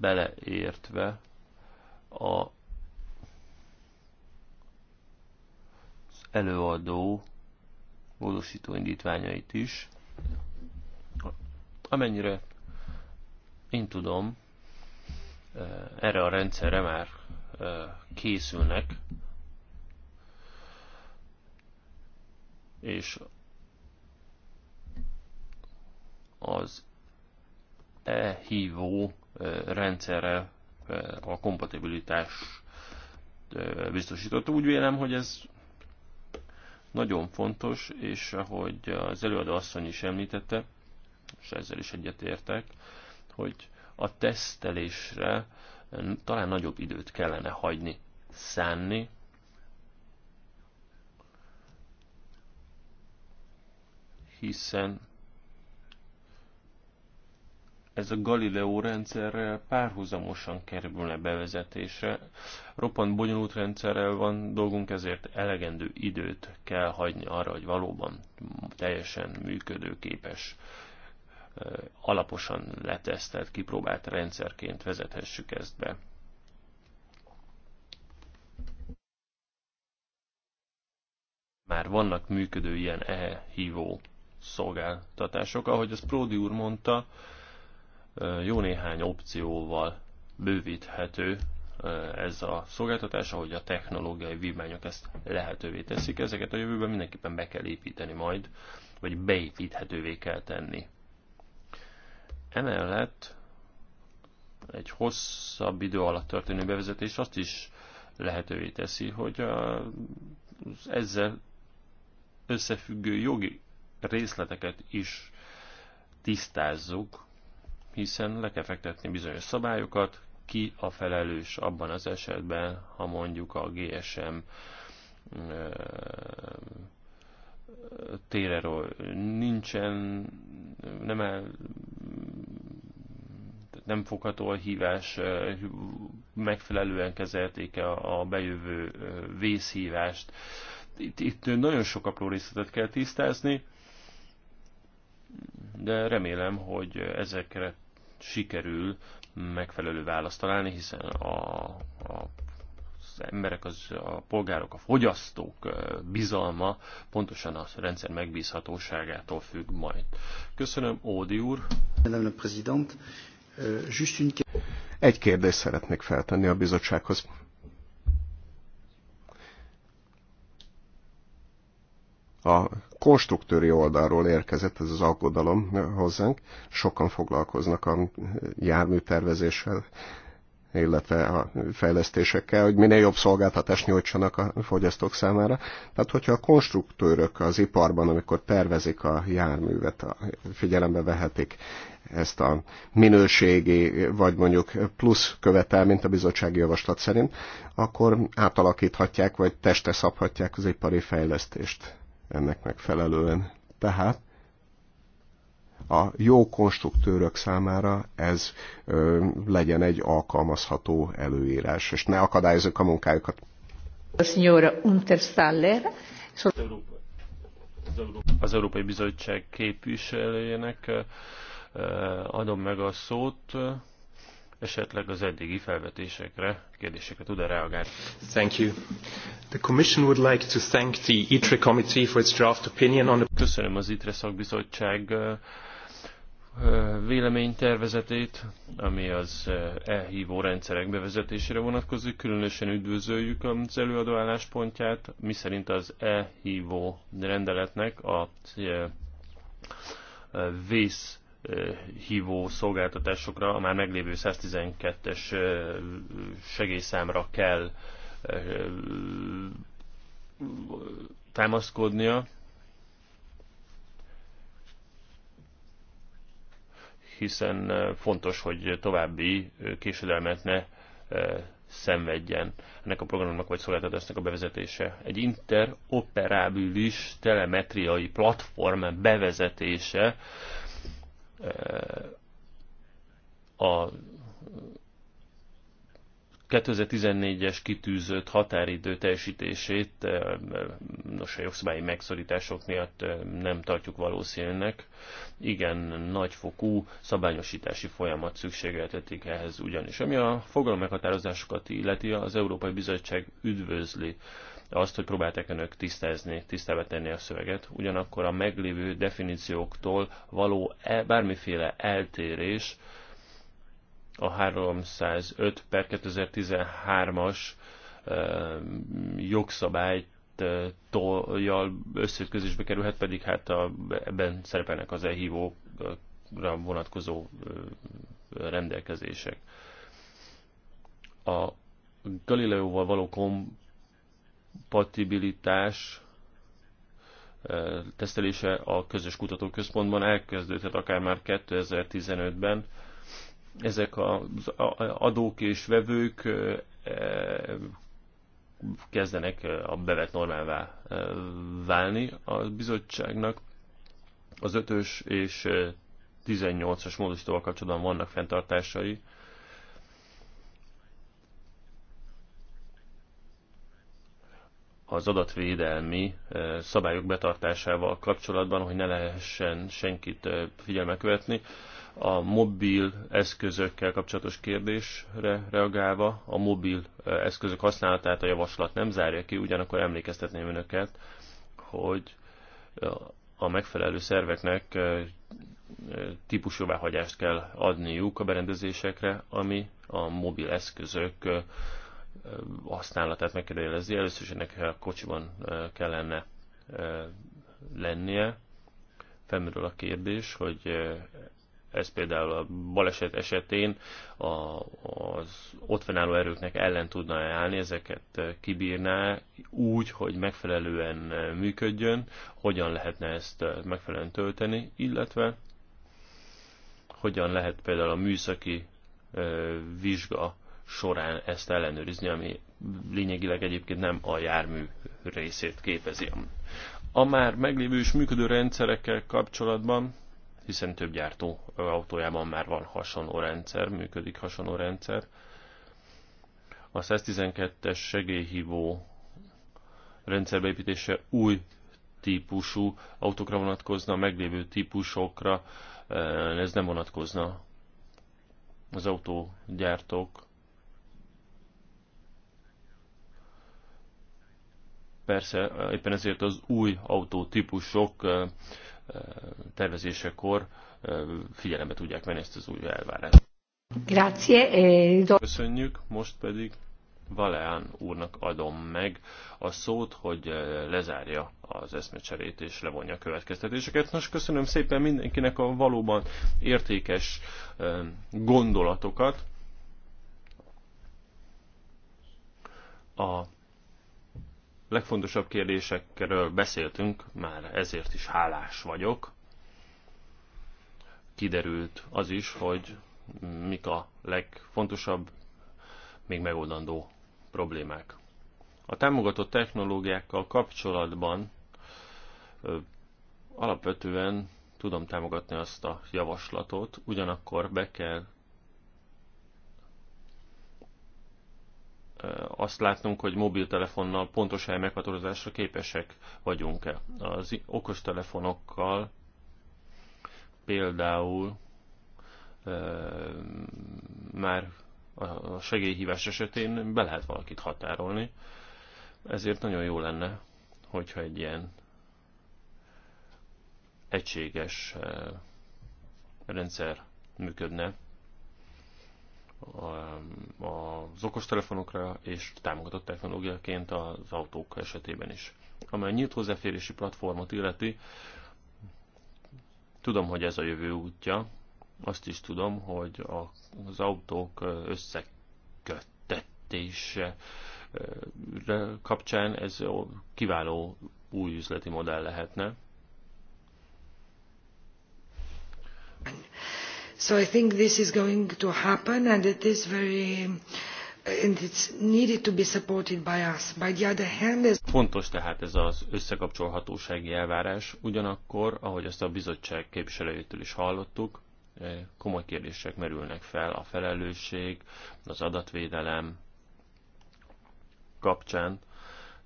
beleértve a előadó módosító indítványait is. Amennyire én tudom, eh, erre a rendszerre már eh, készülnek, és az e-hívó eh, rendszerre a kompatibilitás biztosított Úgy vélem, hogy ez nagyon fontos, és ahogy az előadó asszony is említette, és ezzel is egyetértek, hogy a tesztelésre eh, talán nagyobb időt kellene hagyni, szánni, hiszen ez a Galileo rendszer párhuzamosan kerülne bevezetésre. Roppant bonyolult rendszerrel van dolgunk, ezért elegendő időt kell hagyni arra, hogy valóban teljesen működőképes, alaposan letesztelt, kipróbált rendszerként vezethessük ezt be. Már vannak működő ilyen EHE hívó szolgáltatások, ahogy az Pródi úr mondta, jó néhány opcióval bővíthető ez a szolgáltatás, ahogy a technológiai vívmányok ezt lehetővé teszik. Ezeket a jövőben mindenképpen be kell építeni majd, vagy beépíthetővé kell tenni. Emellett egy hosszabb idő alatt történő bevezetés azt is lehetővé teszi, hogy a, ezzel összefüggő jogi részleteket is tisztázzuk, hiszen le kell fektetni bizonyos szabályokat, ki a felelős abban az esetben, ha mondjuk a GSM téreről nincsen, nem, el, nem fogható a hívás, megfelelően kezelték a, a bejövő vészhívást. Itt, itt nagyon sok apró részletet kell tisztázni, de remélem, hogy ezekre sikerül megfelelő választ találni, hiszen a, a az emberek, az, a polgárok, a fogyasztók bizalma pontosan a rendszer megbízhatóságától függ majd. Köszönöm, Ódi úr. Euh, Egy kérdést szeretnék feltenni a bizottsághoz. A konstruktőri oldalról érkezett ez az aggodalom hozzánk. Sokan foglalkoznak a járműtervezéssel, illetve a fejlesztésekkel, hogy minél jobb szolgáltatást nyújtsanak a fogyasztók számára. Tehát, hogyha a konstruktőrök az iparban, amikor tervezik a járművet, figyelembe vehetik ezt a minőségi, vagy mondjuk plusz követelményt a bizottsági javaslat szerint, akkor átalakíthatják, vagy teste szabhatják az ipari fejlesztést ennek megfelelően. Tehát a jó konstruktőrök számára ez ö, legyen egy alkalmazható előírás, és ne akadályozzuk a munkájukat. A signora Unterstaller. Az Európai Bizottság képviselőjének adom meg a szót esetleg az eddigi felvetésekre, kérdésekre tud-e reagálni. Thank you. The Commission would like to thank the ITRE Committee for its draft opinion on the... Köszönöm az ITRE szakbizottság véleménytervezetét, ami az elhívó rendszerek bevezetésére vonatkozik. Különösen üdvözöljük az előadó álláspontját, miszerint az elhívó rendeletnek a vész hívó szolgáltatásokra a már meglévő 112-es segélyszámra kell támaszkodnia, hiszen fontos, hogy további késedelmet ne szenvedjen ennek a programnak vagy szolgáltatásnak a bevezetése. Egy interoperábilis telemetriai platform bevezetése a 2014-es kitűzött határidő teljesítését nos, a jogszabályi megszorítások miatt nem tartjuk valószínűnek. Igen, nagyfokú szabályosítási folyamat szükségeltetik ehhez ugyanis. Ami a fogalom meghatározásokat illeti, az Európai Bizottság üdvözli azt, hogy próbálták önök tisztázni, tisztába tenni a szöveget, ugyanakkor a meglévő definícióktól való el, bármiféle eltérés a 305 per 2013-as e, jogszabályt toljal összeütközésbe kerülhet, pedig hát a, ebben szerepelnek az elhívóra vonatkozó e, rendelkezések. A Galileóval való kom kompatibilitás tesztelése a közös kutatóközpontban elkezdődhet akár már 2015-ben. Ezek az adók és vevők kezdenek a bevet normálvá válni. A bizottságnak az 5-ös és 18-as módosítóval kapcsolatban vannak fenntartásai. az adatvédelmi szabályok betartásával kapcsolatban, hogy ne lehessen senkit figyelme követni. A mobil eszközökkel kapcsolatos kérdésre reagálva, a mobil eszközök használatát a javaslat nem zárja ki, ugyanakkor emlékeztetném önöket, hogy a megfelelő szerveknek típusjóváhagyást kell adniuk a berendezésekre, ami a mobil eszközök használatát megkérdőjelezi. Először is ennek a kocsiban kellene lennie. Felmerül a kérdés, hogy ez például a baleset esetén a, az ott fennálló erőknek ellen tudna állni, ezeket kibírná úgy, hogy megfelelően működjön, hogyan lehetne ezt megfelelően tölteni, illetve hogyan lehet például a műszaki vizsga során ezt ellenőrizni, ami lényegileg egyébként nem a jármű részét képezi. A már meglévő és működő rendszerekkel kapcsolatban, hiszen több gyártó autójában már van hasonló rendszer, működik hasonló rendszer, a 112-es segélyhívó rendszerbeépítése új típusú autókra vonatkozna, meglévő típusokra eh, ez nem vonatkozna. Az autógyártók Persze éppen ezért az új autótípusok tervezésekor figyelembe tudják venni ezt az új elvárást. Grazie. Eh, Köszönjük, most pedig Valeán úrnak adom meg a szót, hogy lezárja az eszmecserét és levonja a következtetéseket. Nos, köszönöm szépen mindenkinek a valóban értékes gondolatokat. A legfontosabb kérdésekről beszéltünk, már ezért is hálás vagyok. Kiderült az is, hogy mik a legfontosabb, még megoldandó problémák. A támogatott technológiákkal kapcsolatban ö, alapvetően tudom támogatni azt a javaslatot, ugyanakkor be kell azt látnunk, hogy mobiltelefonnal pontos hely képesek vagyunk-e. Az okostelefonokkal például e, már a segélyhívás esetén be lehet valakit határolni, ezért nagyon jó lenne, hogyha egy ilyen egységes rendszer működne az okostelefonokra és támogatott technológiaként az autók esetében is. Amely nyílt hozzáférési platformot illeti, tudom, hogy ez a jövő útja, azt is tudom, hogy az autók összeköttetése eh, kapcsán ez kiváló új üzleti modell lehetne so i think this is going to happen and it is very and needed to be supported by us. By the other hand, as Fontos tehát ez az összekapcsolhatósági elvárás, ugyanakkor, ahogy ezt a bizottság képviselőjétől is hallottuk, eh, komoly kérdések merülnek fel a felelősség, az adatvédelem kapcsán.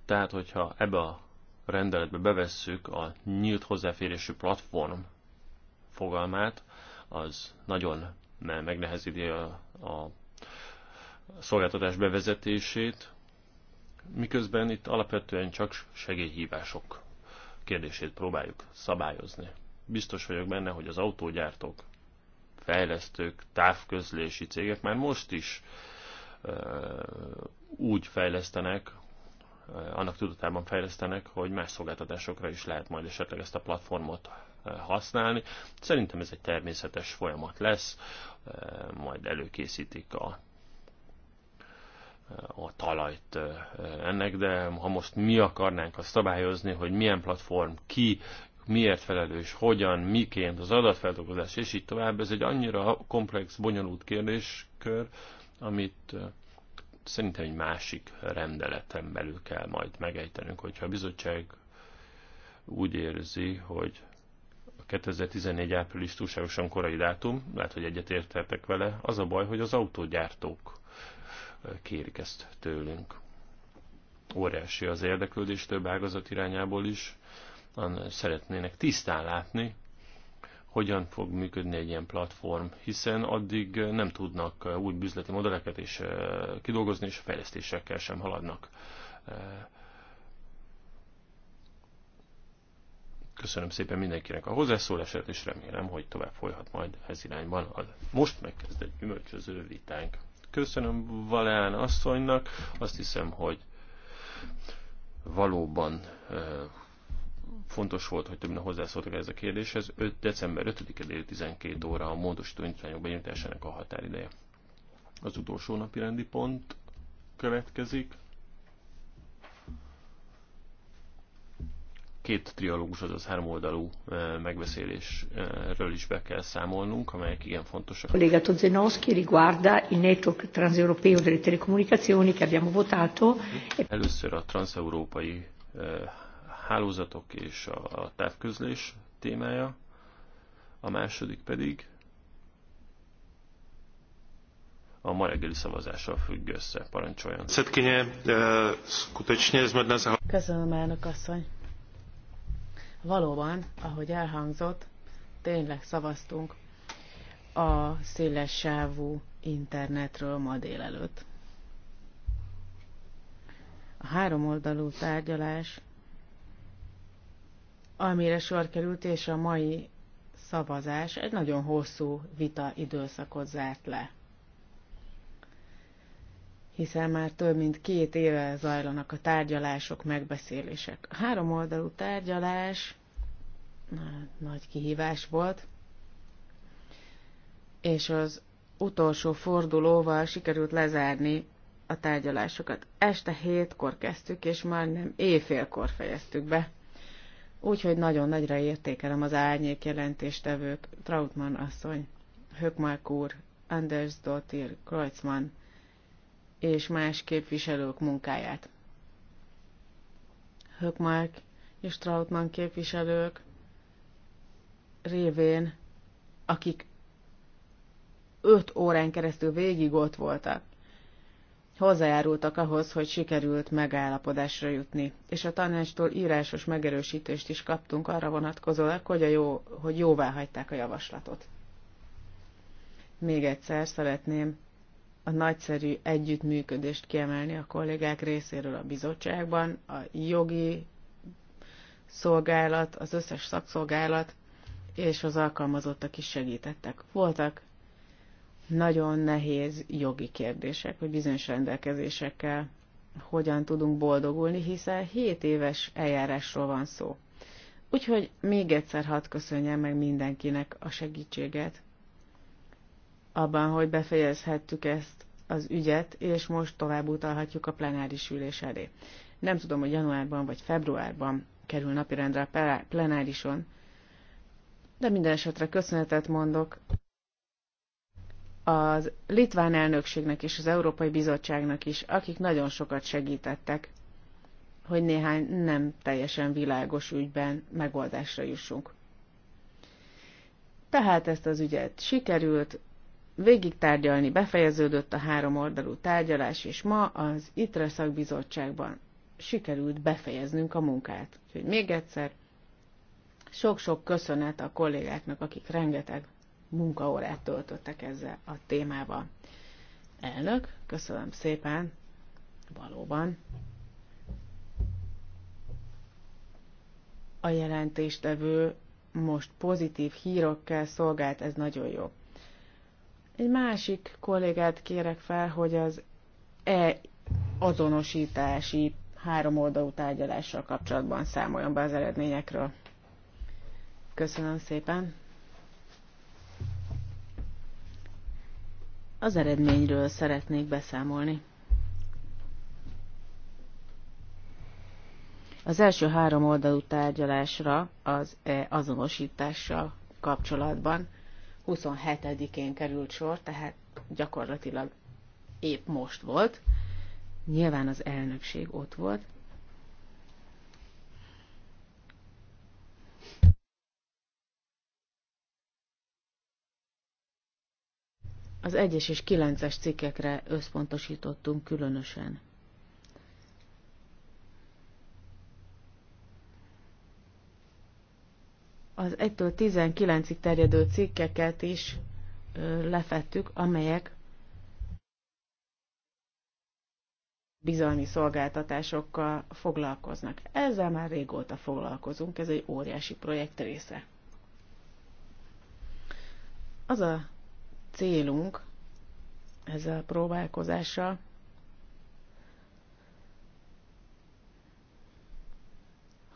Tehát, hogyha ebbe a rendeletbe bevesszük a nyílt hozzáférésű platform fogalmát, az nagyon megnehezíti a, a szolgáltatás bevezetését, miközben itt alapvetően csak segélyhívások kérdését próbáljuk szabályozni. Biztos vagyok benne, hogy az autógyártók, fejlesztők, távközlési cégek már most is úgy fejlesztenek, annak tudatában fejlesztenek, hogy más szolgáltatásokra is lehet majd esetleg ezt a platformot használni. Szerintem ez egy természetes folyamat lesz, majd előkészítik a a talajt ennek, de ha most mi akarnánk azt szabályozni, hogy milyen platform ki, miért felelős, hogyan, miként, az adatfeldolgozás, és így tovább, ez egy annyira komplex, bonyolult kérdéskör, amit szerintem egy másik rendeleten belül kell majd megejtenünk, hogyha a bizottság úgy érzi, hogy 2014 április túlságosan korai dátum, lehet, hogy egyetértettek vele. Az a baj, hogy az autógyártók kérik ezt tőlünk. Óriási az érdeklődés több ágazat irányából is. Szeretnének tisztán látni, hogyan fog működni egy ilyen platform, hiszen addig nem tudnak új üzleti modelleket is kidolgozni, és fejlesztésekkel sem haladnak Köszönöm szépen mindenkinek a hozzászólását, és remélem, hogy tovább folyhat majd ez irányban a most megkezdett gyümölcsöző vitánk. Köszönöm Valán asszonynak, azt hiszem, hogy valóban fontos volt, hogy többen hozzászóltak ez a kérdéshez. 5. december 5-e dél 12 óra a módosító intványok benyújtásának a határideje. Az utolsó napi rendi pont következik. két trialógus, azaz háromoldalú eh, megbeszélésről is be kell számolnunk, amelyek igen fontosak. Kollega Tozenowski riguarda il network transeuropeo delle telecomunicazioni che abbiamo votato. Először a transeurópai eh, hálózatok és a távközlés témája, a második pedig a ma reggeli szavazással függ össze. Parancsoljon. Eh, Köszönöm, elnök asszony. Valóban, ahogy elhangzott, tényleg szavaztunk a széles sávú internetről ma délelőtt. A háromoldalú tárgyalás, amire sor került, és a mai szavazás egy nagyon hosszú vita időszakot zárt le hiszen már több mint két éve zajlanak a tárgyalások, megbeszélések. A három oldalú tárgyalás nagy kihívás volt, és az utolsó fordulóval sikerült lezárni a tárgyalásokat. Este hétkor kezdtük, és már nem éjfélkor fejeztük be. Úgyhogy nagyon nagyra értékelem az árnyék jelentéstevők, Trautmann asszony, Hökmark úr, Anders Dottir, Kreuzmann, és más képviselők munkáját. Höckmark és Trautmann képviselők révén, akik öt órán keresztül végig ott voltak, hozzájárultak ahhoz, hogy sikerült megállapodásra jutni, és a tanácstól írásos megerősítést is kaptunk arra vonatkozólag, hogy, a jó, hogy jóvá hagyták a javaslatot. Még egyszer szeretném a nagyszerű együttműködést kiemelni a kollégák részéről a bizottságban, a jogi szolgálat, az összes szakszolgálat és az alkalmazottak is segítettek. Voltak nagyon nehéz jogi kérdések, hogy bizonyos rendelkezésekkel hogyan tudunk boldogulni, hiszen 7 éves eljárásról van szó. Úgyhogy még egyszer hadd köszönjem meg mindenkinek a segítséget, abban, hogy befejezhettük ezt az ügyet, és most tovább utalhatjuk a plenáris ülés elé. Nem tudom, hogy januárban vagy februárban kerül napirendre a plenárison, de minden esetre köszönetet mondok az litván elnökségnek és az Európai Bizottságnak is, akik nagyon sokat segítettek, hogy néhány nem teljesen világos ügyben megoldásra jussunk. Tehát ezt az ügyet sikerült végig tárgyalni, befejeződött a három oldalú tárgyalás, és ma az ITRE szakbizottságban sikerült befejeznünk a munkát. Úgyhogy még egyszer sok-sok köszönet a kollégáknak, akik rengeteg munkaórát töltöttek ezzel a témával. Elnök, köszönöm szépen, valóban. A jelentéstevő most pozitív hírokkel szolgált, ez nagyon jó. Egy másik kollégát kérek fel, hogy az e azonosítási három oldalú tárgyalással kapcsolatban számoljon be az eredményekről. Köszönöm szépen. Az eredményről szeretnék beszámolni. Az első három oldalú tárgyalásra az e azonosítással kapcsolatban 27-én került sor, tehát gyakorlatilag épp most volt. Nyilván az elnökség ott volt. Az 1-es és 9-es cikkekre összpontosítottunk különösen. az 1-től 19-ig terjedő cikkeket is lefettük, amelyek bizalmi szolgáltatásokkal foglalkoznak. Ezzel már régóta foglalkozunk, ez egy óriási projekt része. Az a célunk ezzel a próbálkozással,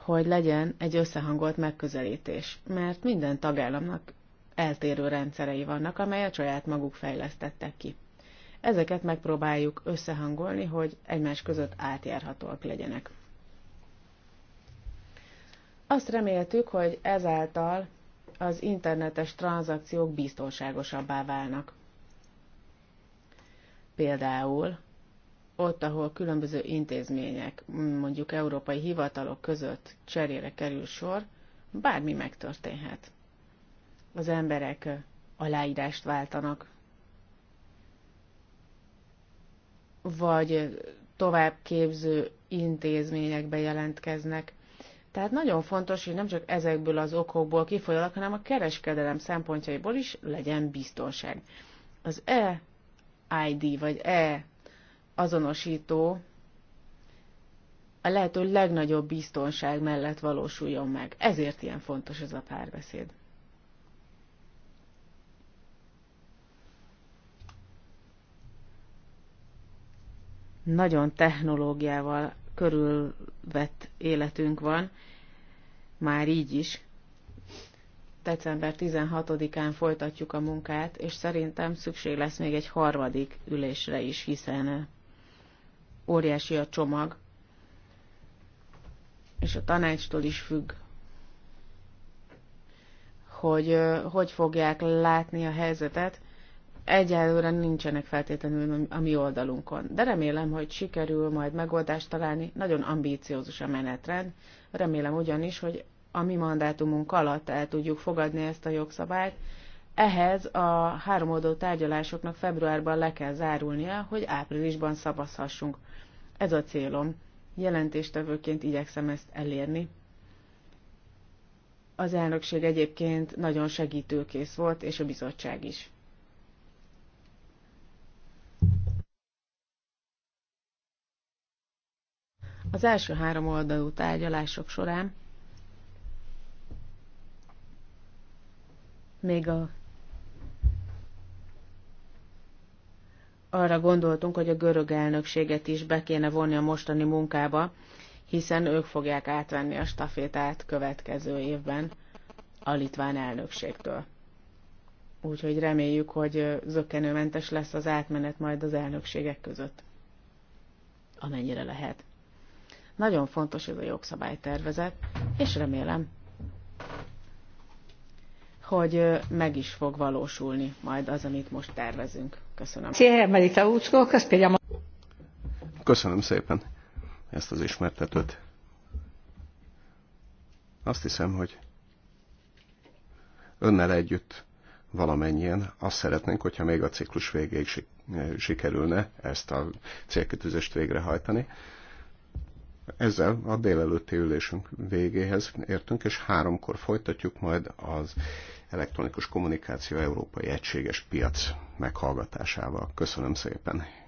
hogy legyen egy összehangolt megközelítés, mert minden tagállamnak eltérő rendszerei vannak, amely a saját maguk fejlesztettek ki. Ezeket megpróbáljuk összehangolni, hogy egymás között átjárhatóak legyenek. Azt reméltük, hogy ezáltal az internetes tranzakciók biztonságosabbá válnak. Például ott, ahol különböző intézmények, mondjuk európai hivatalok között cserére kerül sor, bármi megtörténhet. Az emberek aláírást váltanak, vagy továbbképző intézményekbe jelentkeznek. Tehát nagyon fontos, hogy nem csak ezekből az okokból kifolyólag, hanem a kereskedelem szempontjaiból is legyen biztonság. Az E-ID vagy E azonosító a lehető legnagyobb biztonság mellett valósuljon meg. Ezért ilyen fontos ez a párbeszéd. Nagyon technológiával körülvett életünk van, már így is. December 16-án folytatjuk a munkát, és szerintem szükség lesz még egy harmadik ülésre is, hiszen óriási a csomag, és a tanácstól is függ, hogy hogy fogják látni a helyzetet. Egyelőre nincsenek feltétlenül a mi oldalunkon, de remélem, hogy sikerül majd megoldást találni. Nagyon ambíciózus a menetrend, remélem ugyanis, hogy a mi mandátumunk alatt el tudjuk fogadni ezt a jogszabályt. Ehhez a háromoldó tárgyalásoknak februárban le kell zárulnia, hogy áprilisban szabaszhassunk. Ez a célom. Jelentéstevőként igyekszem ezt elérni. Az elnökség egyébként nagyon segítőkész volt, és a bizottság is. Az első három oldalú tárgyalások során még a arra gondoltunk, hogy a görög elnökséget is be kéne vonni a mostani munkába, hiszen ők fogják átvenni a stafétát következő évben a litván elnökségtől. Úgyhogy reméljük, hogy zökkenőmentes lesz az átmenet majd az elnökségek között, amennyire lehet. Nagyon fontos ez a jogszabálytervezet, és remélem hogy meg is fog valósulni majd az, amit most tervezünk. Köszönöm. Köszönöm szépen ezt az ismertetőt. Azt hiszem, hogy önnel együtt valamennyien azt szeretnénk, hogyha még a ciklus végéig eh, sikerülne ezt a célkitűzést végrehajtani. Ezzel a délelőtti ülésünk végéhez értünk, és háromkor folytatjuk majd az elektronikus kommunikáció európai egységes piac meghallgatásával. Köszönöm szépen!